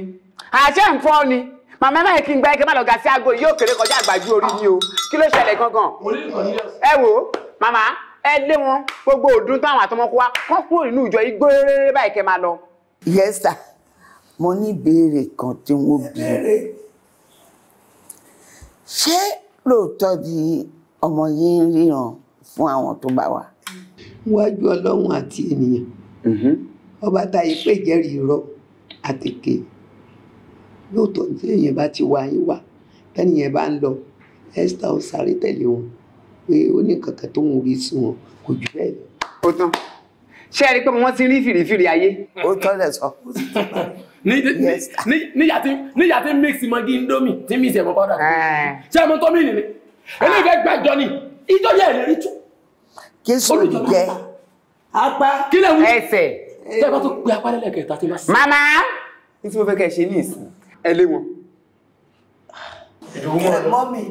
Speaker 1: àṣẹ ah, ń fọ́ ni màmá ẹ̀ máa kí n gba ẹ̀kẹ́ má lọ ga sí aago yóò kéré kọjá àgbájú orí ni o kí ló ṣẹlẹ̀ gangan. ẹ wo màmá ẹ lé wọn gbogbo ọdún táwọn àtọmọkọ wa kọ́ kúrò nínú ìjọ igbó rere báyìí kẹ́ máa lọ. yes sir mo ní ìbéèrè kan tí wọ́n béèrè ṣé lóòótọ́ di ọmọ yìí ń ríran fún àwọn tó bá wà. wájú ọlọ́run àti ènìyàn Mm-hmm. Ọbátáyé pé ìjẹ́rìí irọ́ àtèké lóòótọ́ tí èèyàn bá ti wá yín wá tẹ́nìyàn bá ń lọ Esther ó sáré tẹ̀lé wọn pé ó ní kankan tó ń rí sí wọn kò jù bẹ́ẹ̀ lọ. ó tán ṣé ẹ rí i pé wọ́n ti rí fìrìfìrì ayé. ó tọ́ lẹ̀ sọ. níyà tí mix mọ́gí indomie tí mix ẹ̀ mọ́ pọ́dà. Eh. ṣé ẹ mọ tó mí nìyẹn eléyìí fẹ́ gbàjọ ni ìjọ yẹ ẹ̀ lè rí tú. kí sùn jẹ́ apá. kí lè wí. ẹsẹ̀. tẹ́ ẹ bá tó pe apá lẹ́lẹ̀ kẹta tí ma sí. màmá. ní tí mo fẹ́ kẹ́ ṣe ní ìsìn ẹ lé wọn. mọ́mí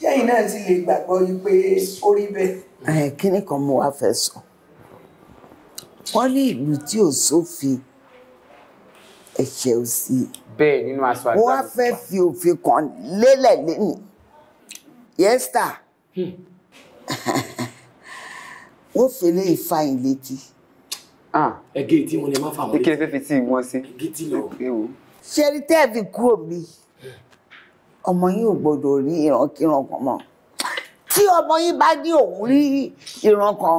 Speaker 1: ṣẹ́yìn náà ti lè gbàgbọ́ yí pé ó rí bẹ́ẹ̀. kíní kan mo wá fẹ́ sọ wọ́n ní ìlú tí ò sófin ẹ̀ṣẹ̀ ò sí. bẹ́ẹ̀ nínú aṣọ àgbà. wọ́n fẹ́ fi òfin kan lélẹ̀ lẹ́nu yẹ́sítà. wọ́n fèlè ìfa yìí létí. Ah. ẹgẹ́ tí wọ́n lè má fà wọ́n létí. kí lè fẹ́ fi tí wọ́n sí. ẹgẹ́ tí lọ. ṣe rí tẹ́ẹ̀fì kúrò mi ọmọ yín ò gbọdọ̀ rí ìrankíran kan mọ́ tí ọmọ yín bá ní òun rí ìran kan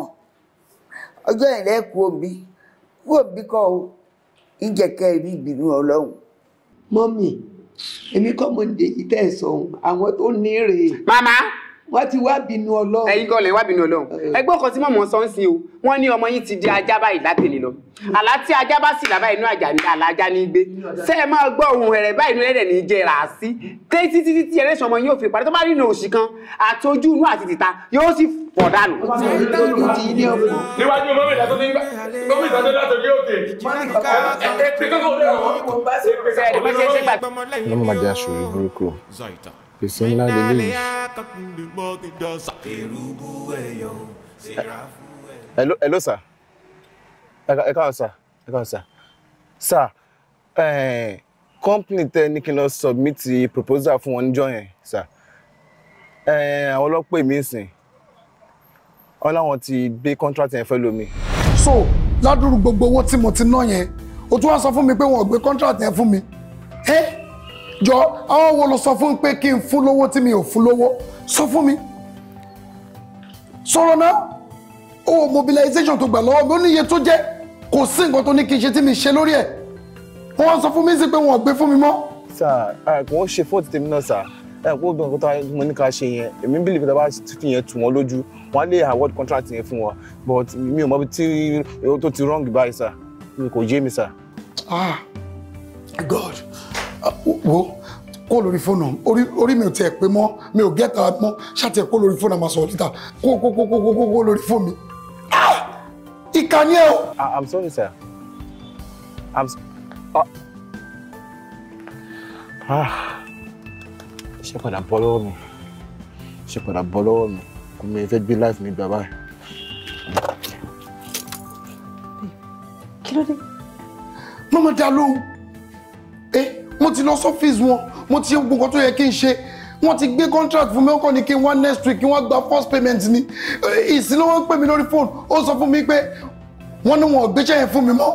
Speaker 1: ọjọ́ ìrẹ́ kúrò mi kúrò mi kọ́ o ìjẹ̀kẹ́ rí ìbínú ọlọ́run. mọ́mì èmi kọ́ mo ń dèjì tẹ̀ sọ̀hún àwọn tó ní rèé. màmá wọ́n ti wá bínú ọlọ́run. ẹ̀yin kọ́ lè wá bínú ọlọ́run ẹgbẹ́ kan tí mọ̀mọ́ sọ ń sin o wọ́n ní ọmọ yín ti di ajá báyìí látẹ̀lé lọ àlá tí ajá bá sì làbá inú àjà ní àlàjá ní gbé ṣé ẹ máa gbọ́ ohun ẹ̀rẹ̀ báyìí inú ẹ̀rẹ̀ ní jẹrà sí tẹ́ títí títí ẹlẹ́sìn ọmọ yóò fi parí tó bá rí inú òṣì kan àti ojú inú àti tìta yóò sì pọ̀ dànù. níwájú mọ́mí ìdásọ́ ní gbà mọ́mí ìdásọ́ láti
Speaker 3: orí òkè ẹ̀ẹ́dẹ́gbẹ̀ẹ́
Speaker 5: kọ́kọ́ gbèsè hello hello sir ẹ káàárọ̀ sir ẹ káàárọ̀ sir sir eh, company tẹ ní kí n lọ submit proposal for one níjọ́ yẹn sir eh, àwọn ọlọ́pàá mi ń sìn wọn láwọn ti gbé contract yẹn fẹ́ lómi.
Speaker 1: so ládùúrú gbogbo owó tí mo ti ná yẹn o tún wá sọ fún mi pé wọn ò contract yẹn fún mi. Eh? jọ àwọn wo ló sọ fún pé kí n fún lówó tí mi ò fún lówó sọ fún mi sọ̀rọ̀ náà owó mobilization tó gbà lọ́wọ́ mi ó níye tó jẹ́ kò sí
Speaker 5: nǹkan tó ní kí n ṣe tí mi ṣe lórí ẹ̀ wọ́n wá sọ fún mi sí pé wọ́n gbé fún mi mọ́. sà ẹ kò ń ṣe fóòtù tèmi náà sà ẹ kò gbọ́n nǹkan tó mo ní ká ṣe yẹn èmi ń bìlìfẹ́ tó bá fi yẹn tù wọ́n lójú wọ́n á lè award contract yẹn fún wọn but mi ò mọ tí tó ti wrong báyìí sà kò yé mi sà.
Speaker 1: ah god wo kó lórí fóònù orí orí mi ò tiẹ̀ pé mọ́ mi ò gẹ́ta mọ́ ṣàtẹ̀ kó lórí fóònù àmàsọ̀ níta kó kó kó kó kó kó lórí fóònù mi.
Speaker 5: Ah! ìkà ni ẹ o. Ah, I'm sorry sir. I'm so... Ah. ah. ṣé padà bọ́ lọ́wọ́ mi ṣé padà bọ́ lọ́wọ́ mi kò mi fẹ́ gbé life mi gbà báyìí.
Speaker 1: kí ló dé. mọ́mọ́ dá mo ti lọ sọ́fíìsì wọn mo ti ṣe gbogbo nǹkan tó yẹ kí n ṣe wọ́n ti gbé contract fún mi ọkọ ni kí n wá next week kí wọ́n gba first payment ni eh, ìsinmi wọn pè mí lórí phone ó sọ fún mi pé wọ́n ní wọn ò gbéṣẹ́ yẹn fún mi mọ́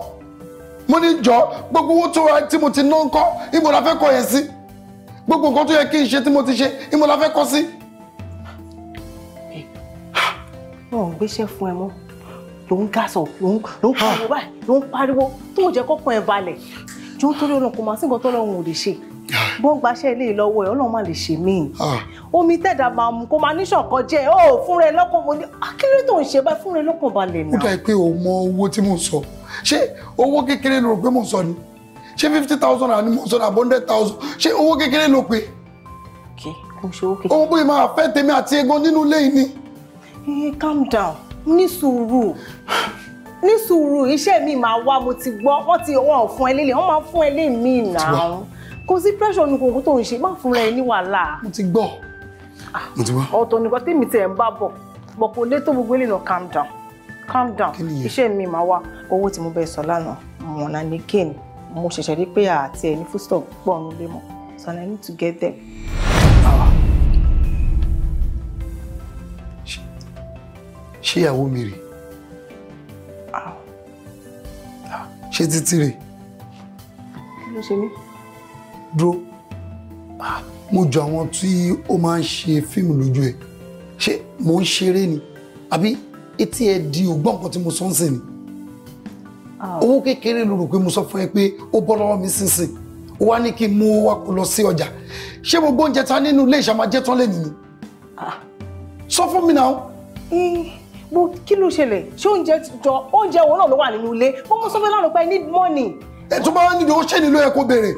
Speaker 1: mo ní jọ gbogbo owó tó ra tí mo ti ná ń kọ́ ibo la fẹ́ kọ yẹn sí gbogbo nǹkan tó yẹ kí n ṣe tí mo ti ṣe ibo la fẹ́ kọ sí.
Speaker 4: wọn ò gbéṣẹ́ fún ẹ mọ́ ló ń gásọ̀ ló ń pariwo báyìí ló ń pariwo tó ò jẹ́ kọ́kàn ẹ̀ balẹ̀ jọ ń torí ọlọ́run kò máa sí nǹkan tó lọ́run ò lè ṣe ah. bọ́n gbaṣẹ́ ilé ìlọ́wọ́ ẹ̀ ọlọ́run má lè ṣe mí ah. omi tẹ̀dá máa mú kó máa níṣọ̀kan jẹ́ ó fúnra ẹ lọ́kàn mo ní akéré ah, tó ń ṣe báyìí fúnra ẹ lọ́kàn balẹ̀ náà. ó dà
Speaker 1: pé o mọ owó tí mò ń sọ ṣé owó kékeré ló rò pé mò ń sọ ni ṣé fifty thousand naira ni mò ń sọ ní àbọ̀ hundred thousand ṣé owó kékeré ló pé. owó bóyá máa fẹ́ tèmi àti egan nínú ilé yìí
Speaker 4: eh, calm down ní sùúrù ní sùúrù iṣẹ́ mi máa wá mo ti gbọ́ wọ́n ti wọ́n ò fún ẹ wọ́n máa fún ẹ mi náà kò sí pressure nu kòkó tó ń ṣe má fúnra ẹ ní wàhálà. mo ti gbọ́ ah, mo ti gbọ́. ọ̀tọ̀ nìkan tèmi tẹ̀ ń bá bọ̀ bọ̀ kò lé tó gbogbo eléyìí náà calm down calm down iṣẹ́ mi máa wá owó tí mo bẹ́ẹ̀ sọ lánàá mọ̀nà ní kéènì mo ṣẹ̀ṣẹ̀ rí pé àti ẹni fústọ̀ pọ̀ ń lé mọ́ so I need to get them. Ah.
Speaker 1: ṣé ìyàwó mi rèé ṣé títí rè. ló ṣe mí. dúró mo jọ àwọn tí ó máa ń ṣe fíìmù lójú ẹ ṣé mò ń ṣeré ni àbí etí ẹ di ògbọ́n nǹkan tí mo sọ ń sìn ni ah. owó kékeré ló rò pé mo sọ fún ẹ pé ó bọ́ lọ́wọ́ mi sínsìn ó wá ní kí n mú wa kó lọ sí ọjà ṣé gbogbo oúnjẹ ta nínú ilé ìṣàmájẹ́ tán lè
Speaker 4: ah. sọ fún mi náà. Eh mo kí ló ṣẹlẹ̀ ṣé oúnjẹ jọ oúnjẹ wo náà ló wà nínú ilé mo mú
Speaker 1: sọfẹ́ lánàá pé i need money. ẹ tó bá wá nílò ṣé nílò ẹ kó béèrè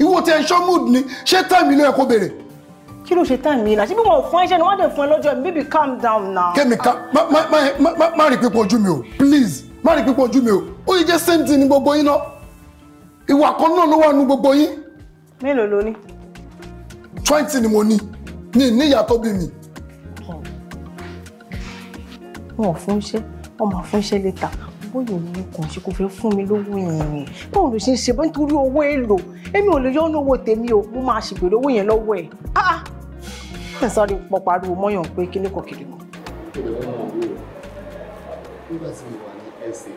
Speaker 1: ìwọ tí ẹ ṣọ́ mood ni ṣé táìmì ló yẹ kó béèrè.
Speaker 4: kí ló ṣe táìmì yìí náà síbí wọn ò fún ẹṣẹ ni wọn dẹ̀ fún ẹ lọ́jọ́ mi baby calm down now. kẹ́mi
Speaker 1: ká má rí pípọ̀ ojú mi o please má rí pípọ̀ ojú mi o ó yẹ jẹ́ same thing ní gbogbo yín náà ìwà kan náà ló wà nínú gbogbo yín. mélòó ló ní. twenty ni mo ní ní ìníyàtọ̀ bí mi
Speaker 4: wọn ò fún iṣẹ́ wọn máa fún iṣẹ́ létà bóyá òun ni kò ṣe kò fẹ́ fún mi lówó yẹn báwo ló ṣe ń ṣe bó nítorí owó èlò èmi ò lè yọ ọ́nà owó tèmi o mo máa ṣègbè lówó yẹn lọ́wọ́ ẹ̀ ah ẹ̀ sọ́ọ́ ni mo pariwo mọ́yàn pé kíní kan kiri kan.
Speaker 1: nígbà tí mo wà ní ẹsẹ̀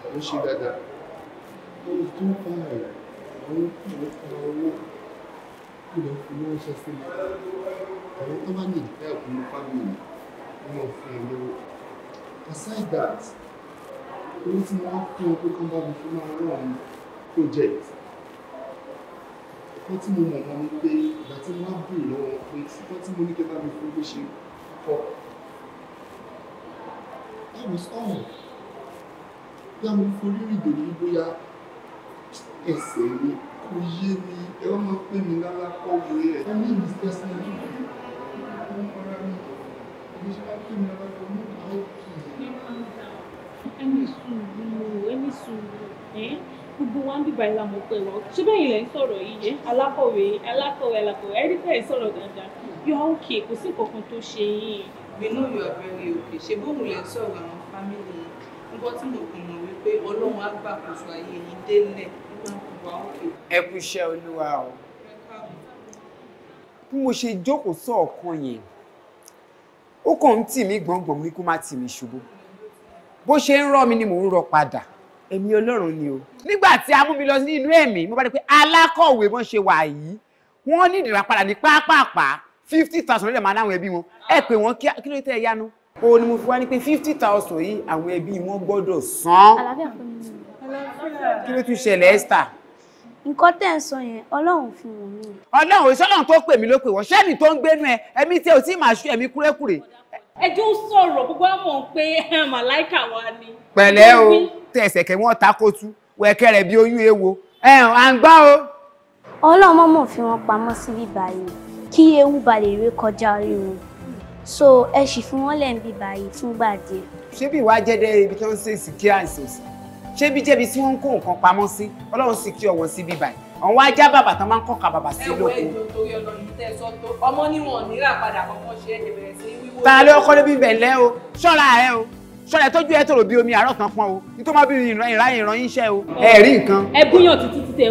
Speaker 1: tó báyìí ó kọ owó ó lọ fi owó ṣe fún mi àwọn tó bá ní ìdílé àkúnú fámìlì ọmọ òfin aside that owó tí wọ́n fún ọ pé kán bá mi project nǹkan tí mo mọ̀ mọ́ ni pé ìgbà tí wọ́n á bèrè lọ́wọ́ wọn pé nǹkan that was all bí a mo forí rìn dèmí bóyá ẹsẹ̀ mi kò yé mi and wọ́n máa pè mí lálákọ̀wé ẹ̀ ẹ ní
Speaker 4: ẹni sùúrù ẹni sùúrù gbogbo wa ń bíbá ìlà mọ̀ pé wa ṣé bẹ́yìn lẹ́ ń sọ̀rọ̀ yìí yẹ alákọ̀wé alákọ̀wé alákọ̀wé ẹni bẹ́ẹ̀ sọ̀rọ̀ dáadáa you are okay kò sí kankan tó ṣe yín. we know you are very okay ṣe bóun lẹ́ sọ̀rọ̀ àwọn fámìlì yìí nǹkan tí mo kàn mọ̀ wípé ọlọ́run á gbàkóso ayé yìí délẹ̀ ẹ kú iṣẹ́ olúwa o
Speaker 1: bí mo ṣe jókòó sọ̀kan yẹn ó kàn ń tì mí gbọ̀ngbọ̀n ní kó má tì mí ṣubú bó ṣe ń rọ̀ mí ni mò ń rọ̀ padà ẹ̀mí ọlọ́run ni o nígbà tí a mú mi lọ nínú ẹ̀mí mo bá rí pé alákọ̀wé mọ́ ṣe wà yìí wọ́n ní ìdìrà padà ní pápápá fifty thousand lọ́dẹ̀ máa náwọn ẹbí wọn ẹ pé wọ́n kí ló tẹ́ ẹ yánu o ni mo fi wá ní pé fifty thousand yìí àwọn ẹbí wọn gbọ́dọ̀ san kí ló tún ṣẹlẹ̀ Esther
Speaker 2: nǹkan tẹ́ ń sọ yẹn ọlọ́run fún wọn ni.
Speaker 1: ọlọ́run ìṣọ́nà tó pè mí ló pè wọ́n ṣẹ́ni tó ń gbénu ẹ ẹ̀mí tí o ti máa ṣú ẹ̀mí kúrékùrè.
Speaker 4: ẹjọ́ ń sọ̀rọ̀ gbogbo àmọ̀ pé màláìkà wa ni.
Speaker 1: pẹ̀lẹ́ o tẹ̀sẹ̀kẹ̀ wọn takotu wẹ̀kẹ́ rẹ̀ bí oyún ewo ẹ̀ à ń gbá o.
Speaker 2: ọlọ́run mọ̀mọ́ fi wọn pamọ́ síbí báyìí kí ewu ba lè kọjá orí wọn so ẹ sì fún wọn lẹ́ǹbí báyìí fúngbà díẹ̀.
Speaker 1: ṣé bí ìwà jẹ́dẹ́ ṣé bí jẹ́bi tí wọ́n ń kó nǹkan pamọ́ sí ọlọ́run sì kí ọ̀wọ́n sí bíbà yìí àwọn ajá bàbà tán máa ń kọ̀ka bàbà
Speaker 4: sí lóko. ẹ̀wọ̀ ètò torí ọlọ́run tẹ́ sọ tó ọmọ níwọ̀n níra padà kọ́kọ́ ṣe é bẹ̀rẹ̀ sí wíwó. ta ló kọ́ ló bí bẹ̀
Speaker 1: ńlẹ́ o ṣọ́ra rẹ o ṣọ́ra ẹ tójú ẹ tòrò bí omi àárọ̀ kan pọ́n o nítorí wọn bí
Speaker 4: ìran ìran yín ṣẹ́ o. ẹ rí nǹkan. ẹ búyàn títí títí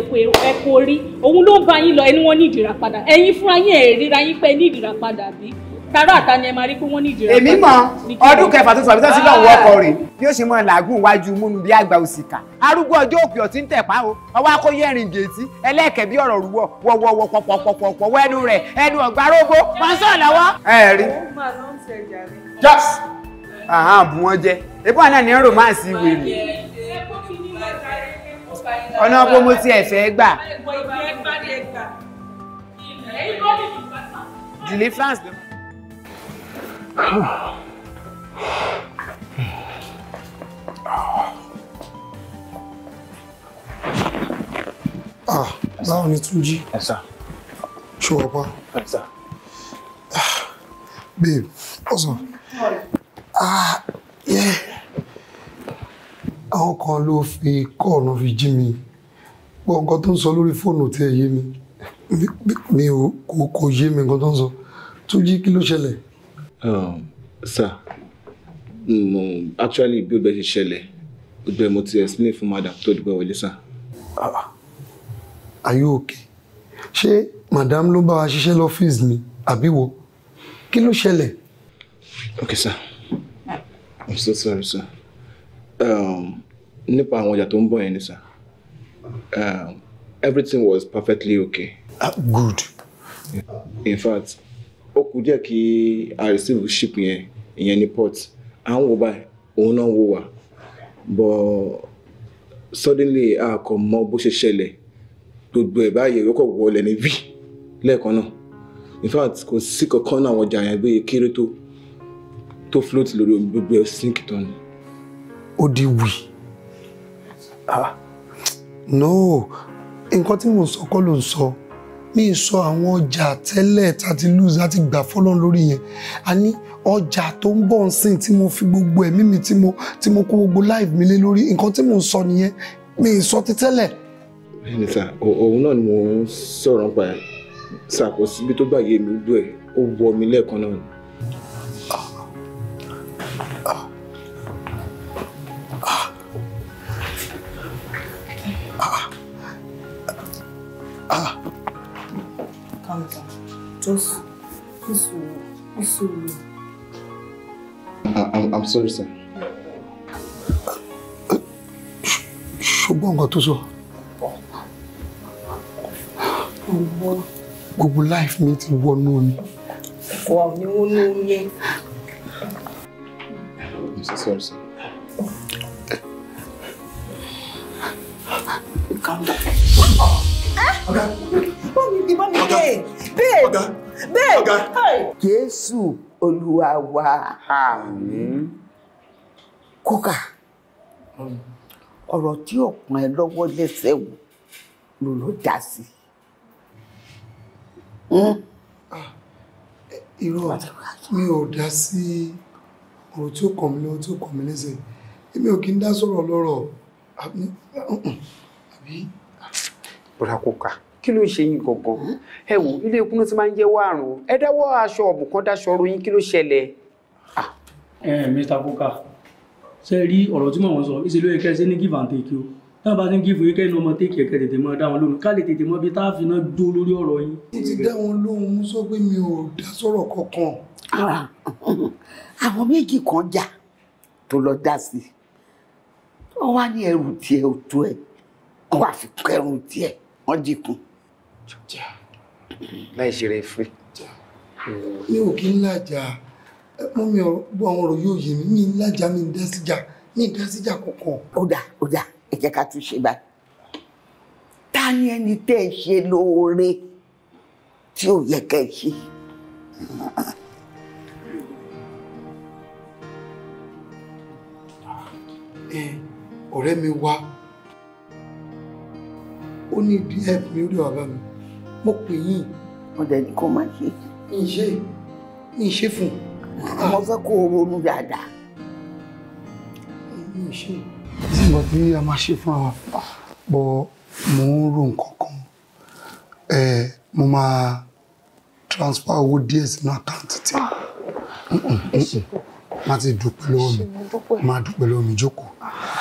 Speaker 4: ẹ kò rí òun ló ń ba yín lọ ẹni wọn ní ìdìrà padà ẹ̀yin fúnra yín ẹ ríra yín pé ní ìdìrà padà bí tàrà àta ni ẹ máa rí pé wọ́n ní ìjìrà. èmi mọ ọdún kẹfà tó sọ àbí
Speaker 1: tó ti lọ wọ ọkọ rẹ̀ bí ó ṣe mọ làágùn wájú múnú bí àgbà òsìkà arúgbó ọjọ́ òkè ọ̀tí ń tẹ̀pá o ọwọ́ akóyè ẹ̀rìn gèétí ẹlẹ́ẹ̀kẹ́ bí ọ̀rọ̀ rúwọ̀ wọ̀wọ̀wọ̀ pọ̀pọ̀pọ̀pọ̀ wẹ́nu rẹ̀ ẹnu ọ̀gbà rógbó pàṣẹ lọ́wọ́. ẹ rí àhán bù wọ́n jẹ́ ebó àná ni romance wèrè
Speaker 4: ọ̀nà bó mo ti ẹ̀fẹ́ gbà
Speaker 1: deliverance ló. Ah, báwo ni Túnjí? Ẹ sá. Ṣé wọ́n pa? Ẹ sá. Ah, babe, ọ̀sán. Ah, yeah. Àwọn kan ló fi kọ́ọ̀nù fi jí mi. Gbọ́ nǹkan tó ń sọ lórí fóònù me ẹ yé mi. Mi ò kò yé mi nǹkan tó ń sọ. Túnjí kí ló ṣẹlẹ̀?
Speaker 5: Um, sir mo actually bí ọgbẹ́ ṣe ṣẹlẹ̀ ọgbẹ́ mo ti explain fún madam tó dùgbẹ́ wọlé sir. Ah, ah. are you okay ṣé
Speaker 1: madam ló bá wa ṣiṣẹ́ lọ́fíìsì mi àbí wo kí ló ṣẹlẹ̀.
Speaker 5: okay sir i'm so sorry sir um, nípa àwọn ọjà tó ń bọ̀ yẹn ni sir um, everything was perfectly okay. Uh, good. in fact ó kù díẹ̀ kí a receive ship yẹn ìyẹn ní port à ń wo báyìí òun náà wo wà but suddenly a kò mọ bó ṣe ṣẹlẹ̀ gbogbo ẹ̀ báyìí ìwé kọ̀ wọlé ní bí lẹ́ẹ̀kan náà in fact kò sí kankan náà àwọn ọjà yẹn bí kéré tó tó float lórí omi gbogbo ẹ̀ sink tán ni.
Speaker 1: ó di wì ah, no nǹkan tí mò ń sọ kọ́ ló ń sọ. So mi sọ àwọn ọjà tẹ́lẹ̀ tàti lose láti gbà fọ́lọ́n lórí yẹn a ní ọjà tó ń bọ̀ ń sìn tí mo fi gbogbo ẹ̀mí mi tí mo tí mo kó gbogbo life mi lé lórí nǹkan tí mo ń sọ nìyẹn mi sọ ti tẹ́lẹ̀.
Speaker 5: ẹni sà òun náà ni mò ń sọ̀rọ̀ pa ṣàkóso ibi tó bá mi gbọ́ ẹ̀ ó wọ mi lẹ́ẹ̀kan náà ni.
Speaker 4: Just Isuru. Isuru.
Speaker 5: I'm, I'm sorry, sir.
Speaker 1: Ṣùgbọ́n nǹkan tó sọ. Gbogbo life mi ti wọnú omi. Wà ní wọnú omi. I'm
Speaker 5: so sorry, sir.
Speaker 4: Calm down. Ah!
Speaker 1: Ọ̀gá. Ọ̀gá. Ọ̀gá. babe ọ̀gá babe ọ̀gá jésù olúwa wa kuka, kókà ọ̀rọ̀ tí ọ̀pọ̀n lọ́wọ́ lẹ́sẹ̀ wò ló ló hmm? ah, mi ò da sí ọ̀rọ̀ tí ó tí ó èmi ò sọ̀rọ̀ lọ́rọ̀ àbí. kí ló ń ṣe yín gangan ẹ wò ilé ikú náà ti máa ń jẹ́wọ́ àrùn ẹ dáwọ́ aṣọ ọ̀bùn kan dáṣọ ọrùn yín kí ló ṣẹlẹ̀. Ah. ẹ Mr. Coker ṣe rí ọ̀rọ̀ tí mò ń sọ ìṣèlú ẹ̀kẹ́ ṣe ní give and take o táwọn bá ti ń gífò yín kẹ́ni ọmọ tẹ́kì ẹ̀kẹ́ tètè mọ́ dá wọn lóhùn ká lè tètè mọ́ bí tá a fi náà dó lórí ọ̀rọ̀ yín. mo ti dá wọn lóhùn mú sọ pé mi ò dá sọ̀rọ̀ kankan. Ah, àwọn méjì kan jà tó lọ dá sí i wọ́n wá ní ẹrù tiẹ̀ ò tó ẹ̀ wọ́n wá fi kẹrù tiẹ̀ wọ́n jìkun láì ṣe rẹ̀ fún mi ò kí ń lájà mú mi gbọ́ àwọn ọ̀rọ̀ yóò yé mi ní lájà mi dá síjà ní dá síjà kọ̀ọ̀kan. ó dà ó dà ẹ jẹ́ ká tún ṣe báyìí ta ni ẹni tẹ́ ẹ ṣe lóore tí ò yẹ kẹ́ ẹ ṣe. ọ̀rẹ́ mi wá ó ní ìdí ẹ̀ mi ó mi mo pè yín. mo dẹ̀ ní kó má ṣe. mi ì ṣe mi ì ṣe fún un. mo fẹ́ kó o ronú dáadáa. mi ì ṣe. nígbà tí a máa ṣe fún wa bọ mo ń ro nǹkan kan ẹ mo máa transfer owó díẹ̀ sínú àkáǹtì tí ah, má ti dúpẹ́ lọ́wọ́ mi má dúpẹ́ lọ́wọ́ mi jókòó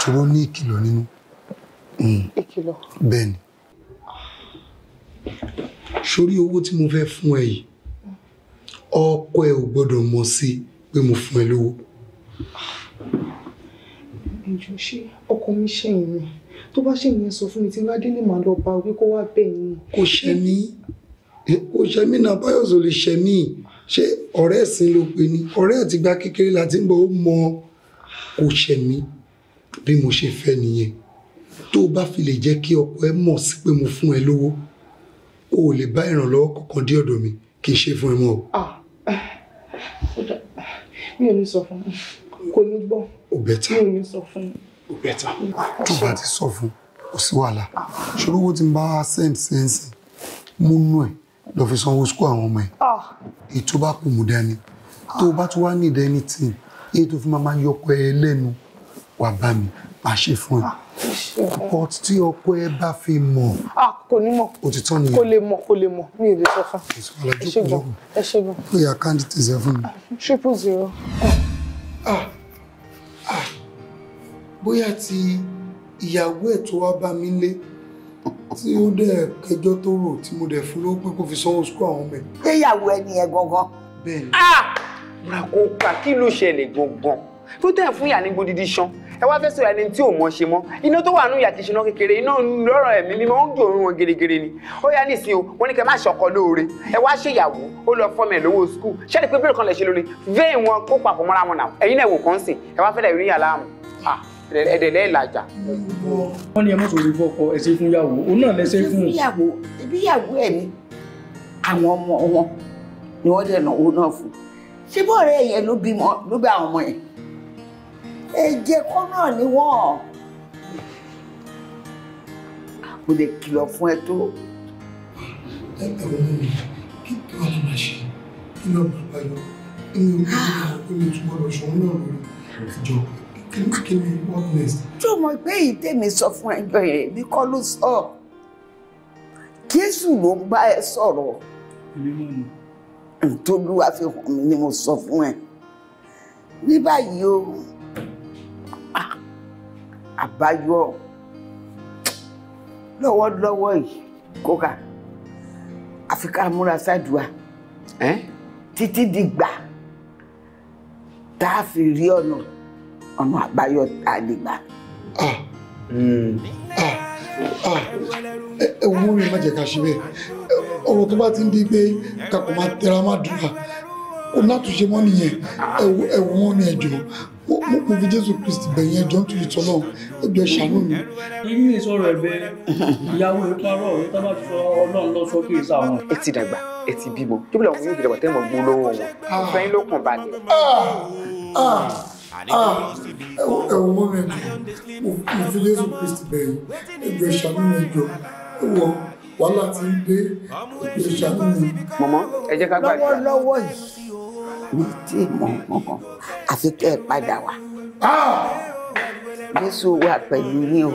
Speaker 1: tó ló ní ìkìlọ̀ nínú. ìkìlọ̀. bẹ́ẹ̀ ni sórí owó tí mo fẹ́ fún ẹ yìí ọkọ ẹ ò gbọ́dọ̀ mọ̀ sí pé mo fún ẹ lówó. ìjọ ṣe ọkọ mi ṣẹ̀yìn mi tó bá ṣe ìyẹn sọ fún mi tí n bá délé màá lọ bá wí kó wá bẹ̀ yín. kò ṣẹ mí kò ṣẹ mí náà báyọ̀sọ̀ lè ṣẹ mí ṣé ọ̀rẹ́ ẹ̀sìn ló pe ni ọ̀rẹ́ àtìgbà kékeré láti ń bọ̀ ó mọ kò ṣẹ mí bí mo ṣe fẹ́ nìyẹn tó o bá fi lè jẹ́ kí ọkọ ẹ mọ̀ sí pé mo fún ẹ lówó o ò lè bá ìrànlọ́wọ́ kankan dé ọ̀dọ̀ mi kì í ṣe fún ẹ mọ́ o. Ah, eh, mi ò ní sọ fún un kò ní gbọ́ mi ò ní sọ fún un. o bẹ́tà tó bá ti sọ fún kò sí wàhálà ṣòro owó tí ń bá send sẹ́ǹsì mú nú ẹ̀ lọ fi sanwó sukú àwọn ọmọ ẹ̀ ah. èyí tó bá kù mú dání tó bá tún wá need anything èyí tó fi máa máa yọkọ ẹ lẹ́nu wà bá mi máa ṣe fún ẹ. Ah ọkọ tí ọkọ ẹ bá fi mọ̀. a ah, kò ní mọ̀ òtítọ́ ni kò lè mọ̀ kò lè mọ̀ mi ò lè sọ fún un. ẹ ṣe gan ẹ ṣe gan. ó yà káńdítì ṣe fún mi. triple zero. Ah, ah, bóyá ti ìyàwó ẹ̀ tó wá bá mi lé tí ó dẹ̀ kẹjọ́ tó rò tí mo dẹ̀ fún ló pé kó fi sanwó sukú àwọn ọmọ ẹ̀. gbéyàwó ẹni yẹn gangan. bẹ́ẹ̀ni. a ràkópa kí ló ṣẹlẹ̀ gangan tó tẹ̀ fún ìyá ní gbódìdí ṣan ẹ wá fẹ́ sọ ẹni tí ò mọ̀ ṣe mọ́ iná tó wà nù yàtí ìṣúná kékeré iná lọ́rọ̀ ẹ̀mí mímọ́ ó ń jòrún wọn gèrègèrè ni ó yá ní ìsìn o wọn ní kẹ má ṣọkọ lóore ẹ wá ṣèyàwó ó lọ fọmọ ẹ lówó skul ṣẹ́ni pé bẹ́ẹ̀ kan lè ṣe lórí vein wọn kó papọ̀ mọ́ra wọn náà ẹ̀yin náà wò kàn sí ẹ wá fẹ́lẹ̀ rí àlámù ẹ̀dẹ̀ lẹ́ẹ̀ làjà. wọ́n ní ẹ mọ̀ sórí fọ́kọ ẹ ṣe fún yàwó òun náà lẹ ṣe fún. ibi yàwó ẹ̀ ni àwọn ọmọ wọn ni wọ́n dẹ̀ náà òun náà fún ṣé bọ́ọ̀rẹ́ yẹn ló bí àwọn ọmọ yẹn èje kọ́ náà ni wọ́n. mo lè kìlọ̀ fún ẹ tó. ẹ ẹ wọ́n mi kí kí wọ́n máa ṣe kí ló máa bá yọ inú ìlú ìlú túbọ̀ lọ ṣòun náà lórí ìjọ kí ni what next. tí o mọ̀ pé èyí tèmi sọ fún ẹjọ́ yẹn mi kọ́ ló sọ Jésù ló ń bá ẹ sọ̀rọ̀ ntòlúwa fi hàn mí ni mo sọ fún ẹ ní báyìí o àbáyọ lọ́wọ́lọ́wọ́ yìí kóka àfi ká múra sádùá títí dìgbà tá a fi rí ọ̀nà ọ̀nà àbáyọ tá a lè gbà. ẹ wú mi má jẹ́ ká ṣe bẹ́ẹ̀ ọ̀rọ̀ tó bá ti ń di pé kakọ̀ máa tẹra má dùn wa kò náà tún ṣe mọ́ nìyẹn ẹ mọ́ mi ẹ mo fi jésù kristi bẹ̀yìn ẹjọ́ nítorí tọ́lọ́ ẹjọ́ ṣàánú mi. inú ìsọ̀rọ̀ ẹ̀bẹ̀ ìyàwó ìparọ̀ ọ̀rẹ́ tá bá ti sọ ọlọ́run lọ sọ kí n sá wọn. ẹ ti dàgbà ẹ ti bímọ tó bí yóò fi dàgbà tẹ́ gbó lọ́wọ́ wọn ah. fẹ́ ló kàn balẹ̀. ẹ mọ́ mi mo fi jésù kristi bẹ̀yìn ẹjọ́ ṣàánú mi ẹjọ́ ẹ wàhálà ti ń dé ẹjọ́ ṣàánú mi mi tí mọ̀ kankan àfi kẹ́ ẹ padà wá. Ah! Jésù wà pẹ̀lú yín o.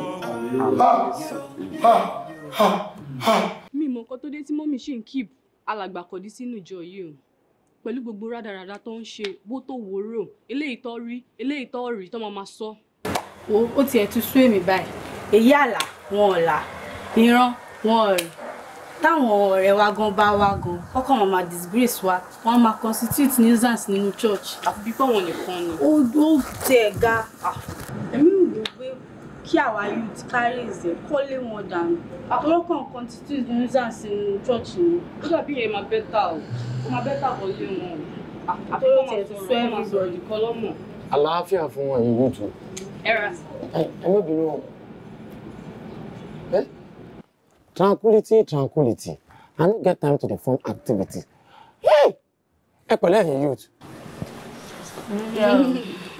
Speaker 4: Mi mọ̀ nǹkan tó dé tí mọ́mí ṣì ń kíp alàgbà kọ̀dí sínú ìjọ yìí o pẹ̀lú gbogbo rádaràda tó ń ṣe wó tó wòrò eléyìí tó rí eléyìí tó rí tó máa ma sọ. ó tiẹ̀ tún sú èmi báyìí èyí àlà wọn ò là ìran wọn ò rìn táwọn ọ̀rẹ́ wa gan bá wa gan ọkọ̀ wọn máa disgrace wa wọn máa constitute nuisance nínú church. àfi bí pọ̀wọ̀n nìkan ni. ó ó tẹ ẹ ga. èmi ò rò pé kí àwa youth carry ìzẹ̀ kọ́lé wọn dànù àtọ́rọ́kàn constitute nuisance nínú church ni. ó dàbí ìyẹn máa bẹ́tà o ó máa bẹ́tà wọlé wọn o àtọ́rọ́ tẹ̀ sọ ẹ̀ máa sọ̀rọ̀
Speaker 1: ìdíkọ́ lọ́mọ. àlàáfíà fún ẹ̀yin yóò tù. ẹ ra. ẹ ẹ mọ̀ bínú ọ tranquility tranquility i no get time to dey form activity ẹ pẹ̀lẹ́ ẹ̀yin youth.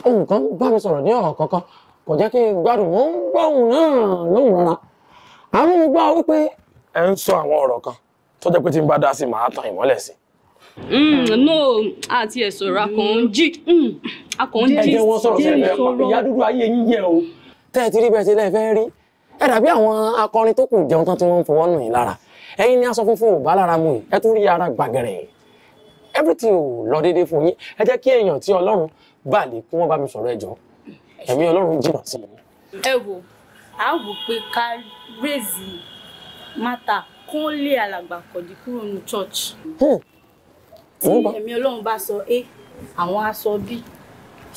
Speaker 1: ohun kan bá mi sọ̀rọ̀ ní ọ̀rọ̀ kankan kò jẹ́ kí n gbádùn mọ́ ń gbọ́hùn náà lóhùn rárá àwọn mi gbọ́ wípé ẹ ń sọ àwọn ọ̀rọ̀ kan tó jẹ́ pé tí n bá
Speaker 5: dá sí màá tan ìmọ́lẹ̀ sí.
Speaker 2: Mm, no àti ẹ̀sọ̀ ra kò ń jí
Speaker 1: a kò ń jí. Mm, ẹ jẹ́ wọ́n sọ̀rọ̀ sí ẹ̀fẹ̀ ìyá dúdú ayé yín yẹ o. tẹ́ ẹ ti rí bẹ́ẹ̀ ṣe lẹ́ẹ̀fẹ́ rí ẹ dàbí àwọn akọrin tó kù jẹun tán tí wọ́n ń fọwọ́ nù yín lára ẹ̀yin ni aṣọ funfun ò bá lára mu yìí ẹ tún rí ara gbàgẹ̀rẹ̀ everything ò lọ déédéé fún yín ẹ jẹ́ kí èèyàn tí ọlọ́run bá lè kí wọ́n bá mi sọ̀rọ̀ ẹ̀jọ̀ ẹ̀mí ọlọ́run jìnnà sí i.
Speaker 2: ẹ wo a
Speaker 4: wò pé ká rèézì mata kún lé alàgbà kọ̀dí kúrò ní church hmm. tí ẹ̀mí ọlọ́run bá sọ a àwọn aṣọ bí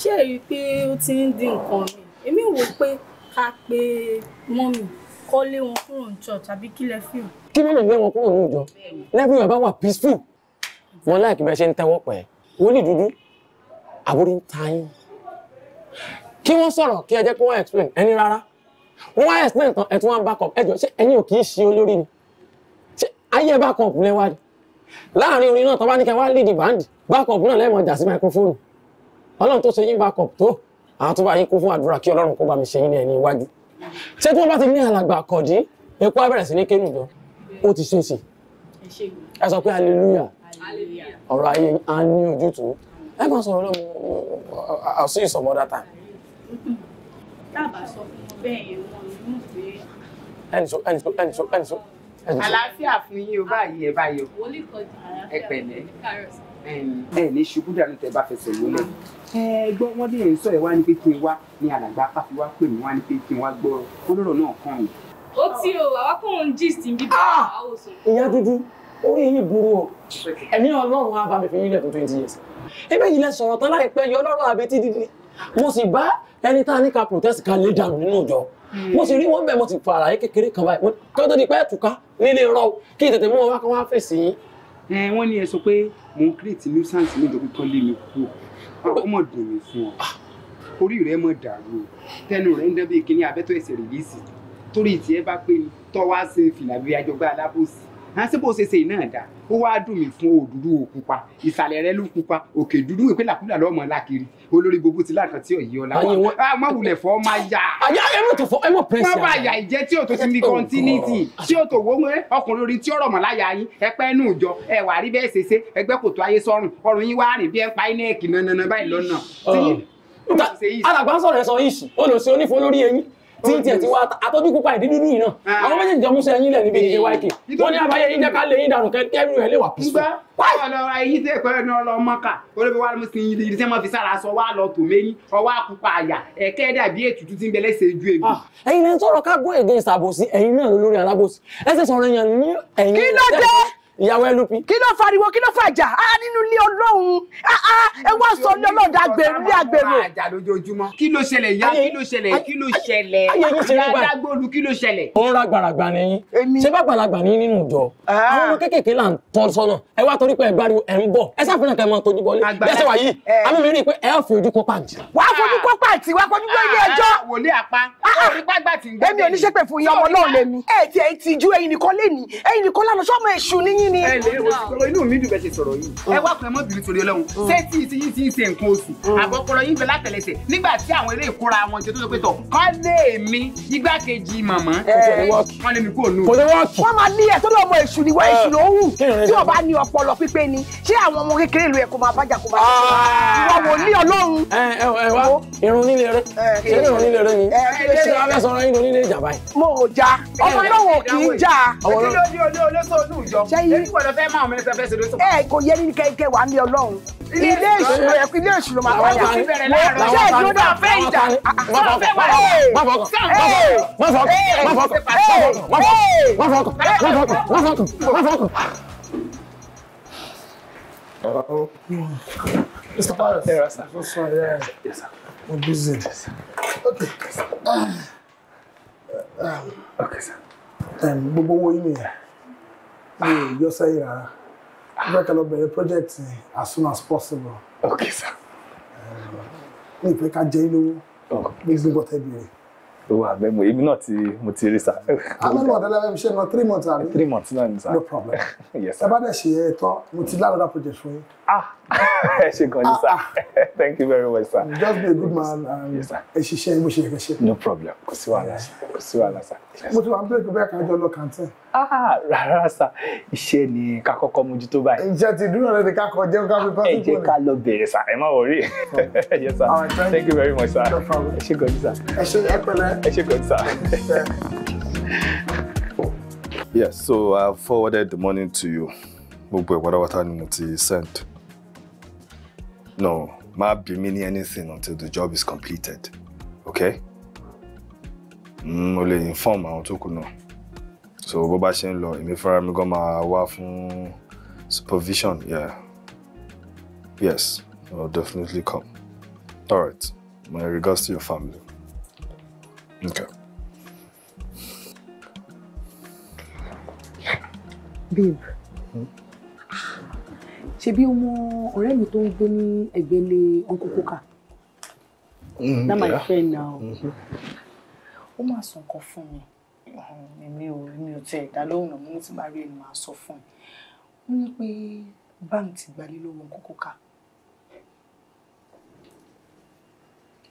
Speaker 4: ṣé èyí pé ó ti ń dín nǹkan mi èmi wò pé ká pé mọ́mì kọ́ lé wọn kúrò ní church àbí kí lẹ fi hàn.
Speaker 1: kí mọ́mì lé wọn kúrò ní ìjọ lẹ́bí yorùbá wà peaceful wọn láìkí bẹ́ẹ̀ ṣe ń tẹ́wọ́ pẹ́ wọ́n lè dúdú àbúrò ń ta yín kí wọ́n sọ̀rọ̀ kí ẹ jẹ́ kí wọ́n explain ẹni rárá wọ́n wá explain tán ẹ̀tún wọn backup ẹjọ́ ṣé ẹ̀yin ò kì í ṣe olórí ni ṣé ayé backup lẹ́wà ni láàrin orin náà tó bá ní kẹ́ wá lead band Back up. náà lẹ́mọ̀ jà sí microphone ọlọ́run tó ṣe yín backup tó àá tún bá yín kún fún àdúrà kí ọlọ́run kó bá mi ṣe yín ní ẹni iwájú ṣé tí wọ́n bá ti ní alàgbà àkàndí epo á sí ní kéènù ó ti ṣe é sí ẹ sọ pé hallelujah ọ̀rọ̀ ayé á ní ojútùú ẹ máa sọ̀rọ̀ lọ́mọ I'll see you some other time.
Speaker 2: dábàá sọ fún bẹ́ẹ̀ yẹn wọn ló
Speaker 1: ń pè
Speaker 2: é. àlàáfíà
Speaker 1: fún yín o báyìí ẹ báyìí o ẹ pẹ̀lẹ́ ẹ ní ṣubú dànù tẹ bá fẹsẹ̀ wọlé ẹ gbọ́ wọ́n dé ń sọ ẹ̀ wá ní pé kí n wá ní alàgbà pàfi wá pè mí wá ní pé kí n wá gbọ́ olóró náà kàn yín.
Speaker 4: ó ti o àwa kò ń gist ń bíbá àwọn òsùn.
Speaker 1: ìyá dúdú orí yìí burú o ẹ̀mí ọlọ́run á bá mi fi yín lẹ́kùn twenty years. ebe yìí lẹ sọ̀rọ̀ tán láìpẹ́ yọ ọlọ́run àbẹ́tí dídí mo sì bá ẹni tá a ní ká protest ká lé dànù nínú ìjọ hmm. mo sì rí wọn bẹ́ẹ̀ mo sì fààrà kékeré kan báyìí kí wọ́n tó di pẹ́ẹ́tù ká nílé rọ kí tètè mú wọn wá kí wọ́n fèsì yín ẹ wọ́n ní ẹ sọ pé mò ń create nuisance mi ìjọba kan lé mi kú ọ mọ̀ dùn mí fún ọ orí rẹ mọ̀ dàrú o tẹnu rẹ ń dẹ́bi kíní abẹ́tọ̀ ẹsẹ̀ rìlíìsì torí tiẹ̀ bá pé tọ́wá ṣe fìlà bí ajọgbá alábòsí à ń ṣe bó ṣe ṣe náà ó wá dùn mí fún òdúdú òkúpa ìsàlẹ̀ rẹ ló ń pupa òkè dúdú ìpín làkúlà lọ́mọ lákiri olórí gbogbo ti láǹkan tí ò yí ọ̀la wọn ah, má wulẹ̀ fọ́ má yà àyà ẹ mọ̀ tó fọ́ ẹ mọ̀ pẹ́sì má bà yà ìjẹ́ tí o tó ti ní kọ́ńtínítì tí o tó wó ń ọkùnrin orin tí ó rọ̀ mọ́ láyà yín ẹ pẹ́ nù jọ ẹ wà rí bẹ́ẹ̀ ṣeṣe ẹgbẹ́ kò tó ayé sọ́run ọrùn yín wá rìn bí ẹ ń pa iná ẹ̀kì nanana báyìí lọ́nà. alàgbà sọ̀rọ̀ ẹ sọ yìí sí olùsí onífọ́ lórí eyín tí tiẹ̀ ti wá àtọ́jú pupa ìdí dúdú yìí ah. àwọn méjèèjì jọ múṣẹ́ yín lẹ̀ níbi ìdíje wáìkì eh, wọ́n ní àbáyé yín jẹ́ ká dànù kẹ́rù ẹ̀ lè wà písù. gbọ́ ọ̀lọ́ ra èyí tẹ́ ẹ̀kọ́ ẹ̀nà lọ mọ́kà olóbi wa mo sì yin ìdí tí wọ́n fi sára sọ wá lọ tò méyìn ọwọ́ àkùpà àyà ẹ̀kẹ́ dàbí ètùtù tí ń bẹ̀lẹ̀ ṣe ju ègbò. Ah, ẹ̀yin lẹ́yìn sọ̀rọ̀ ká go against àbòsí ẹ̀yin náà lórí alábòsí ẹ ìyàwó ẹlùpì. kí ló fariwo kí ló fàjà á ah, nínú ilé ọlọ́run ah, ah, ẹ wá sọ ní ọlọ́dà àgbèrò ní àgbèrò. àjà lójoojúmọ́ kí ló ṣẹlẹ̀ ìyá kí ló ṣẹlẹ̀ kí ló ṣẹlẹ̀ adágbólu kí ló ṣẹlẹ̀. ó ń ra gbàràgbà nìyí ṣé bá gbàràgbà ní nínú ìjọ àwọn ọmọ kéékèèké là ń tọ́ sọ́nà ẹ wá torí pé ẹ báriwo ẹ ń bọ̀ ẹ sáfìnà kẹ́ ẹ máa tójú bọ́lé bẹ́sẹ̀ wáyé eh. àwọn mi rí i pé ẹ ni. ẹ lè wo sọ̀rọ̀ inú mi dùn bẹ́ẹ̀ ṣe sọ̀rọ̀ yìí. ẹ wá pẹ̀lú ọmọbìnrin torí ọlọ́run mm. ṣé tí ì ti yín ti ń ṣe nǹkan oṣù mm. àgbọ̀kọ̀rọ̀ yín fẹ́ látẹ̀lẹsẹ̀ nígbà tí àwọn eré ìkóra wọn ṣe tó sọ pé tọ̀ kọ́ lé mi igbákejì màmá wọ́n lé mi kó nù. wọ́n máa ní ẹ̀ tó lọ́mọ èṣù ni wọ́n eh. èṣù ló hù
Speaker 3: tí ò ní kò
Speaker 1: lọ fẹ́ máa ọmọ ẹsẹ̀ fẹ́ ṣe lóṣù. ẹ kò yẹ ní kẹ̀kẹ́ wà ní ọlọ́run ilé ìṣòro ẹ ilé ìṣòro máa wáyà ṣé ìdúró náà fẹ́ ìjà wọ́n fẹ́ wà lẹ́yìn. wọ́n fọkàn wọ́n fọkàn wọ́n fọkàn wọ́n fọkàn wọ́n fọkàn wọ́n
Speaker 2: fọkàn.
Speaker 5: Oh.
Speaker 1: Mr. Paris. Here, sir. So sorry. Yeah. Yes, sir.
Speaker 5: I'm busy. Yes, sir.
Speaker 1: Okay. Uh, um, okay, sir. Um, gbogbo owó yín nìyẹn mi ò say. sẹ́yìn rárá mo fẹ́ ká lọ bẹ̀rẹ̀ project as soon as possible. Okay, sir. If ò can ká you, lówó bí gbígbọ́ tẹ́ bèrè. owó àbẹ mo not náà ti mo ti rí sa. alẹ́mọ̀ ọ̀dọ́lá ẹ̀ ṣe three months àbí. three months no sir. no problem. yes sir. ẹ bá dẹ̀ ṣe é tán mo project for you. ah Shekonji, sir. Ah, ah. Thank you very much, sir. Just be a good man and yes, sir. Ṣiṣẹ́ bó ṣe yẹ kẹ́ ṣe. No problem. Kò sir. wàhálà, sir. Mo ti wà ń bẹ̀rẹ̀ pé bẹ́ẹ̀ kájọ lọ kàntẹ́. Ah, rárá, sir. Iṣẹ́ ni ká kọ́kọ́ mójútó báyìí. Iṣẹ́ ti dúró rẹ̀ ni ká kọ́ jẹun ká fi kọ́ sí ìbò ni. sir. Ẹ má Yes, sir. Thank you very much, sir. No Ṣékonji, sir. Ẹ ṣe ẹ pẹ̀lẹ́. Ẹ Ṣékonji, sir.
Speaker 5: Yes, so I forwarded the money to you.
Speaker 1: Gbogbo ìwádàwátà ni mo ti send. No, ma be meaning
Speaker 5: anything until the job is completed. Okay? Mo mm, lè inform àwọn tó So bó bá ṣe ń lọ, èmi fúnra mi gan supervision. Yeah. Yes, I'll definitely come.
Speaker 1: All right. My regards to your family. Okay.
Speaker 4: Babe. Hmm?
Speaker 1: ṣebí ọmọ ọ̀rẹ́ mi tó ń gbé ní ẹ̀gbẹ́lé uncle coca mm-hmm. that my friend now mm-hmm. ó máa sọ nǹkan fún mi èmi ò èmi ò tẹ ẹ̀dá lóhùn náà mo ti máa rí ẹni máa sọ fún
Speaker 4: mi wọ́n ní pé báńkì ti gbalé lọ́wọ́ uncle coca.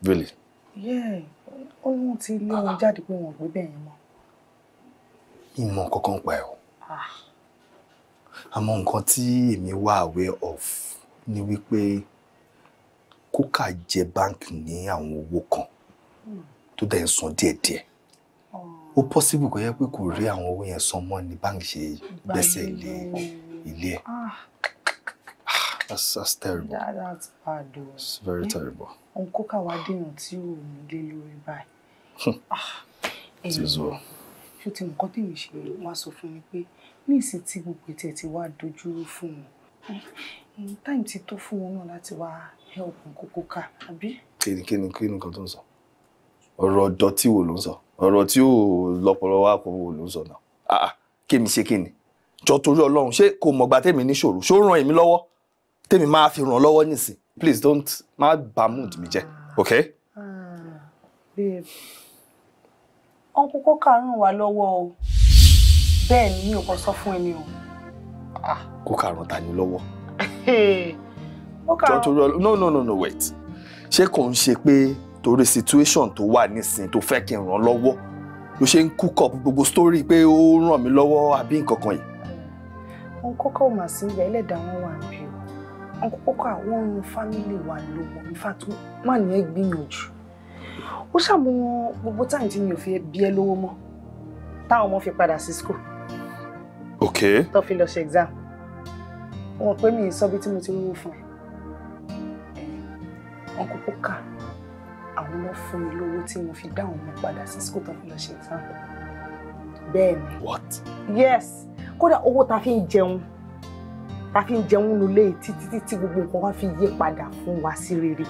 Speaker 4: really. yeah ó ní wọ́n ti lé wọn jáde pé wọn ò gbé bẹ́ẹ̀ yẹn mọ́.
Speaker 1: ìmọ̀ kankan pa ẹ̀ o. ah àmọ́ nǹkan tí èmi wà aware of ni wípé kókà jẹ báńkì ní àwọn owó kan tó dẹ̀ ń san díẹ̀díẹ̀ oh. ó possible kó yẹ pé kò rí àwọn owó yẹn san mọ́ ni báńkì ṣe gbẹ́sẹ̀ lé ilé ẹ̀. Ah. That's, that's terrible. That, that's bad though. It's very eh? terrible.
Speaker 4: Òun kókà wá dènà tí ò ní lé lórí báyìí.
Speaker 3: Hmm. Ah.
Speaker 4: Eh, ti zo. Ṣé ti nǹkan tèmi ṣe wá sọ fún mi pé ní ìsìn tí gbogbo ètò ẹ̀ ti wá dojúrú fún wọn táìmù ti tó fún wọn náà láti wá help kókó ká
Speaker 5: àbí. kíni kíni kíni kan tó ń sọ ọ̀rọ̀ dọ̀tí wo ló ń sọ ọ̀rọ̀ tí ò
Speaker 1: lọ́pọ̀lọ́ wá kó wo ló ń sọ náà kémi ṣe kíni jọ torí Ọlọ́run ṣé kò mọ̀gbà tèmi níṣòro ṣó ràn èmi lọ́wọ́ tèmi máa fi ràn lọ́wọ́ nísìn please don't má bà mood
Speaker 5: mi jẹ́ okay. Ah,
Speaker 4: babe ọ̀n kókó kà ràn wá lọ́wọ́ o bẹ́ẹ̀ ni mi ò kàn sọ fún ẹni o.
Speaker 1: Ah, kó karùn-ún ta ni lọ́wọ́. ó karùn-ún. jọ́tò no wait ṣé kò ń ṣe pé torí situation tó wà nísìnyí tó fẹ́ kí n ràn lọ́wọ́ ló ṣe ń cook up gbogbo story pé ó ràn mí lọ́wọ́ àbí nǹkan kan yìí.
Speaker 4: òun kọ́kọ́ mà sí ìyá ẹlẹ́dàá wọn wà níbí o òun kọ́kọ́ àwọn ohun fámìlì wa lówó nífà tó má nìyẹn gbìyànjú ó ṣàmúwọn gbogbo táyì tí mi ò fi bí ẹ lówó mọ́
Speaker 1: táwọn ọmọ fi padà sí school okay. tó fi lọ ṣe exam
Speaker 4: wọn pé mi sọ bí tí mo ti wúwo fún ẹ wọn kò kó kà àwọn lọ fún mi lówó tí mo fi dá àwọn ọmọ padà sí school tó fi lọ ṣe exam bẹ́ẹ̀ ni. what. yes kódà owó ta fi ń jẹun
Speaker 1: ta fi ń jẹun nulẹ̀ títí títí gbogbo nǹkan wá fi yé padà fún wa sí rere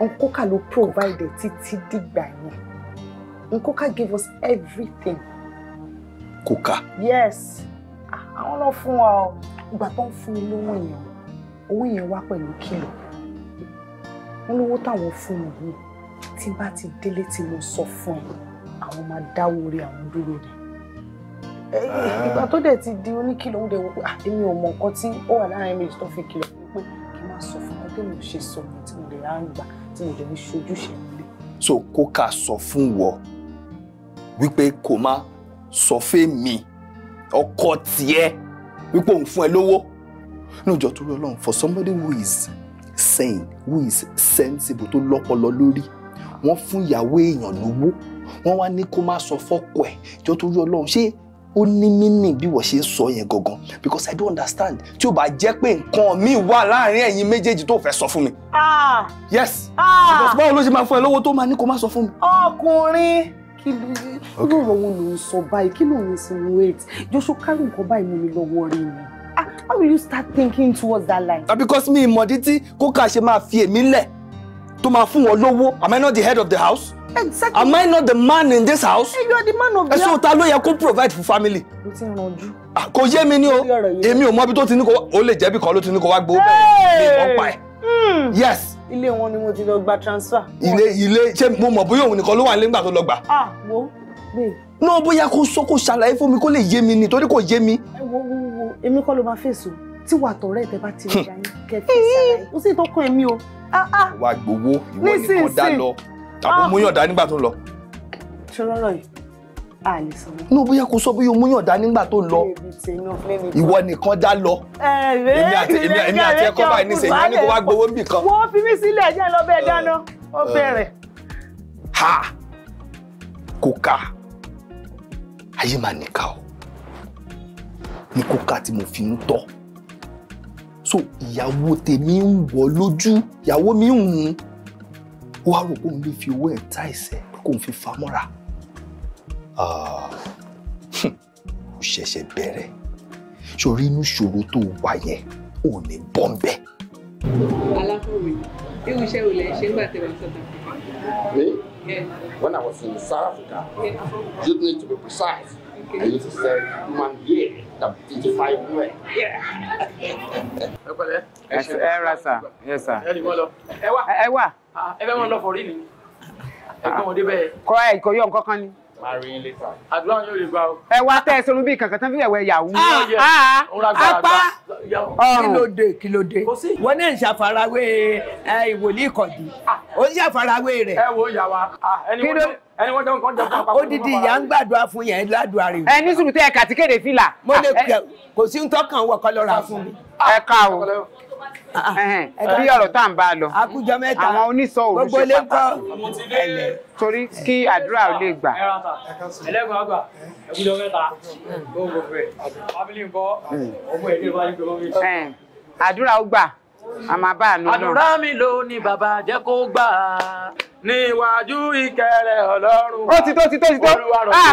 Speaker 1: nkókà ló provide títí dìgbà yẹn nkókà gave us everything. kókà.
Speaker 4: yes àwọn lọ fún ọ ìgbà tó ń fún mi lówó owó yẹn wá pẹ̀lú kìlọ̀ wọn lówó táwọn fún mi yìí tí bá ti délé tí mo sọ fún ẹ àwọn máa dáwó orí àwọn dúró ni ìgbà
Speaker 1: tó dẹ̀ ti di oníkìlọ̀ ó dẹ̀ wò pé ah, èmi nǹkan
Speaker 4: tí ó wà láàrin méjì tó fi kìlọ̀ pé kí n máa sọ fún ọ pé mo ṣe sọ mi tí mo lè rà ń gbà tí mo lè ní ṣojúṣe nílé.
Speaker 1: so kó ká sọ fún wọ wípé kó má sọ fẹ́ mi ọkọ tiẹ̀ wípé òun fún ẹ lówó níjọ tó rọ Ọlọ́run for somebody who is sane who is sensible tó lọ́pọlọ lórí wọ́n fún ìyàwó èèyàn lówó wọ́n wá ní kó má sọ fọ́kọ ẹ̀ jọ tó rọ Ọlọ́run ṣé ó ní mínì bí wọ́n ṣe ń sọ yẹn gangan because I don't understand tí ó bá jẹ́ pé nǹkan mi wà láàrin ẹ̀yin méjèèjì tó fẹ́ sọ fún mi. Ah. yes ah. because báwo ló ṣe máa fún ẹ lówó tó máa ní kó má sọ fún mi. ọkùnrin kí ló irú ọ̀rọ̀ wo ló ń sọ báyìí kí ló ń insinuate joshua kárò nǹkan báyìí mú mi lọ́wọ́ rí mi ah how will you start thinking towards that line. na ah, because mi ìmọ̀dí tí kókà ṣe máa fi èmi lẹ̀ tó máa fún wọn lówó am I not the head of the house. exactly am I not the man in this house. Hey, you are the man of the eh, house. ẹ̀sùn ta ló yẹ kó provide for family. ló ti rànjú. Ah, kò yé mi ní o èmi ò mọ ibi tó ti ní kó o lè jẹ́ bí kan ló ti ní kó wá gbowó bẹ́ẹ̀ mi ò pa ẹ̀. Hmm. yes ilé wọn ni mo ti lọ gba transfer. ilé ilé ṣé mo mọ̀ bóyá òun nìkan ló wà nígbà tó lọ gbà.
Speaker 4: ah wo gbé.
Speaker 1: náà bóyá kó sọ kó ṣàlàyé fún mi kó lè yé mi ni torí kò yé mi. ẹ
Speaker 4: wo wo wo èmi kọ́ ló máa fèsò tí wàá tọ̀rẹ́ tẹ bá ti rí ìyá yín kẹfì ṣàlàyé ó sì tọkọ ẹ̀mí o. Ah, ah.
Speaker 1: wàá gbowó ìwọ nìkan dá lọ tàbí ah. mo yàn dá nígbà tó lọ. ṣọlọ́rọ̀ yìí a lè sọ. inú bóyá kò sọ bóyá o múyàn dá nígbà tó lọ ìwọ nìkan dá lọ èmi àti ẹkọ báyìí ní sèyí ní kó wá gbowó nbì kan. wọ́n fi mí sílẹ̀ jẹ́ lọ bẹ́ẹ̀ dáná ó bẹ̀rẹ̀. ha kò ká ayé máa nìka o ní kò ká tí mo fi ń tọ́ so ìyàwó tèmi ń wọ̀ lójú ìyàwó mi ń hun ó wá rò pé òun lè fi owó ẹ̀ tá ìṣẹ́ pé kò ń fi fa mọ́ra ó ah. ṣẹ̀ṣẹ̀ bẹ̀rẹ̀ sórí inú ṣòro tó wà yẹn ò ní bọ́ ń
Speaker 4: bẹ́. alákòwé irú iṣẹ́ wo ṣe ń gbà
Speaker 1: tẹ̀lé South Africa. me when I was in South Africa you need to be precise okay. I used to say human being tàbí twenty five way. ẹ pẹ̀lẹ́ ẹ ṣe ẹ ra sa ẹ sa ẹ wá ẹ wá ẹ fẹ́ mọ lọ fọ̀rí ni ẹ gbọ́n wọn débẹ̀. kọ́ ẹ̀ kò yọ nǹkan kan ni máa rí yín létà. ẹ wá tẹ ẹsẹ olúbí kankan tán fi wẹwẹ yàwó. apá kílódé kílódé wọn náà ń ṣàfarawé ìwòlíì kọ̀dí ah. ó ń ṣàfarawé rẹ̀. ẹ wo yàwá ah, ẹni wọ́n jẹ́ ẹni wọ́n jẹ́ fún apapọ̀. odidi ìyá ń gbàdúrà fún yẹn ládùá rẹ. ẹ ní sùúrù ẹ kàtíkéde fìlà. mo lè ah, kò sí ń tọkàn wọkọ lọ ra fún mi. ẹ ká o bí ah, ah. ọ̀rọ̀ tá à ń bá a lọ àwọn onísọ òru ṣe pàtàkì ẹ̀lẹ̀
Speaker 3: torí kí àdúrà ò lè gbà.
Speaker 1: ẹlẹ́gùn àgbà ẹ̀kúnjọ mẹ́ta gbogbo rẹ̀ fábílì ń bọ́
Speaker 3: ọmọ ẹ̀dẹ́ wájú gbogbo mi. àdúrà ó gbà a máa bá àánú náà. àdúrà
Speaker 1: mi ló ní bàbá jẹ́ kó gbà níwájú ìkẹrẹ Ọlọ́run. ó ti tó ti tó ti tó ah,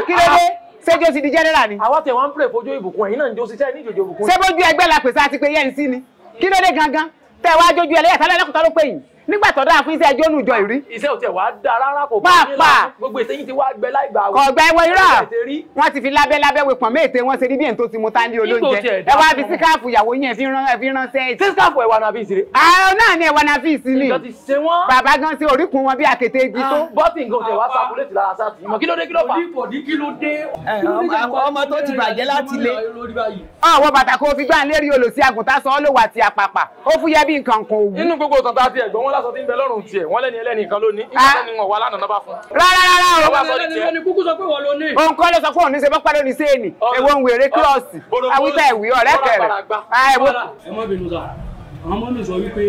Speaker 1: di jẹ́nẹ́rà ni. àwa tẹ̀ wọ́n ń pè fojú ìbùkún ẹ̀yin náà ń jó ṣiṣẹ́ ní ìjòjò ìbùkún. ṣé bójú ẹgbẹ́ la pèsè àti pé yẹ́n sí ni kí ló dé gangan tẹ́ wá jójú ẹlẹ́yà tálẹ́ lẹ́kùn tá ló pè yìí nígbà tó dáa fún iṣẹ́ ẹjọ́ nù jọ ìrí. iṣẹ́ ò tẹ̀ wá dáa rárá kò bá yín lára gbogbo ìṣẹ́yìn ti wá gbẹ láìgbà wò. kọ̀gbẹ́ wọ irọ́ wọ́n ti fi lábẹ́ lábẹ́ wepọ̀ méèté wọ́n ṣe rí bí ẹ̀ tó ti mu tá ní olóúnjẹ ẹ wá fi síkáàfù ìyàwó yẹn fi ránṣẹ́ ẹ̀. síkáàfù ẹ̀wà náà fi ìṣeré. àwọn ah, náà ni ẹ̀wà náà fi ìṣírí. ìjọ ti ṣe wọ́n. bàbá gan ṣe oríkun wọn bí àkété igi tó. Ah, bọ́tì nǹkan tẹ̀ wá sàkúlẹ̀tì lára sáà tì í mọ̀ kí ló dé kí ló fà. Eh, kí ló dé. ọmọ tó ti bàjẹ́ láti lé. Ah, ọwọ́ bàtà kò fi gbà ń lérí olùsí àgùntà sọ ọ́ lò wà ti àpàpà ó fúyẹ́ bí nǹkan kan òwú. inú gbogbo ọ̀sán tá a ti ẹ̀gbọ́n wọn lá sọ tí ń bẹ lọ́rùn tiẹ̀ wọ́n lẹ́ni ẹlẹ́ni kan lónìí ìgbà ah. ni wọ́n wà lánàá bá fún. rárá rárá o òun kọ́ ló sọ fún òun ní ṣe bọ́pá lónìí sí ènì ẹ̀wọ̀n wèrè kílọ̀ọ̀sì awíta ìwé ọ̀rẹ́ kẹrẹ. Ah, ẹ má bínú sá àwọn ọmọ mi sọ wípé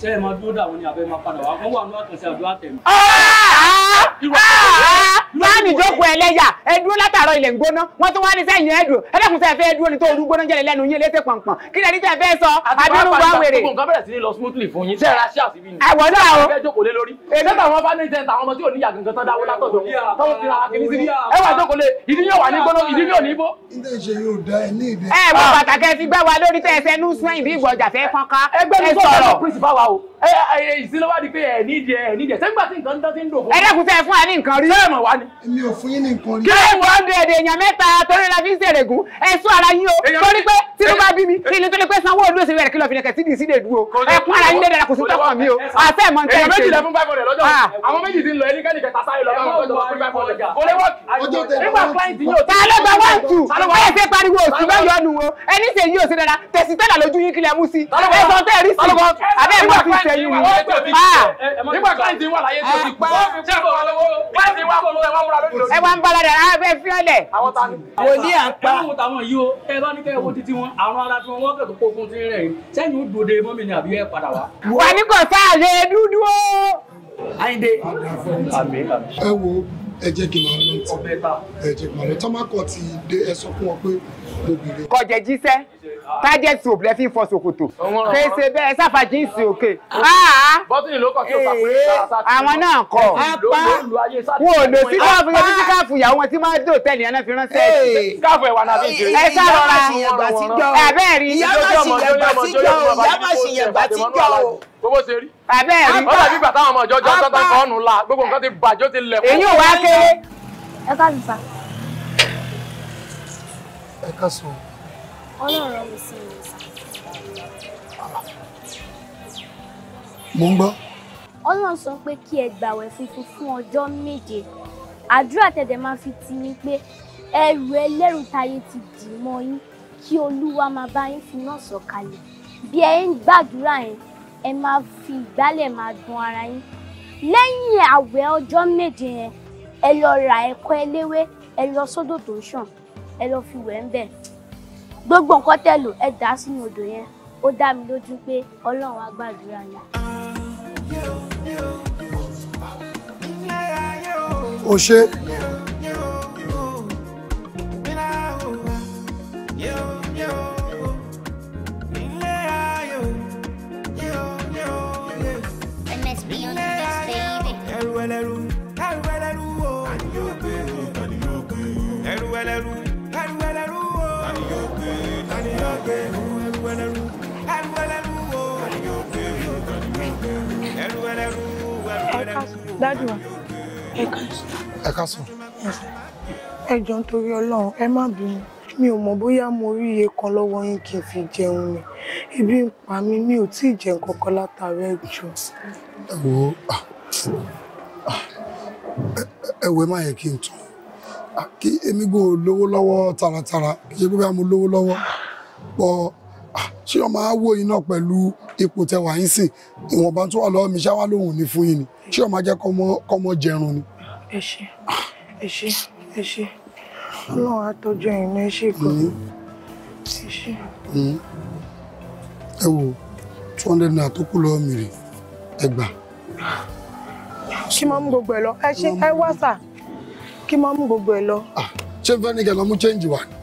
Speaker 1: ṣé ẹ máa dúró dà wọn ni àbẹ máa padà wá wọn wà
Speaker 3: ní àkànṣe àdúrà tẹ̀mí. Ah, láàmì ìjókòó ẹlẹ́yà
Speaker 1: ẹdúró látàárọ̀ ilẹ̀ ń gbóná wọ́n tún wá ní sẹ́yìn ẹ̀dùn ẹlẹ́kùn sẹ́ẹ̀ fẹ́ dúró ní tó olú gbóná jẹ́lẹ̀ lẹ́nu yín létè pọ̀npọ̀n kí lẹ́ni tẹ́ fẹ́ sọ abínú wa wèrè. ẹ̀wọ̀n náà o. ẹ̀wọ̀n pàtàkì ti gbá wa lórí tẹ́ ẹsẹ̀ nú sẹ́yìn bí ìgbọ̀jà fẹ́ fọ́nká. ẹgbẹ́ mi sọ̀rọ̀ ìsinlọ́wádìí pé ẹ̀ nídìí ẹ̀ nídìí ẹ̀ sẹ́gbà tí nǹkan ń dán sí ń dòfò. ẹ̀rẹ́kùn tẹ́ fún ẹ ní nǹkan rí. sẹ́ẹ̀mọ̀ wá
Speaker 3: ni èmi o fún yín ní nǹkan rí. kí one
Speaker 1: hundred èèyàn mẹ́ta torí la fi ń ṣèrègùn ẹ̀sùn ara yín o torí pé tí ló bá bí mi kí ni torí pé sanwó olú òsèré rẹ̀ kí lọ fi nẹ̀kẹ́ sí dìísí lè dúró ẹ̀kún ara yín lè dára kò sí tọkàn mi o àṣẹ ìmọ̀ nǹkan ìṣe. èèyàn méjì lẹ fún five hundred lọ́jọ́ ah. àwọn méjì ti ń lọ ẹnikẹ́ni kẹta sáré lọ ta ló gba one two ẹ ṣe pariwo òsì bá yọnu o ẹni ṣe yí òsì dára tẹ̀sí tẹ́lá lójú yín kílẹ̀ mú sí ẹ sọ tẹ́ ẹ rí sí abẹ́ ẹ̀ mọ́ ti ṣẹ́yìn wò. nígbà kílẹ̀ ti wà láyé tó ti ah. pẹ́ ṣé àbọ̀ wà ẹ wá ń bọ́ lọ́dọ̀ rárá fẹ́ fílẹ̀. mo ní àpá. ẹ wò táwọn yìí o ẹ bá ní kẹ́ ẹ wo títí wọn àwọn ará tí wọn wọ́n kẹ̀ tó kó fún ti rẹ̀ yìí sẹ́yìn ó dòde mọ́mì ni àbí ẹ padà wá. wà ní kò sáà lè dúdú o. Àyìndé. ẹ wo ẹ jẹ́ kí n máa lọ́ọ̀tì ẹ jẹ́ kí n máa lọ́ọ̀tì ọmọ akọ̀ ti dé ẹ sọ fún ọ pé mo bèrè. kọjẹ jíṣẹ́ target soap lẹ fi ń fọ ṣòkòtò kése bẹ́ẹ̀ sáfà jíǹsì òkè. bọ́tìnì ló kọ̀
Speaker 2: sí òkà fún yíyá sátidé. àwọn náà kọ
Speaker 1: wọn ò lò sí káàfù lọ sí káàfù ìyàwó wọn tí máa dò tẹ́lẹ̀ yẹn náà fi ránṣẹ́ ẹ̀. káàfù ẹ̀wà náà fi ṣe. ẹ sábà máa ṣìyẹ̀gbà síjọ́ ẹ bẹ́ẹ̀ rí ìyá máa ṣìyẹ̀gbà síjọ́ o gbogbo ṣe rí. abẹ́ rí bá ọ̀dà bíbà táwọn ọmọ ìjọjọ́ tọ́tọ́ kan ọ̀nù la gbogbo nǹkan ti bàjọ́ ti lẹ̀ fún. èyí ò wá kéré.
Speaker 2: ẹ ká sùn sá. ẹ ká sùn ọlọ́run mi sí mi sà. mo ń gbọ́. ọlọ́run sọ pé kí ẹ gbàwẹ̀ funfun fún ọjọ́ méje àdúrà tẹ̀dẹ̀ máa fi ti ni pé ẹrù ẹlẹ́rù táyé ti dì mọ́ yín kí olúwa máa bá yín fi náà sọ̀kalẹ̀ bí ẹ ń gbàdúrà yẹn ẹ máa fi ìgbálẹ̀ máa dun ara yín lẹ́yìn àwẹ̀ ọjọ́ méje yẹn ẹ lọ ra ẹ̀kọ́ eléwé ẹ lọ sódò tó ń ṣàn ẹ lọ fi wẹ̀ ń bẹ̀ gbogbo nǹkan tẹ̀lò ẹ dà á sínú odò yẹn ó dá mi lójú pé ọlọ́run á gbàdúrà yẹn. o ṣe.
Speaker 3: Ẹrù Dádùá. Ẹ
Speaker 1: káàsán. Ẹ
Speaker 4: jọ̀ọ́ nítorí Ọlọ́run, ẹ má bínú. Mi ò mọ̀ bóyá mo rí iye kan lọ́wọ́ yín kí n fi jẹun mi. Ibi ń pa mí, mi ò tí ì jẹ nǹkan kan látàrí ẹ jọ̀ọ́. Ẹ wo ah,
Speaker 1: ah, ẹ wo ẹ má yẹ kí n tán. Ah, kí èmi gbọ́ lówó lọ́wọ́ tààràtààrà, kì í ṣe pé bá mo lówó lọ́wọ́ pọ̀ ṣé ọmọ á wó iná pẹ̀lú ipò tẹwà yín sìn ìwọ̀nba tó wà lọ́wọ́ mi ṣáwá lòun ní fún yín ni ṣé ọmọ jẹ́ kọ́mọ jẹrun ni.
Speaker 4: ẹ ṣé ẹ ṣé ẹ ṣé ọlọ́run á tọ́jú ẹ̀yin náà ẹ ṣé gan-an hmm.
Speaker 2: ẹ ṣé.
Speaker 1: Hmm. ẹ wo two hundred naira tó kù lọ́wọ́ mi rè ẹ gbà. kí máa mú gbogbo ẹ lọ ẹ ṣe ẹ wá sà kí máa mú gbogbo ẹ lọ. ṣé fẹ́ ní kẹ́ lọ mú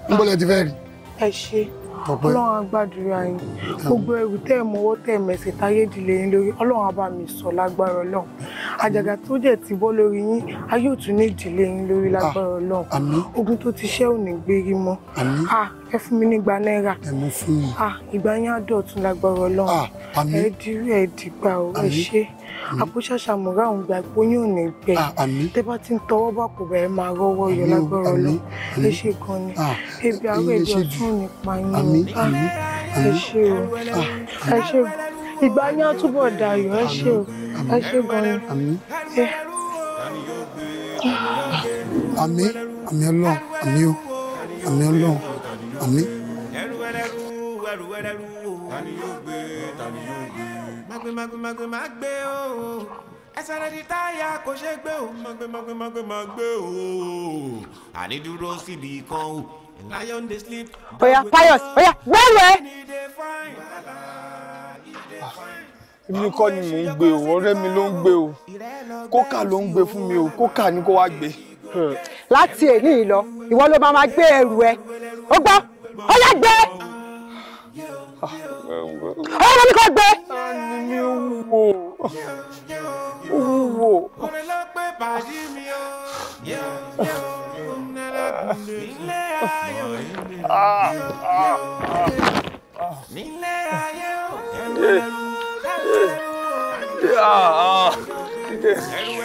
Speaker 1: níbo lẹ ti fẹ́ rí. ẹ ṣé ọlọ́run á gbàdúrà yín
Speaker 4: gbogbo ẹrù tẹ́ ẹ̀ mọ́wọ́ tẹ́ ẹ̀ mẹ́sẹ̀ táyé ìdílé yín lórí ọlọ́run á bá mi sọ lágbára ọlọ́run àjàgà tó jẹ́ ti bọ́ lórí yín a yóò tún ní ìdílé yín lórí lágbára ah, ọlọ́run ogun tó ti ṣẹ́ ò ní gbérí mọ́ ah, ẹ fún mi nígbà náírà ah, ìgbà yín á dọ̀tún lágbára ọlọ́run ẹ dírú ẹ dìgbà ó ẹ ṣe àkóṣàṣà hmm. mọ̀rá òun gba ìpóyún ọ̀nà ìgbẹ́ tẹ́ bá ti ń tọwọ́ bá kò bẹ̀rẹ̀ máa rọ́wọ́ yọ lágbọ́rọ̀ lọ ẹ ṣe gan ni ah, ebi àárọ̀ èdè ọ̀tún ò ní pa yín o ah, ẹ ṣe o ah, ẹ ṣe ìgbà ní àtúbọ̀ dayọ̀ ẹ ṣe o ẹ ṣe gan ni. àmín àmín Ọlọ́run àmín o
Speaker 3: àmín Ọlọ́run àmín. ẹrù ẹrù ẹrù ẹrù ta ni yóò gbé ta ni yóò magbe magbe magbe magbe o ẹsẹ̀ rẹ̀ di táyà kò ṣe gbé o magbe magbe magbe magbe o àní síbi kan o lion dey sleep.
Speaker 4: oya pius oya
Speaker 3: wẹ́wẹ́.
Speaker 1: èmi kọ́ ni mò ń gbé o ọ̀rẹ́ mi ló ń gbé o kókà ló ń gbé fún mi o kókà ni kó wá gbé. láti èní yìí lọ ìwọ ló máa gbé ẹrù ẹ ó gbọ́ ó yá gbé
Speaker 3: ọmọ mi kò gbé. tani mi ò wò ó wò. onílọ́pẹ́ bàjí mi ó nílé ayé ó nílé ayé ó nílé ayé ó. ẹ̀rù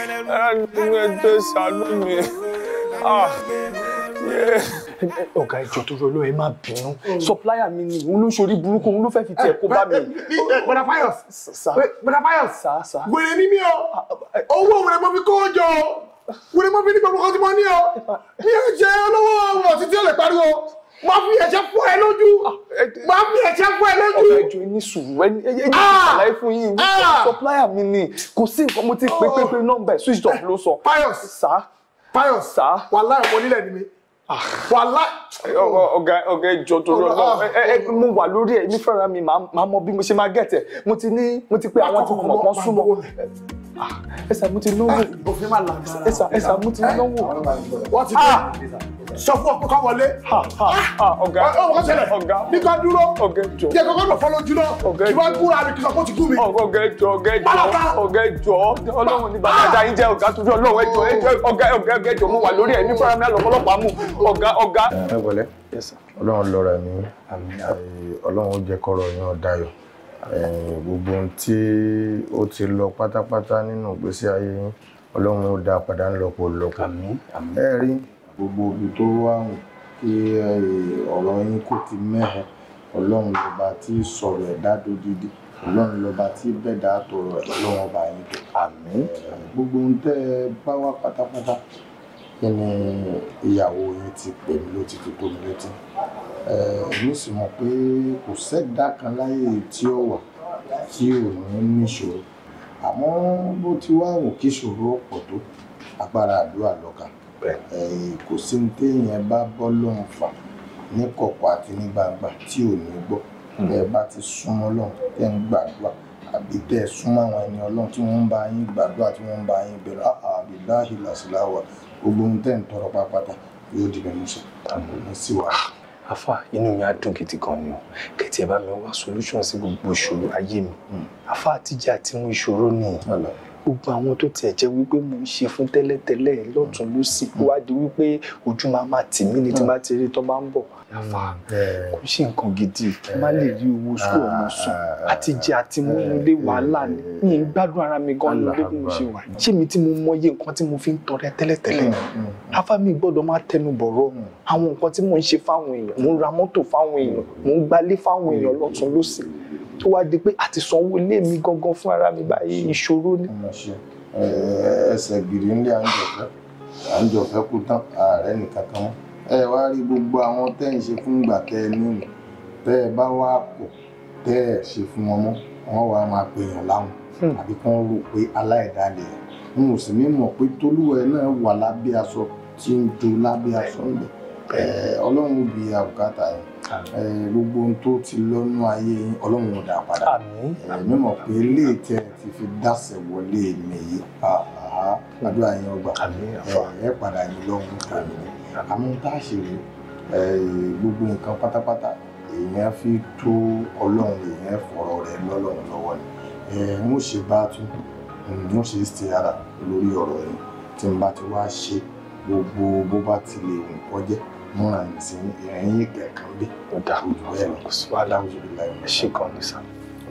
Speaker 3: ẹ̀rù ẹ̀rù ẹ̀jọ̀ ṣàánú mi.
Speaker 1: ọ̀gá ìjọ tó rọ lóye má bínú supplier mi ni òun ló ṣorí burúkú òun ló fẹ́ fi tiẹ̀ kó bá mi. bọ̀dà fayos bọ̀dà fayos wèrè ní mi o ah, ah, eh. owó wèrè mo fi kó o jọ o wèrè mo fi ní gbogbo kan tí mo ní o ní ẹ̀jẹ̀ olówó ọmọ títí ó lè pariwo má fi ẹ̀jẹ̀ fọ́ ẹ lójú ah, má fi ẹ̀jẹ̀ fọ́ ẹ lójú. ọ̀gá ìjọ ní sùúrù ẹni ẹni ẹni ṣàlàyé fún yín ní supplier mi ni kò sí nǹkan mo ti pépépé oh. nọ́mbà ẹ̀ switch off ló sọ. fayos fayos wàhálà ẹ̀ wọlé lẹ́nu mi. Ah. wàhálà. ọ̀gá ọ̀gá ẹjọ́ torí ọlọ́run ẹ ẹ mo wà lórí ẹ mi fẹ́ràn mi màá mọ bí mo ṣe máa gẹ̀tẹ̀ mo ti ní mo ti pé àwọn tí mo mọ̀ pọ́n súnmọ́. Ah, ẹsà mo ti náwó òfin ah, máa làgbára ẹsà ẹsà mo ti náwó eh? wọ́n ti dé ah! sọ fún ọkọ kan wọlé ọgá ọgá ṣẹlẹ̀ nígbà dúró yẹ kọkọ lọ fọlọ jùlọ ìwà gbúra rẹ kìsọ kó ti gún mi. ọgá ẹjọ ọgá ẹjọ ọgá ẹjọ Ọlọ́run ní bàbá ẹja yín jẹ ọgá tuntun Ọlọ́run ẹjọ ẹjọ ọgá ọgá ọgá ẹjọ mo wà lórí ẹmí fúnra mi àlọpọlọpọ àmú ọgá ọgá. Eh,
Speaker 5: ẹ wọlé Ọlọ́run lọrọ ẹmí Ọlọ́run ó jẹ kọrọ yín ọdayọ. Eh, gbogbo ohun tí ó ti lọ pátápátá nínú ìgbésí ayé yín ọlọ́run ó dá padà ńlọ́pọ̀ lọ́pọ̀ ẹ rí gbogbo ibi tó wà kí eh, ọ̀rọ̀ yín kò ti mẹ́hẹ ọlọ́run lọ́ba tí sọ̀rọ̀ ẹ̀ dodidi ọlọ́run lọ́ba tí bẹ́ẹ̀ dá ọlọ́run ọba yín tó eh, gbogbo ohun tẹ́ ẹ bá wá pátápátá nínú ìyàwó yín ti pè mí ló ti fi tó mi létí èmi sì mọ̀ pé kò sẹ́dá kan láyé tí ó wà tí ò ní níṣòro àmọ́ bó ti wá wò kí ìṣòro ọ̀pọ̀ tó agbára àdúrà lọ́ka kò sí ní téèyàn bá bọ́ lóun fà ní kọ̀kọ̀ àti ní gbangba tí ò ní gbọ́ hmm. ẹ bá ti súnmọ́ lọ́hùn tẹ́ ń gbàdúrà àbí tẹ́ súnmọ́ àwọn ẹni ọlọ́run tí wọ́n ń bá yín gbàdúrà tí wọ́n ń bá yín bẹ̀rẹ̀ àbí láhìlàsíláwà gbogbo ohun tẹ́ ń tọrọ pápátá yóò di mímú ṣẹ àmì sí wa. afa inú mi á dùn gidi gan ni o kẹtì ẹ bá mi wá
Speaker 1: solution sí gbogbo ìṣòro ayé mi afa hmm. àtijọ́ àti mú ìṣòro nìyí gbogbo àwọn tó tiẹ̀ jẹ́ wípé mo ń ṣe fún tẹ́lẹ̀tẹ́lẹ̀ lọ́tún lọ́sì wá di wípé ojú máa máa tì mí ni tí hmm. bá ti rí tó bá ń bọ̀ àfà mm, kò sí nǹkan gidi kí má lè rí owó sùn ah, ọmọ sùn ah, ah, àti jẹ àti mú ilé wàhálà ni mi ń gbádùn ara mi gan lórí bí mo ṣe wà ṣé mi tí mo mọyé nǹkan tí mo fi ń tọrẹ tẹ́lẹ̀tẹ́lẹ̀ afá mm, mm. mi gbọ́dọ̀ máa tẹnu bọ̀rọ̀ àwọn nǹkan tí mo ń ṣe fáwọn èèyàn mo ń ra mọ́tò fáwọn èèyàn mo ń gbálé fáwọn èèyàn lọ́tún lọ́sì tó wá di pé àti sanwó ilé mi gangan fún ara mi báyìí ìṣòro ni.
Speaker 5: ẹsẹ̀ gírí ńlẹ̀ à ń jọ kú tán ààrẹ nìkan kan mọ́
Speaker 1: ẹ wá rí gbogbo àwọn tẹ́ ń ṣe fún ìgbà tẹ́ ẹ nínú tẹ́ ẹ bá wá pọ̀ tẹ́ ẹ ṣe fún wọn mọ́ wọn wá máa pèèyàn láwọn hmm. àbí kí wọ́n rò pé aláìdálẹ̀ ẹ̀
Speaker 5: n ò sì ní mọ̀ pé tolúwẹ̀ náà wà lábẹ́ aṣọ tí ń do lábẹ́ aṣọ ńlẹ̀ ọlọ́run bí àbùkátà yẹn gbogbo ohun tó ti lọ́nú ayé yín ọlọ́run ò dà padà mímọ̀ pé ilé tẹ́ ti fi dásẹ̀ wọlé mi yìí hmm. àdúrà yẹn ọgbà ẹ padà yín lọ́hùn kàmí àmọ́ tá a ṣe rèé gbogbo nǹkan pátápátá èèyàn fi tó ọlọ́run èèyàn fọ̀rọ̀ rẹ̀ lọ́lọ́run lọ́wọ́ ni n ó ṣe bá tún n ó ṣe ṣe ara lórí ọ̀rọ̀ yìí tí n bá ti wá ṣe gbogbo bó bá ti lè wù kọjẹ́ múra ní sí kẹ̀kan bí. ó dà ojú ẹ̀ sí wàhálà ojú ìlà ṣe kan ní sá.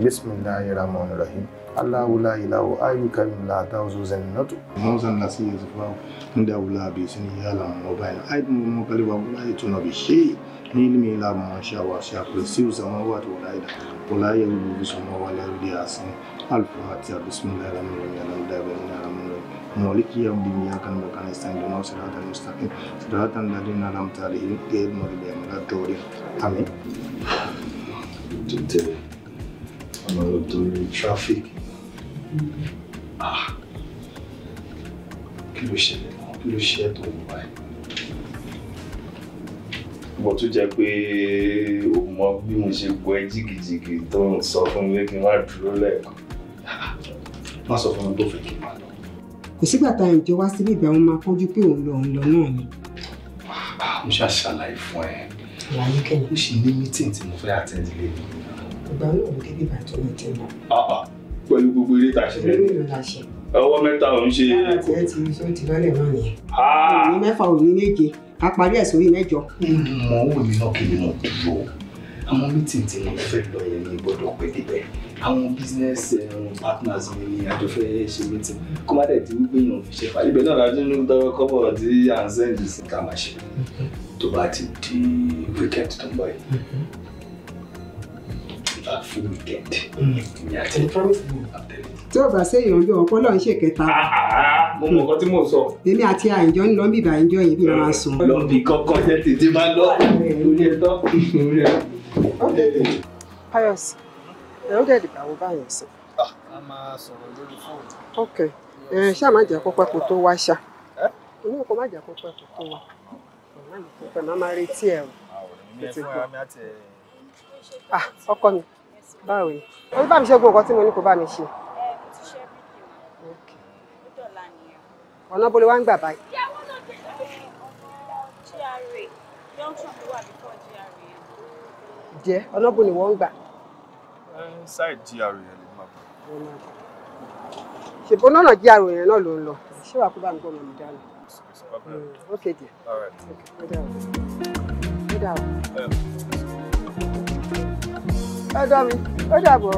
Speaker 5: Bismillahirrahmanirrahim. Allahu
Speaker 1: la ilaha ayyuka min la tawzu zannatu
Speaker 5: mawzan nasiya zuwa inda wula bi sani yala mobile aid mu mu
Speaker 1: kalwa wala tuna bi shay ni ilmi la ma sha wa sha kursi sama wa to wala ida
Speaker 5: wala ya wu sama wala ya asin al fatiha bismillahir rahmanir rahim da bi مالك يوم الدين إياك نعبد ونستعين صراط المستقيم صراط الذين أنعمت عليهم غير المغضوب عليهم الضالين آمين. Did the,
Speaker 1: uh, the traffic kí ló ṣẹlẹ̀ ah. náà kí ló ṣe ẹ́ tó ń wá ẹ̀ mo tún jẹ́ pé o mọ bí mo ṣe bu ẹ jìgìjìgì tó ń sọ fún mi kí n má dúró lẹ́ẹ̀kan má sọ fún mi tó fẹ́ kí n má lọ.
Speaker 4: kò sígbà tá ìjọ wá sílé ìgbà wọn máa kánjú pé òun lọ òun lọ náà ni.
Speaker 1: Ah, mo ṣáà ṣàlàyé fún ẹ. àlàyé kẹ́yìn. ó ṣì ní mítìn tí mo fẹ́ àtẹ́ndílé. ìgbà náà ló dé bíbá tó ní tẹ́lẹ̀. Ah, pẹ̀lú gbogbo eré tá ṣe. eré ìlú la ṣe. ọwọ́ mẹ́ta ò ń ṣe. yàrá tiẹ̀ ti sọ ti lọ́lẹ̀ náà nìyẹn. Ah! òní mẹ́fà òní méje a parí ẹ̀ sórí mẹ́jọ. mo wò mí náà kí ni mo dúró àwọn mítìn tí mo fẹ́ lọ yẹn ni gbọ́dọ̀ pé débẹ̀ àwọn business eh, partners mi ni àjọ fẹ́ ṣe mítìn kó má dẹ̀ di wípé yàn fi ṣe fàlẹ́ ibẹ̀ náà lájú ní tọwọ́ kọ́bọ̀ tí à ń sẹ́ǹdì sí ká máa ṣe tó bá ti di weekend tó ń bọ̀ yìí. Mhm full mm. weekend.
Speaker 4: tí o bá sẹ́yìn ọjọ́ ọ̀pọ̀ lọ́n ṣe kẹta.
Speaker 1: mo mọ̀ nǹkan tí mò sọ.
Speaker 4: èmi àti àìjọ ń lọ bí ibà ìjọ yìí bí wọ́n máa sùn.
Speaker 1: lọ bí kankan jẹ́ tètè máa lọ lórí ẹ̀tọ́.
Speaker 4: Pius dẹ̀ dìgbà wo báyọ̀ sí. Ah. a máa sọ̀rọ̀ lórí fóònù. ok
Speaker 1: ṣáà má jẹ́ kó pẹ́ kó tó wá ṣá. inú kó má jẹ́ kó pẹ́ kó tó wá. màmá mi kò
Speaker 4: pẹ́ màmá retí ẹ̀ ah, ọkọ mi báwo ni ó bá mi ṣe gbogbo nǹkan tí mo ní kó bá mi ṣe.
Speaker 2: ọ̀nà bolo wa ń gbà báyìí.
Speaker 1: jẹ́ ọ̀nà bolo wọ́n ń gbà. ṣáì gra yẹn lè máa bọ̀.
Speaker 4: ṣèbọn náà gra yẹn náà ló ń lọ
Speaker 1: ṣé wàá kó bá mi gbọ́ ọmọ mi dáná. Mm, ok dear. All right. okay.
Speaker 4: Good out. Good out. Um ọ̀dọ̀ mi ó dàbọ̀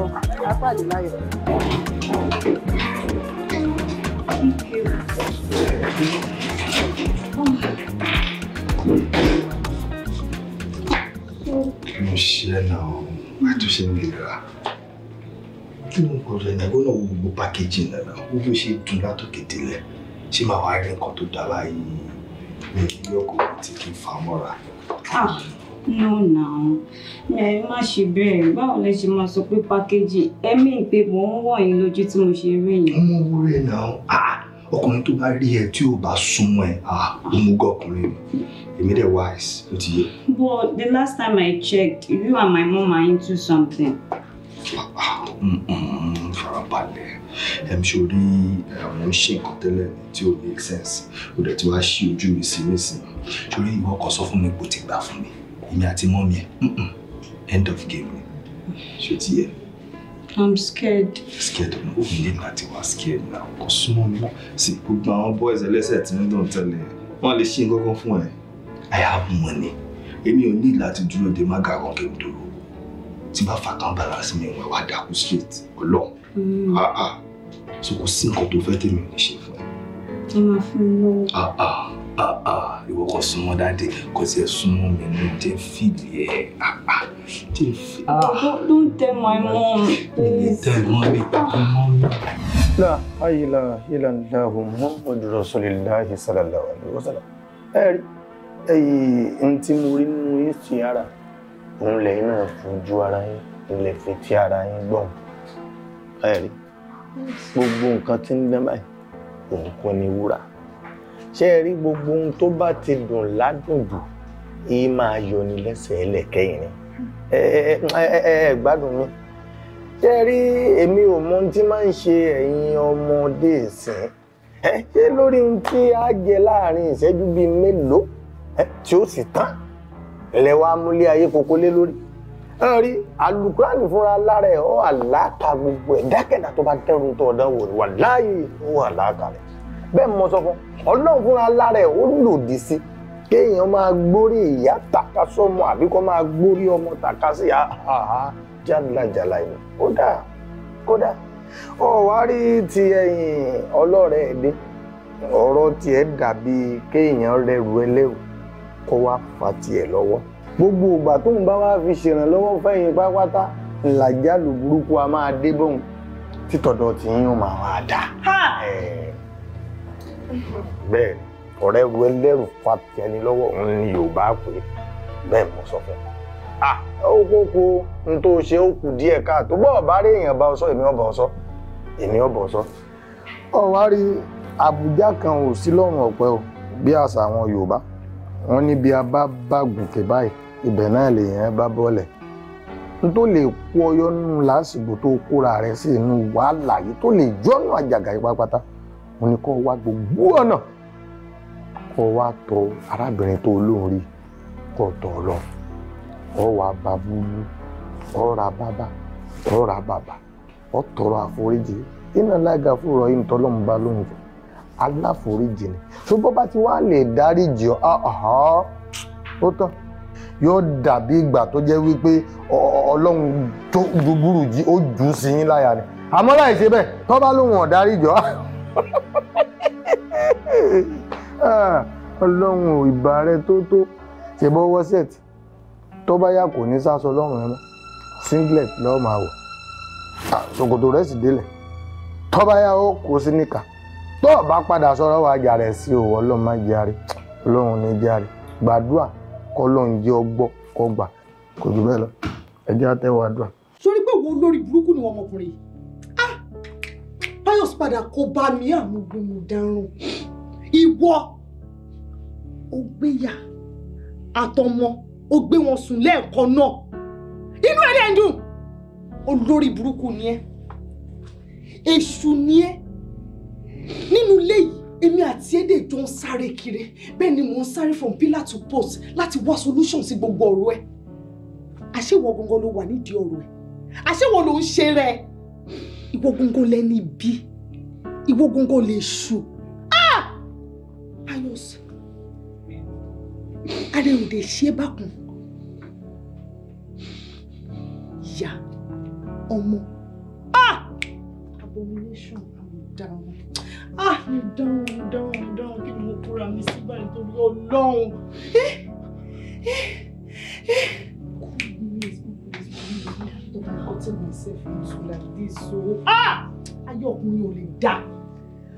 Speaker 4: apáàdé láyọ̀.
Speaker 5: mo ṣe náà má tún ṣe nira
Speaker 1: kí ló ń kọjá ẹni ẹgbẹ́ náà wo gbogbo pákéjì náà wo bó ṣe dùn látòkè délẹ̀ ṣé màá wá rí nǹkan tó dára yìí mi ò yọkọ̀ tí kì í fa
Speaker 2: mọ́ra. Ah no now ẹ má ṣe bẹ́ẹ̀ báwo lẹ ṣe máa sọ pé pákéjì ẹ mìíràn pé mò ń wọ̀ yín lójú tí mo ṣe rí yín. ọmọ wúre náà ah,
Speaker 1: ọkùnrin tó bá rí ẹ tí ò bá súnmọ́ ẹ òmùgọ̀ ah, ọkùnrin ni èmi dẹ̀ wise ló ti yé.
Speaker 2: but the last time I checked you and my mom are into something.
Speaker 1: farabalẹ̀ ẹ̀m sori àwọn ń ṣe nǹkan tẹ́lẹ̀ tí ò make sense ó dẹ̀ ti wá ṣí ojú mi sí nísìnyí sori ìwọ kan sọ fún mi kò ti gbà fún mi èmi àti mọ́mí ẹ̀ end of game ni ṣé ti yẹ.
Speaker 4: I'm scared.
Speaker 1: Scared of no need you are scared now. kò súnmọ́ mi mọ́ sí gbogbo àwọn boys ẹlẹ́sẹ̀ tí wọ́n dùn tẹ́lẹ̀ wọ́n lè ṣí nǹkan kan fún I have money èmi ò ní láti dúró de má gàgán kí n dúró tí bá fa kan balance mi ìwọ̀n wá dàkú straight ọlọ́run mm. ah, ah. so kò sí nǹkan tó fẹ́ tèmi ò ní ṣe fún ẹ.
Speaker 2: ẹ máa ah.
Speaker 1: un ah. Ah, ah, ìwọ kò súnmọ́ dáadé kò tiẹ̀ súnmọ́ mi nù jẹ́ fìdí ẹ̀ jẹ́ fìdí.
Speaker 2: don't tell
Speaker 3: my mom please.
Speaker 1: tell mommy ah. tell mommy. la ayila ila
Speaker 5: lahu muhammadu rasulillahi sallallahu alaihi wa sallam
Speaker 1: ẹ rí ẹyìn tí mo rí nínú yín sí ara òun lẹ́yìn náà fojú ara yín ilẹ̀ fi ti ara yín gbọ̀n ẹ rí gbogbo nǹkan tí ń dán báyìí òun kọ́ ni wúrà ṣé ẹ rí gbogbo ohun tó bá ti dùn ládùn jù èyí máa yọni lẹ́sẹ̀ ẹlẹ́kẹ̀yìn ni ẹ ẹ ẹ gbádùn mi ṣé ẹ rí èmi ò mọ ohun tí máa ń ṣe ẹ̀yin ọmọdé ìsìn ẹ ṣé lórí ohun tí a jẹ láàrin ìṣẹ́jú bíi mélòó tí ó sì tán lẹ́wọ́ amúlé ayé kókó lé lórí rí alukurani fúnra lára ẹ̀ ọ́ àlàkà gbogbo ẹ̀ dákẹ́dà tó bá dẹ́rù tó ọ̀dọ́ wò wà láàyè ó wà láàkà bẹ́ẹ̀ mo sọ fún ọlọ́run fúnra lára ẹ̀ ó lòdì sí kéèyàn máa gbórí ìyá tàka sọmọ àbí kó máa gbórí ọmọ tàka sí jálajàla ẹni kódà kódà ọ̀wárí ti ẹ̀yìn ọlọ́rẹ̀ ẹ̀dẹ́ ọ̀rọ̀ tiẹ̀ dàbí kéèyàn rẹrù ẹlẹ́rù kó wá fà tiẹ̀ lọ́wọ́ gbogbo ìgbà tó ń bá wá fi ṣèrànlọ́wọ́ fẹ́yìn pápátá làjálù burúkú a máa dé bóun títọ̀dọ̀ tí yín ó máa wá dà bẹ́ẹ̀ ọ̀rẹ́ wo ẹlẹ́rù fàtẹ́ni lọ́wọ́ òun ni Yorùbá pé bẹ́ẹ̀ mo sọ fún un. Ah, ó kókó n tó ṣe ó kù díẹ̀ káàtó bọ́ ọ̀bá rí èèyàn bá ọ sọ èmi ọ̀bà ọ̀sọ́ èmi ọ̀bà ọ̀sọ́. ọ̀wá rí
Speaker 5: Àbújá kan ò sí lọ́rùn ọ̀pẹ o bí àṣà àwọn Yorùbá wọn ní bí a bá bá gùnkè báyìí ibẹ̀ náà lèèyàn bá bọ́lẹ̀ n tó lè kó ọyọ́
Speaker 1: nínú lásìkò tó kóra rẹ̀ sí inú wàhálà yìí tó lè jọ́nù àjàgà yìí pátápátá mo ní kó wá gbogbo ọ̀nà kó wá tọ arábìnrin tó lóun rí
Speaker 5: kó tọ̀ lọ ọ wà bá búlú ọ ra bábà ọ ra bàbà ọ tọrọ àforíjì iná lága fúnra yìí tọ́lọ́mù bá lóun jù
Speaker 1: aláforíjì ni ṣùgbọ́n bá ti wá lè dáríjì ọ ah, ah, ah, ó tán yóò dàbí ìgbà tó jẹ́ wípé ọlọ́run tó gbúgbúrú jí ó jù ú sí yín láyà ni àmọ́ láì ṣe bẹ́ẹ̀ tó bá lóun ọ̀dáríjọ́ Ah, ọlọ́run ò ìbà rẹ tó tó ṣèbọ̀ wọ́sẹ̀t tó bá yà kò ní sáṣọ ọlọ́run rẹ mọ́ singlet lọ́ọ́ máa wọ̀ ah, ṣòkòtò rẹ̀ sì délẹ̀ tó bá yà ó kó sí níkà tó o bá padà sọ̀rọ̀ wa jà rẹ̀ sí òwò ọlọ́run má jàre ọlọ́run ní jàre gbàdúrà kọ́ lóun jẹ́ ọgbọ́ kọ́ gbà kò jù bẹ́ẹ̀ lọ ẹ jẹ́ àtẹ́wọ́ àdúrà. pé òun olórí burúkú ni wọn ọmọkùnrin yìí Pius padà kó bá mi àmúgbòmùdárùn ìwọ ó gbéyà àtọmọ ó gbé wọn sùn lẹ́ẹ̀kan náà inú ẹ̀ dẹ̀ ń dùn olórí burúkú ni ẹ́ èṣù ni ẹ́ nínú ilé yìí èmi àti èdè jọ ń sáré kiri bẹ́ẹ̀ ni mò ń sáré from pillar to post láti wá solution sí gbogbo ọ̀rọ̀ ẹ̀ àṣewọ̀ gangan ló wà nídìí ọ̀rọ̀ ẹ̀ àṣewọ̀ ló ń ṣe rẹ̀ ìwọ góńgó lẹ́ni bí ìwọ góńgó lè ṣù ah pius ara ò lè ṣe bákan ìyá ọmọ ah abomination i'm down ah i'm down i'm down i'm kí ni mo kóra mi sí báyìí torí ọlọ́run. Eh! Eh! Eh! gotten myself into like this so ah are you ò lè dá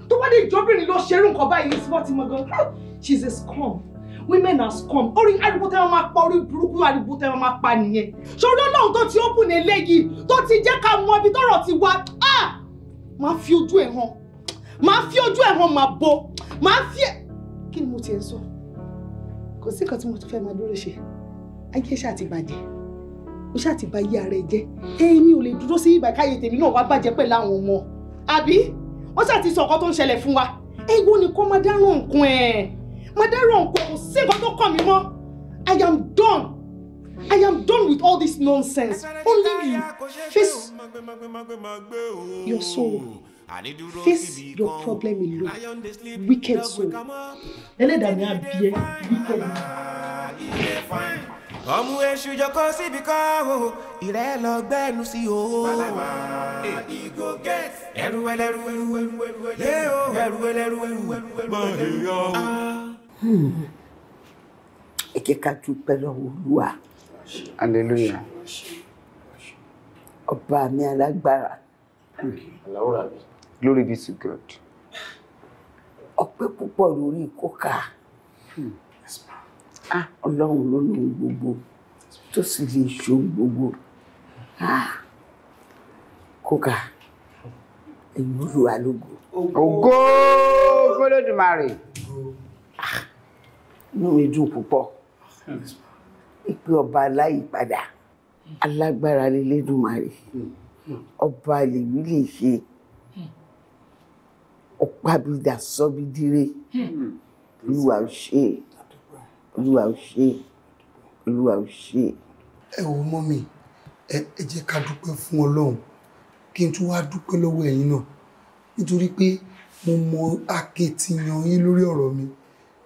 Speaker 1: tó bá dé ìjọbìnrin lọ ṣerú nǹkan báyìí sí wọ́n ti mọ gan she is a scum women are scum Only I put wọ́n máa pa orí burúkú ariwo tẹ́ wọ́n máa pa nìyẹn ṣòro lọ́hùn tó ti open eléyìí tó ti jẹ́ ká mọ ibi tọ́rọ̀ ti wá ah máa fi ojú ẹ̀ hàn máa fi ojú ẹ̀ hàn máa bo My fi ẹ̀ kí ni mo ti ẹ̀ sọ kò sí nǹkan tí mo tún fẹ́ máa dúró ṣe ayé ṣáà ti ó ṣáà ti bà yí ara ẹ jẹ́ èmi ò lè dúró sí ìgbà tèmi náà wá bàjẹ́ pẹ̀lú àwọn ọmọ àbí wọ́n ṣáà ti sọ tó ń ṣẹlẹ̀ fún wa ewu ni kó máa dáràn nǹkan ẹ̀ máa dáràn nǹkan kò sí nǹkan tó kàn mí mọ́ I am done I am done with all this nonsense only you face your soul face your problem alone
Speaker 3: wicked soul ẹlẹ́dàá ni a bí ẹ wicked ọmú èṣù jókòó síbi kan o ìrẹ́ lọ gbẹ́nu sí o. balaba igo eh, get. ẹrù ẹlẹ́rù ẹrù ẹrù ẹrù lé o ẹrù ẹlẹ́rù ẹrù gbọ́dọ̀ yọ. Ah.
Speaker 1: Hmm. ẹ jẹ́ ká dúpẹ́ lọ́wọ́ olúwa. aleluya. ọba mi alágbára. glory be to God. ọpẹ́ púpọ̀ lórí kóka. Hmm ah ọlọ́run ló lóun gbogbo tó sì lè ṣòun gbogbo ah kókà èyí olúwa lógo. ògo fọlọ́dúnmarè inú mi dùn púpọ̀ ìpè ọba aláyìípadà alágbára lélẹ́dùnmarè ọba lèmi lè ṣe ọ̀pábídà sọ́bídíré hmm. olúwa ò ṣe é olúwa ò ṣe olúwa ò ṣe. ẹ wo mọ́ mi ẹ jẹ́ ká dúpẹ́ fún ọlọ́run kí n tún wá dúpẹ́ lọ́wọ́ ẹ̀yin náà nítorí pé mo mọ akitiyan yín lórí ọ̀rọ̀ mi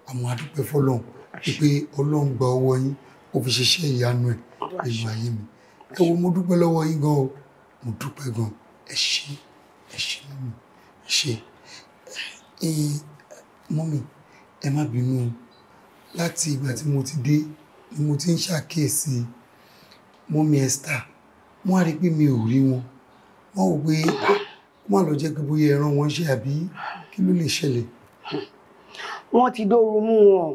Speaker 1: àmọ́ adúpẹ́ fọlọ́run pé ọlọ́run gba ọwọ́ yín ó fi ṣiṣẹ́ ìyanu ẹ̀ nínú ayé mi ẹ wo mo dúpẹ́ lọ́wọ́ yín gan o mo dúpẹ́ gan ẹ ṣé ẹ ṣé mọ́mì ẹ ṣé mọ́mì ẹ má bínú o láti ìgbà tí mo ti dé ni mo ti ń ṣàkíyèsí mọ́mí Esther wọ́n á rí pé mi ò rí wọn wọ́n wò pé kó má lọ jẹ́ pé bóyá ẹran wọn ṣe àbí kí ló lè ṣẹlẹ̀. wọ́n ti dóoru mú wọn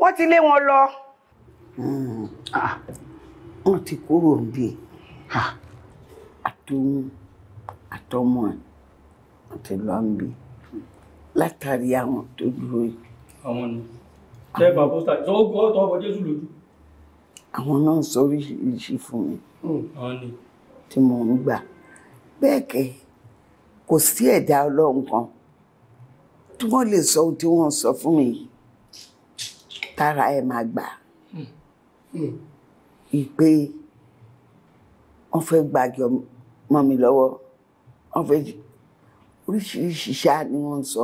Speaker 1: wọ́n ti lé wọn lọ. Hmm. Ah, wọ́n ti kúrò níbi ah, àtòun àtọmọ ẹ̀ wọ́n látàrí àwọn tó dúró yìí tẹ́fà pósítà sọ ó gbọ́ tọ́ ọmọ jésù lójú. àwọn náà sọ oríṣiríṣi fún mi
Speaker 3: hmm.
Speaker 1: tí mò ń gbà bẹ́ẹ̀ kẹ́ kò sí ẹ̀dá ọlọ́run kan tí wọ́n lè sọ ohun tí wọ́n sọ fún mi yìí tára ẹ̀ máa gbà hmm. Hmm. ìpè wọ́n fẹ́ gbàjọ mọ́ mi lọ́wọ́ wọ́n fẹ́ oríṣiríṣi ṣáà ni wọ́n sọ.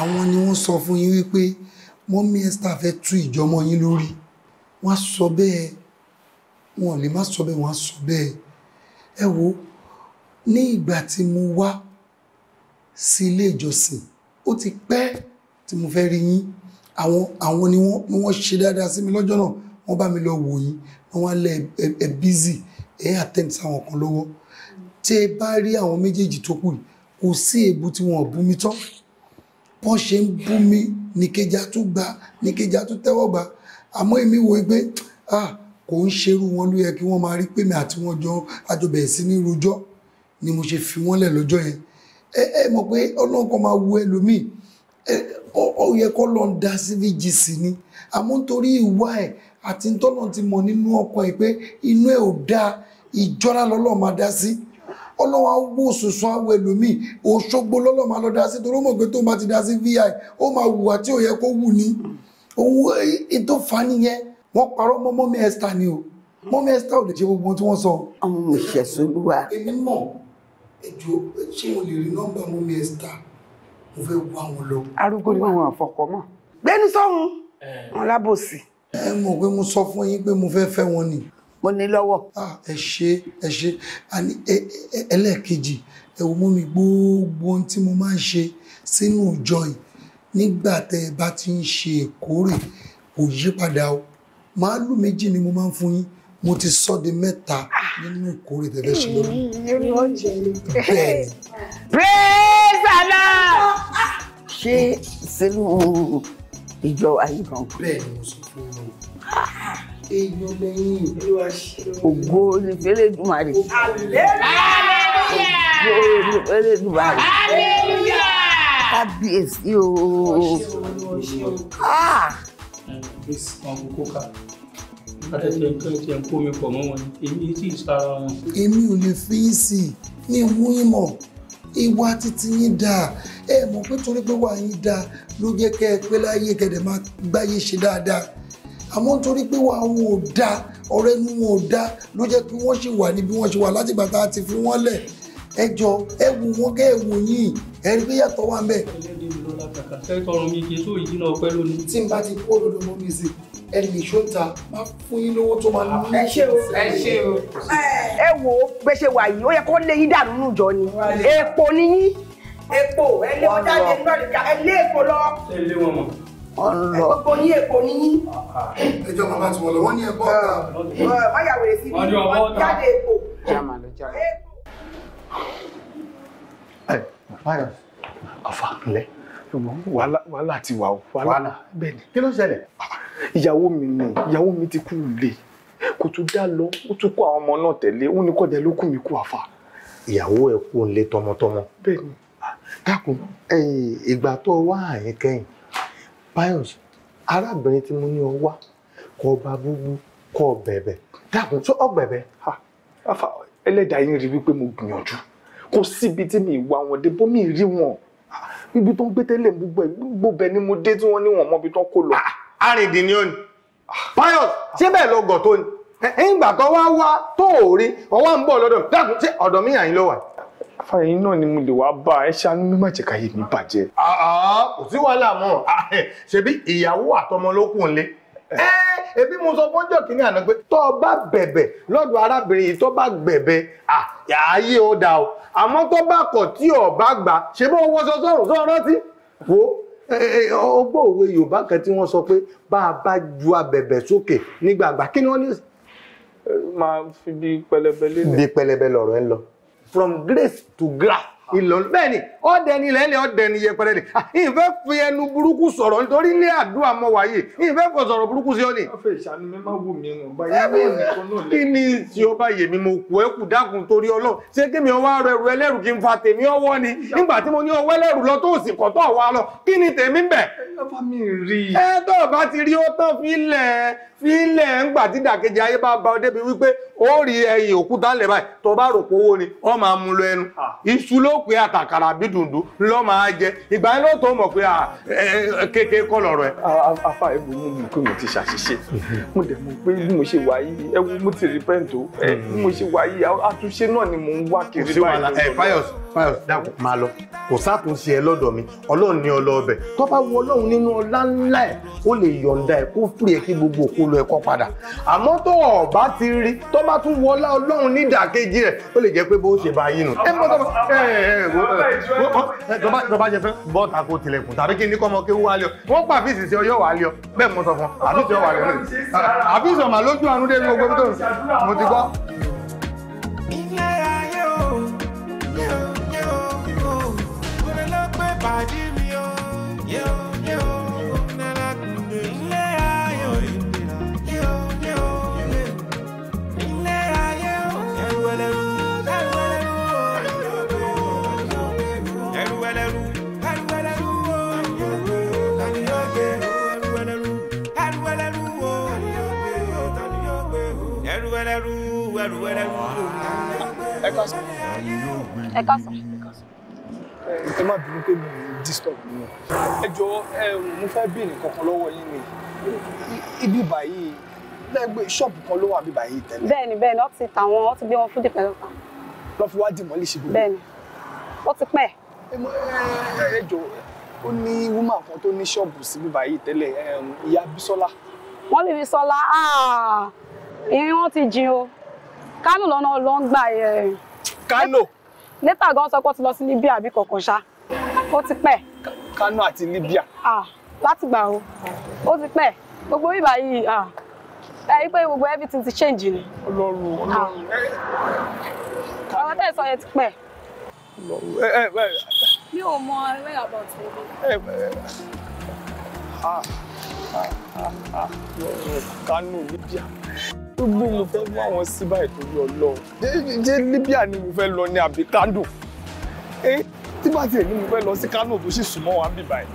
Speaker 1: àwọn ni wọ́n sọ fún yín wípé mọ́mí Esther fẹ́ tú ìjọmọ yín lórí wọ́n á sọ bẹ́ẹ̀ wọn ò lè má sọ bẹ́ẹ̀ wọ́n á sọ bẹ́ẹ̀ ẹ wo ní ìgbà tí mo wá sí ilé ìjọsìn ó ti pẹ́ tí mo fẹ́ rí yín àwọn àwọn ni wọ́n ni wọ́n ṣe dáadáa sí mi lọ́jọ́ náà wọ́n bá mi lọ wò yín wọ́n wá lẹ ẹ bízì ẹ àtẹ̀ǹtì sáwọn kan lọ́wọ́ tí ẹ bá rí àwọn méjèèjì tó kù kò sí èébú tí wọn bú mi tán bọ́n ṣe ń bú mi nìkejì àtún gbà nìkejì àtún tẹ́wọ́ gbà àmọ́ èmi wòye pé ah kò ń ṣerú wọn ló yẹ kí wọ́n máa rí pèmí àti wọn jọ àjọ sí ní rojọ́ ni mo ṣe fi wọ́n lẹ̀ lọ́jọ́ yẹn ẹ ẹ mọ̀ pé ọlọ́run kan máa wo ẹlòmíì ó yẹ kó lọ ń da sí VGC ni àmọ́ nítorí ìwà ẹ̀ àti ntọ́nà ti mọ̀ nínú ọkàn ẹ̀ pé inú ẹ̀ ò dáa ìjọ́ra lọ́lọ́ máa dá sí ọlọ́wọ́ wò sùsùn àwọn ẹlòmíì Òṣogbo lọ́lọ́ máa lọ dá sí torí ó mọ̀ pé tó máa ti dá sí vi ó máa wùwà tí ò yẹ kó wù ní òun ètò fa nìyẹn wọ́n parọ́ mọ́ mọ́mí Esther ni o mọ́mí Esther ò lè ṣe gbogbo tí wọ́n sọ. àwọn òṣèṣolúwa. èmi mọ̀ ẹjọ ṣé mo lè rí nọ́mbà mọ́mí Esther mo fẹ́ wá wọn lọ. arúgbó ni wọn fọkọ mọ gbẹnu sọhun wọn ẹ mọ̀ pé mo sọ fún yín pé mo fẹ́ fẹ́ wọn ni mo ní lọ́wọ́. ẹ ṣe ẹ ṣe àní ẹlẹ́ẹ̀kejì ẹ wò mú mi gbogbo ohun tí mo máa ń ṣe sínú ìjọ yìí nígbà tẹ ẹ bá ti ń ṣe ìkórè kò yí padà o màálù méjì ni mo máa ń fún yín mo ti sọ di mẹ́ta nínú ìkórè tẹ̀lé ṣe lórí.
Speaker 2: praise Allah
Speaker 1: ṣé sínú ìjọ ayé kan. bẹ́ẹ̀ ni mo sọ fún yín o
Speaker 4: èèyàn lẹ́yìn ògo olùfẹ́lẹ́dùmarè. ògo
Speaker 1: kábíyèsí o. àtẹ̀tẹ̀ nǹkan tí ẹ̀ ń kó mi pọ̀ mọ́ wọn èmi tí ì sára wọn. èmi ò lè fi í sí i ní ìwú ìmọ̀ ìwà títí yín dáa ẹ mọ̀ pé torí pé wà yín dáa ló jẹ́ kẹ́ ẹ pé láyé gẹ̀dẹ̀ máa gbáyé ṣe dáadáa àmọ́ nítorí pé wà wọn ò dá ọ̀rọ̀ ẹnu wọn ò dá ló jẹ́ pé wọ́n ṣì wà níbi wọ́n ṣì wà látìgbà tá a ti fi wọ́n lẹ̀ ẹ jọ ẹ wù wọ́n kẹ́ ẹ wù yín ẹ rí pé yàtọ̀ wà ń tí n bá ti kó lọ́dọ̀ mọ́ mi sí ẹ lè ṣóńta má fún yín lówó tó máa ní. ẹ ṣe o ẹ ṣe o. ẹ wo gbèsè wà yìí ó yẹ kó lé yín dànù nùjọ ni èèpo ni yín. èèpo ẹ lé wọn jáde nígbà ẹ lé èèpo lọ.
Speaker 3: ẹ lé wọn mọ ọ̀nlọ. gbogbo
Speaker 1: yín èkó ní yín. ẹjọ́ bàbá tí wọ́n lọ wọ́n ní ẹ̀kọ́ ọ̀tá. báyàwó èsì bí wọ́n jáde èkó. báyọ̀ ọ̀fà ńlẹ̀ wàhálà ti wà ó wàhálà bẹ́ẹ̀ ni kí ló ṣẹlẹ̀. ìyàwó mi ni ìyàwó mi ti kú lè kò tún dá lọ ó tún kó àwọn ọmọ náà tẹ̀lé ó ní kọ́dẹ ló kù mí kú àfà. ìyàwó ẹ̀ kú ń lé tọmọtọmọ. bẹ́ẹ̀ ni ah, dákun ìgbà tó wá àyín Pius arábìnrin tí mo ní ọ wá kọ ọba búbú kọ bẹ̀bẹ̀ dákun tó ọ bẹ̀bẹ̀. ẹlẹ́dàá yín rí wípé mo gbìyànjú kò síbi tí mi wá wọn dé bó mi rí wọn ibi tó ń gbé tẹ́lẹ̀ gbogbo ẹ̀ gbogbo ẹ̀ ni mo dé tí wọ́n ní wọn mọ́bi tó kó lọ. arìndín ni ó ní
Speaker 5: Pius ṣé bẹ́ẹ̀ lọ gọ̀ tó ni ìgbà tó wá wá tó ọwọ́ ń bọ̀ lọ́dọ̀ àfa yìí náà ni mo lè wá bá ẹ ṣàánú mi má jẹ́ ká yé mi bàjẹ́.
Speaker 1: kò sí wàhálà mọ́ ṣebí ìyàwó àtọmọ ló kù nílé eh. ebi mo sọ fọ́jọ́ kìíní àná pé tó o bá bẹ̀bẹ̀ lọ́dọ̀ arábìnrin yìí tó bá gbẹ̀bẹ̀ àyè ó dà o àmọ́ tó bá kọ̀ tí o bá gbà ṣe bó wọ́sọ sọ̀rọ̀ sọ̀rọ̀ rántí
Speaker 5: wo ọgbọ́n òwe Yorùbá kan tí wọ́n sọ pé bá a bá ju abẹ̀bẹ̀ sókè nígbàgbà kí ni wọ́n ní. máa fi bí pẹlẹbẹ lélẹ̀. bí pẹlẹbẹ lọ̀rọ̀
Speaker 1: ẹ lọ from grace to grace ìlọ bẹ́ẹ̀ ni ọ̀dẹ ni ilẹ̀ ni ọ̀dẹ ni yẹpẹrẹ ni ah, ìfẹ́ fi ẹnu burúkú sọ̀rọ̀ nítorí ilé àdúrà mọ́ wáyé ìfẹ́ fọ sọ̀rọ̀ burúkú sí ọ ni. ọfẹ ìṣàánú mi máa wù mí rùn báyìí wọn nìkan náà lẹ. kí ni tí o bá yè mí mo kù ẹ kù dákun torí Ọlọ́run ṣé kémi ọwọ́ arọ ẹrù ẹlẹ́rù kí n fa tèmi ọwọ́ ni nígbà tí mo ní ọwọ́ ẹlẹ́rù lọ tó sì kọ tó ọwọ́ alọ kí ni tèmi bẹ. fílẹ̀ ń gbà tí dàkejì ayé bá ba débi wípé ó rí ẹ̀yìn òkúta lẹ̀ báyìí tó bá rò ni ọ máa mú ẹnu ah. iṣu ló pé àtàkàrà bí dùndún lọ́ máa jẹ ìgbà yẹn ló tó mọ̀ pé ah, kékeré kọ́ lọ́rọ̀ afa mú mi ti ṣàṣìṣe mo dẹ̀ ṣe wà yìí ẹ wo mo ti rí ṣe wà yìí àtúnṣe náà ni mo ń wá kiri báyìí. fayos fayos dàpọ̀ máa lọ kò ẹ lọ́dọ̀ mi ọlọ́run ní lọ ẹ̀kọ́ padà àmọ́ tó ọ̀bá ti rí tó bá tún wọlá ọlọ́run ní ìdàkejì rẹ̀ ó lè jẹ́ pé bó ṣe bá yín nù. ẹ mọ tọba ẹ jẹ fẹ bọ́ọ̀tà kó tilẹ̀kùn tàbí kí n ní kọ́mọ kí wọ́n wálé ọ wọ́n pa àfíìsì sí ọyọ́ wálé ọ bẹ́ẹ̀ mọ sọ fún àfíìsì ọ wálé ọ àfíìsì ọ̀mà lójú àánú dé ní gbogbo tó mo ti gbọ́.
Speaker 3: Yeah. ẹrù wẹ́rẹ́ wúlò. ẹ káàsán.
Speaker 5: ẹ káàsán.
Speaker 1: ẹ má bínú pé mi ò disturb mi o. ẹ mo fẹ́ bí nǹkan kan lọ́wọ́ yín ni ibi báyìí lẹ́gbẹ́ ṣọ́ọ̀bù kan ló wà bí báyìí tẹ́lẹ̀. bẹ́ẹ̀ni
Speaker 4: bẹ́ẹ̀ni ó ti tà wọn ti gbé wọn fún dìpẹ́lọ́ta.
Speaker 1: lọ́ fi wá dìmọ́lì ṣe gbogbo. bẹ́ẹ̀ni ó ti pẹ́. ẹ jọ̀ọ́ ó ní woman kan tó ní ṣọ́ọ̀bù sí báyìí tẹ́lẹ̀ ìyá Bísọ́lá. wọ́n lè Bísọ́lá
Speaker 4: ah! ìyẹn wọ́n ti jin o. Kánò lọ́nà ló ń gbà yẹn. Kánò. Létà gan sọ pé ó ti lọ sí Libya àbí kankan ṣá. Ó ti pẹ́.
Speaker 1: Kánò àti Libya.
Speaker 4: Ah. Láti gbà o. Ó ti pẹ́. Gbogbo bíbá yìí ẹ̀rí pé gbogbo everything ti change ni. Ọlọ́run Ọlọ́run.
Speaker 2: Ọ̀rọ̀ tẹ́ sọ yẹn ti pẹ́. Mi ò mọ where about
Speaker 1: Kánò Libya gbogbo mo fẹ́ mú àwọn sí báyìí torí ọlọ́run jẹ́ Libya ni mo fẹ́ lọ ní àbí Kano tí bá tiẹ̀ ní mo fẹ́ lọ sí Kano tó sì súnmọ́ wa bí báyìí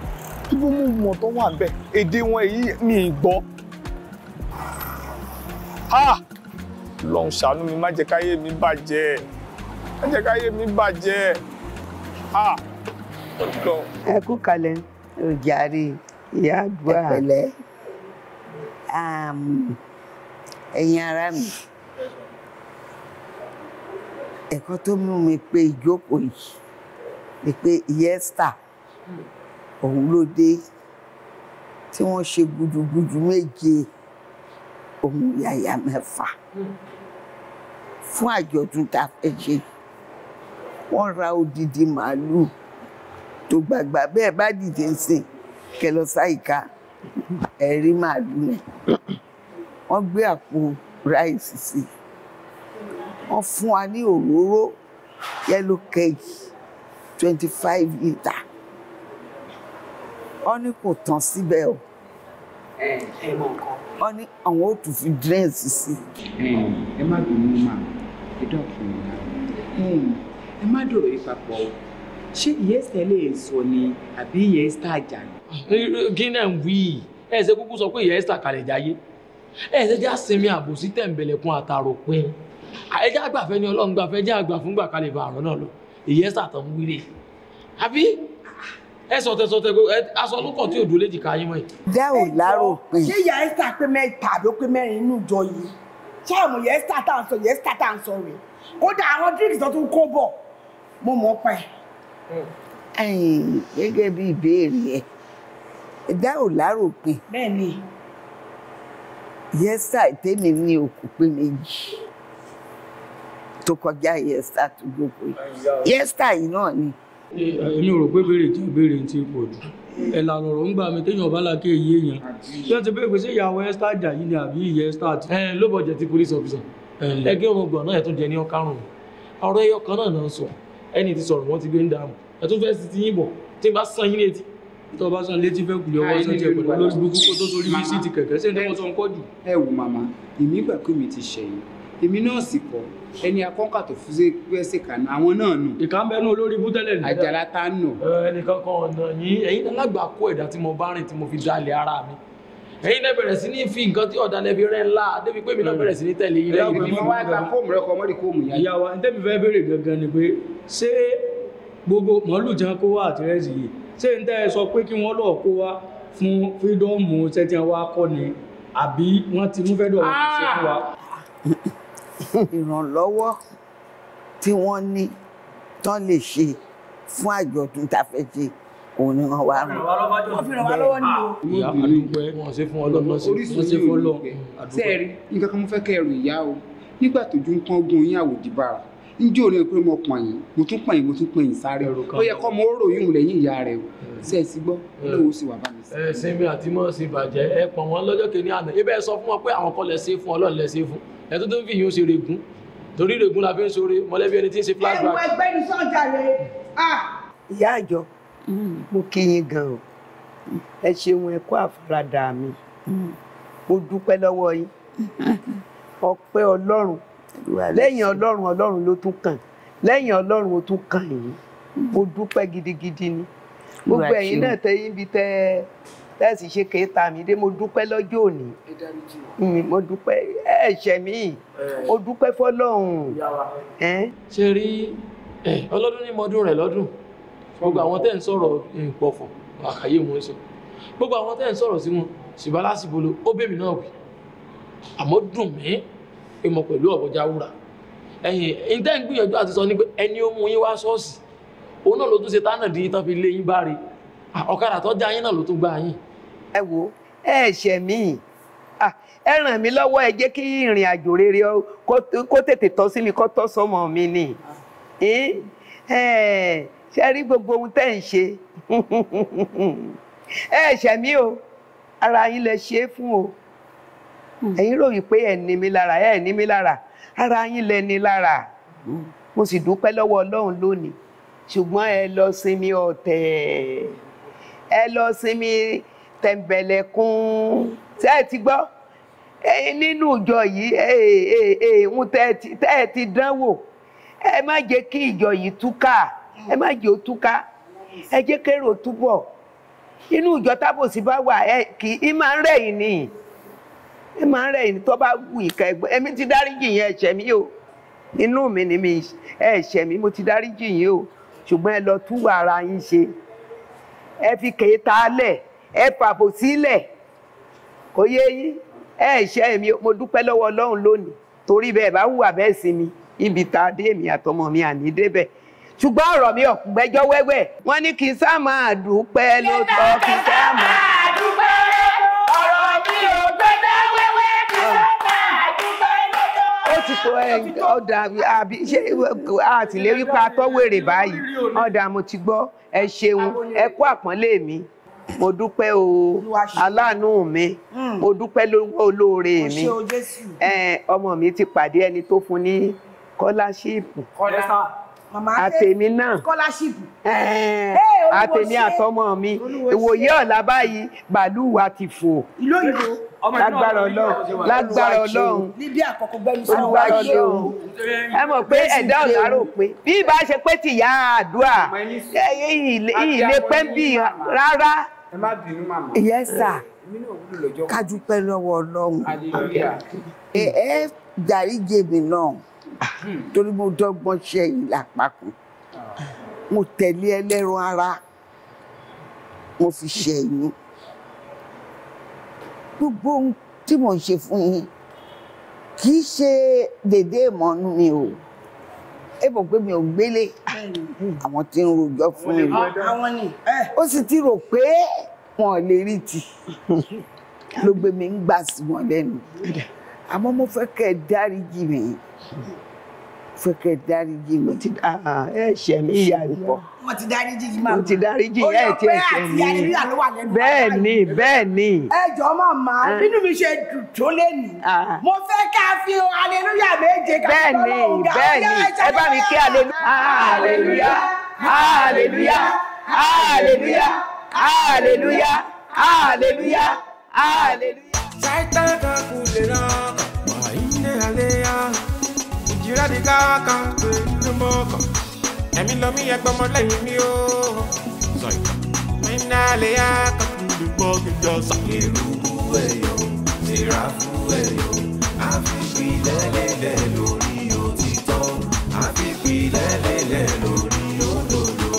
Speaker 1: kí ló mú wọn tó wà bẹ́ẹ̀ èdè wọn èyí mi ì gbọ́ lọ́n ṣàánú mi má jẹ́ káyé mi bàjẹ́
Speaker 3: má jẹ́ káyé mi bàjẹ́
Speaker 1: ẹ kú kalẹ̀
Speaker 4: ojàre ìyá àdúrà ẹ pẹ̀lẹ́ ẹ̀yin ará mi
Speaker 1: ẹ̀kọ́ tó mú mi pé ìjókòó yìí ni pé ìyẹ́sítà òun ló dé tí wọ́n ṣe gudugudu méje òun yàyà mẹ́fà fún àjọ̀dún tá a fẹ́ ṣe wọ́n ra odidi màálùú tó gbàgbà bẹ́ẹ̀ bá dìde ń sìn kẹlọ́sáìka ẹ̀rí màálùú yẹn wọ́n gbé àpò ráìsì sí wọ́n fún wa ní òróró yellow cake twenty five litre wọ́n ní kò tán síbẹ̀ o wọ́n ní àwọn ò tún fi dírẹ́ǹsì sí.
Speaker 2: ẹ má bínú mà
Speaker 1: ẹ dọ̀kun mi ẹ má dọ̀rọ̀ yìí papọ̀ o ṣé ìyá ẹsẹ̀ lè sọ ni àbí ìyá ẹsẹ̀ àjà ni. kí ń wí ẹ ṣe kúkú sọ pé ìyá ẹsẹ̀ àkàlẹ̀ jáyé ẹ ṣe já sinmi àbòsí tẹ̀m̀bẹ̀lẹ̀kun àtàrò pin ẹjẹ́ àgbàfẹ́ ni ọlọ́run gbàfẹ́ jẹ́ àgbà fún gbà kalẹ̀ bá àrùn náà lọ èyí ẹ́sà tán wílé àbí ẹ sọtẹ sọtẹ aṣọ olùkọ tí òdò léjì ká yín mọ́ yìí. bẹ́ẹ̀ ò lárò pé. ṣé ìyá ẹ́sà pé mẹ́ta àbí ó pé mẹ́rin inú ìjọ yìí ṣé àwọn ìyá ẹ́sà tá à ń sọ ìyá ẹ́sà tá à ń sọ rèé kódà àwọn dírìkì tó tún mo mọ̀ pa ẹ̀. gẹ́gẹ́ bí ìbéèrè ẹ̀ bẹ́ẹ̀ ò lárò yẹ́sà tèmi ní òkú pé méjì tó kọjá yẹ́sà tó gbogbo yẹ́sà yìí náà ni. èmi rò pé béèrè tí béèrè ti pọ̀ jù ẹ̀là lọ̀rọ̀ ń gbà mí téèyàn bá láké iye yẹn tí wọ́n ti bẹ́ẹ̀ pé ṣé ìyàwó ẹ́sítà jà yìí ni àbí ìyẹ́ ẹ́sítà tí. ẹ ló bọ̀ jẹ́ ti police officer ẹgbẹ́ ọmọgbọ̀n náà ẹ̀tún jẹ ní ọkàrùn-ún ọ̀rọ̀ ẹyọ kan náà náà sọ ẹni tí sọ̀rọ̀ wọ́n ti gbé ń dààmú ẹ̀tún fẹ́ẹ́ sì ti yín bọ̀ tí n bá san yín létí tó bá san létí fẹ́ kùlẹ̀ ọwọ́ sọ́tì ẹ̀kọ́ lórí burúkú kó tó sórí bí síìtì
Speaker 5: kẹ̀kẹ́ sí ẹ̀dẹ́gbọ́n tó ń kọ́ jù. ẹ
Speaker 1: wò màmá èmi gbà pé mi ti ṣẹ̀yìn èmi náà sì kọ́ ẹni akọ́kà tó fún ṣe kànú àwọn náà nù. ìkànnbẹ́nu olórí bútẹ́lẹ̀ nìyẹn. àjàlá ta nù. ẹnìkan kan ọ̀nà yín ẹ̀yin alágbàkó ẹ̀dá tí mo bá rìn tí mo fi dalẹ̀ ara mi ẹ̀yin náà bẹ̀rẹ̀ sí ní fi nǹkan tí ọ̀dà lẹ́bi rẹ̀ ńlá débi pé mi náà bẹ̀rẹ̀ sí ní tẹ̀lé yín lẹ́yìn ìbí mi. wọ́n á gba kóòmù rẹ kọ́ mọ́rí kóòmù yá. ìyá wa ní tẹ́mi fẹ́ béèrè gangan ni pé ṣé gbogbo màálù jẹ́ kó àtẹ́rẹ́sì yìí ṣé n tẹ́ ẹ sọ pé kí wọ́n lọ kó wa fún fídọ́ọ̀mù sẹ́tì wa kọ́ ni àbí wọ́n ti mú fẹ́dọ̀ wọn ah. ṣe fún wa. ìrànlọ́wọ́ tí wọ́n ní tán lè ṣe fún àjọ̀dún tá a fẹ́ ṣe òun ni wọ́n wá rán. wọ́n fi ràn wá lọ́wọ́ ní o. ìyá àdúgbò ẹ wọ́n ṣe fún ọlọ́run wọ́n ṣe fún ọlọ́run. sẹ́ẹ̀rì nǹkan kan mo fẹ́ kẹ́ ẹrù ìyá o nígbà tójú ń kán ogun yín àwòdìbára njó ni pé mo pọ̀n yín mo tún pọ̀n yín mo tún pọ̀n yín sáré ó yẹ kọ́ mo rò yín lẹ́yìn ìyá rẹ̀ o ṣe é sí gbọ́ mm. lóun sì wà bá mi sí. ẹ sinmi àti mọ́ sí bàjẹ́ ẹ pọ̀n wọn lọ́jọ́ kìíní àná ibẹ̀ sọ fún wọn pé àwọn kan lẹ̀ ṣe fún ọlọ́run lẹ̀ ṣe fún ẹ tó tó ń fi yín ṣe regun torí regun la fi ń ṣoore mọ̀lẹ́bí ẹni tí ń ṣe flashback. ẹ wọ ẹgbẹ́ ní sọ́jà rẹ̀ ìyá àjọ mm. mo o ẹ ṣeun ẹ kú àfaradà mi mm. mo dúpẹ́ ọlọ́run lẹ́yìn ọlọ́run ọlọ́run ló tún kàn lẹ́yìn ọlọ́run ó tún kàn yín mo dúpẹ́ gidigidi ni gbogbo ẹ̀yin náà tẹ́yìn ibi tẹ́ tẹ́sí ṣe kéé ta mi dé mo dúpẹ́ lọ́jọ́ òní hmm, mo dúpẹ́ ẹ̀ṣẹ̀ mi mo dúpẹ́ fọlọ́run. ṣe rí ọlọ́dún ní mọ́dún rẹ̀ lọ́dún gbogbo àwọn tẹ́ ń sọ̀rọ̀ ìpọ̀fọ̀ àkàyè wọn sọ gbogbo àwọn tẹ́ ń sọ̀rọ̀ sí wọn ṣùgbọ́n lásìbò ló ó bèmí náà wí àmọ́ dùn mí ìmọ̀ pẹ̀lú ọ̀bọ̀já wúrà ẹ̀yìn ìtẹ́ ń gbìyànjú àti sọ ní pé ẹni ó mú yín wá ṣọ́ọ̀ṣì òun náà ló tún ṣe tánà dí tán fi lé yín bá rí ọ̀kadà tó já yín náà ló tún gbá yín. ẹ wo ẹ ṣẹ mí ẹ ràn mí lọ́wọ́ ẹ jẹ́ kí ìrìn àjò rere kó tètè tọ́ sí mi kó tọ́ sọ́mọ mi ni ṣe rí gbogbo ohun tẹ́ ń ṣe ẹ mí o ara yín lẹ ṣe fún o. Hmm. ẹ̀yin ròyìn pé ẹ̀ ní mi lára ẹ̀ ní mi lára ara yín lẹ ní lára hmm. mo sì dúpẹ́ lọ́wọ́ Ọlọ́run lónìí ṣùgbọ́n ẹ lọ sinmi ọ̀tẹ̀ ẹ lọ sinmi tẹ̀m̀bẹ̀lẹ̀kún ṣé ẹ ti gbọ́ nínú ìjọ yìí ń tẹ́ ẹ ti dánwò ẹ má jẹ́ kí ìjọ yìí túká ẹ má jẹ́ ó túká ẹ jẹ́ kérò túbọ̀ inú ìjọ tábòsí bá wà kì í máa ń rẹ̀yìn nìyí ẹ máa ń rẹ̀ yìí tó bá wù ìka ẹ̀gbọ́n ẹ̀mí ti dáríjì yín ẹ̀ṣẹ̀ mi yóò inú mi ni mi ẹ̀ṣẹ̀ mi mo ti dáríjì yín o ṣùgbọ́n ẹ lọ tú ara yín ṣe ẹ fi kèéta lẹ̀ ẹ fàbò sílẹ̀ kò yé yín ẹ̀ṣẹ̀ mi mo dúpẹ́ lọ́wọ́ Ọlọ́run lónìí torí bẹ́ẹ̀ bá hùwà bẹ́ẹ̀ sí mi ibi tá a dé èmi àtọmọ mi àní débẹ̀ ṣùgbọ́n ọ̀rọ̀ mi ọ̀kùngbẹ́jọ́ wẹ́wẹ́ wọ́n ní kí n sá máa dúpẹ́ ló tọ́ kí n sá máa. láti kó ọ̀dà àbí ṣé àtìlérí pa tọ́wèrè báyìí ọ̀dà mo ti gbọ́ ẹ ṣeun ẹ kú àpọ́nlé mi mo dúpẹ́ o aláàánú mi mo dúpẹ́ lọ́wọ́ olóore mi ọmọ mi ti pàdé ẹni tó fún ní kọ́láṣíìpù
Speaker 4: àtèmi náà àtèmi àtọmọ
Speaker 1: mi ìwòye ọ̀la báyìí bàálù wa ti fò lágbára ọlọ́run lágbára ọlọ́run lágbára ẹ mọ̀ pé ẹ̀dá ọ̀la rò pé bí ìbá ṣe pé tìyà àdúrà ilé pẹ́ńbì rárá. ẹ má bínú màmá. yes kájú pẹ́ lọ́wọ́ ọlọ́run ẹ ẹ dáríjì mi náà torí mo dọ́gbọ́n ṣe ìlàpapọ̀ mo tẹ̀lé ẹlẹ́ran ara mo fi ṣe ẹ̀yìn gbogbo ohun tí mo ń ṣe fún yín kì í ṣe dédé ìmọ̀nú mi o ẹ mọ̀ pé mi ò gbélé àwọn tí ń rojọ́ fún mi ó sì ti rò pé wọn ò lè rí ti ló gbé mi ń gbà sí wọn lẹ́nu àmọ́ mo fẹ́ kẹ́ ẹ dáríjì mi fún kẹ́ dáríjì mi. ẹ ṣe mí ìyá ìpọ. wọ́n ti dáríjì yìí máa. wọ́n ti dáríjì ẹ ti ẹ ṣe mí. bẹ́ẹ̀ ni bẹ́ẹ̀ ni.
Speaker 4: ẹ jọ màmá ah. bínú
Speaker 1: mi ṣe dùn tó lẹ́nu. Ah. mo fẹ́ ká fi aleluya méje ká fi ọlọ́run ga. ẹ bá mi kí aleluya aleluya aleluya aleluya aleluya
Speaker 3: aleluya. Saitaka kulera, maine alea ìṣúrádì káàkan pẹ̀lú mọ́kàn ẹ̀mí lọ́mí ẹgbẹ́ ọmọ lẹ́yìn mi ó sọ ìtàn mi náà lè yá kan gbogbo gbogbo sọ. irú èyó tìrà fún èyó àfikún ilẹ̀lẹ̀lẹ̀ lórí òtítọ́ àfikún ilẹ̀lẹ̀lẹ̀ lórí òdodo.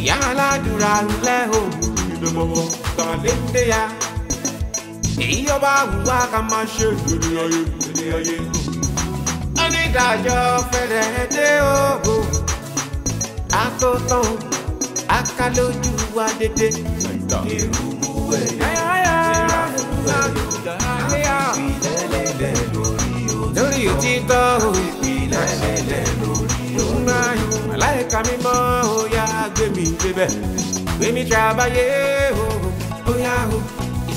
Speaker 3: ìyá aládùúrà lẹ́ òun ìdòmọ̀wọ̀ kan lè dé ya èyí ọba àwùwá ká máa ṣe ìdòdó ayé ìdòdó ayé wọ́n ní ìdájọ́ fẹ̀rẹ̀ dé òwò àtọ̀tàn akálójú wa dédé èrò mú ẹ̀ ìpìlẹ̀ lórí òtítọ́ ìpìlẹ̀ lórí òtítọ́ màláìka mímọ́ ó yá gbé mi débẹ̀ gbé mi tí a bá yé o ó yá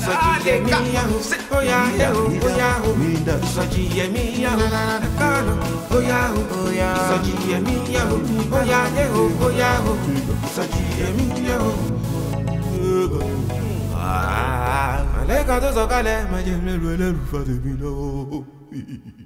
Speaker 3: ìsọjí yẹmí yá o oya yá oya o ó yá o ìsọjí yẹmí oya o oya ó yá o ìsọjí oya yá oya ó yá yẹ o ó yá o ìsọjí yẹmí yá o. àlẹ́ kan tó sọ kálẹ̀ máa jẹ́ mi lẹ́rù ẹlẹ́rù fàtẹ́mi lọ́wọ́.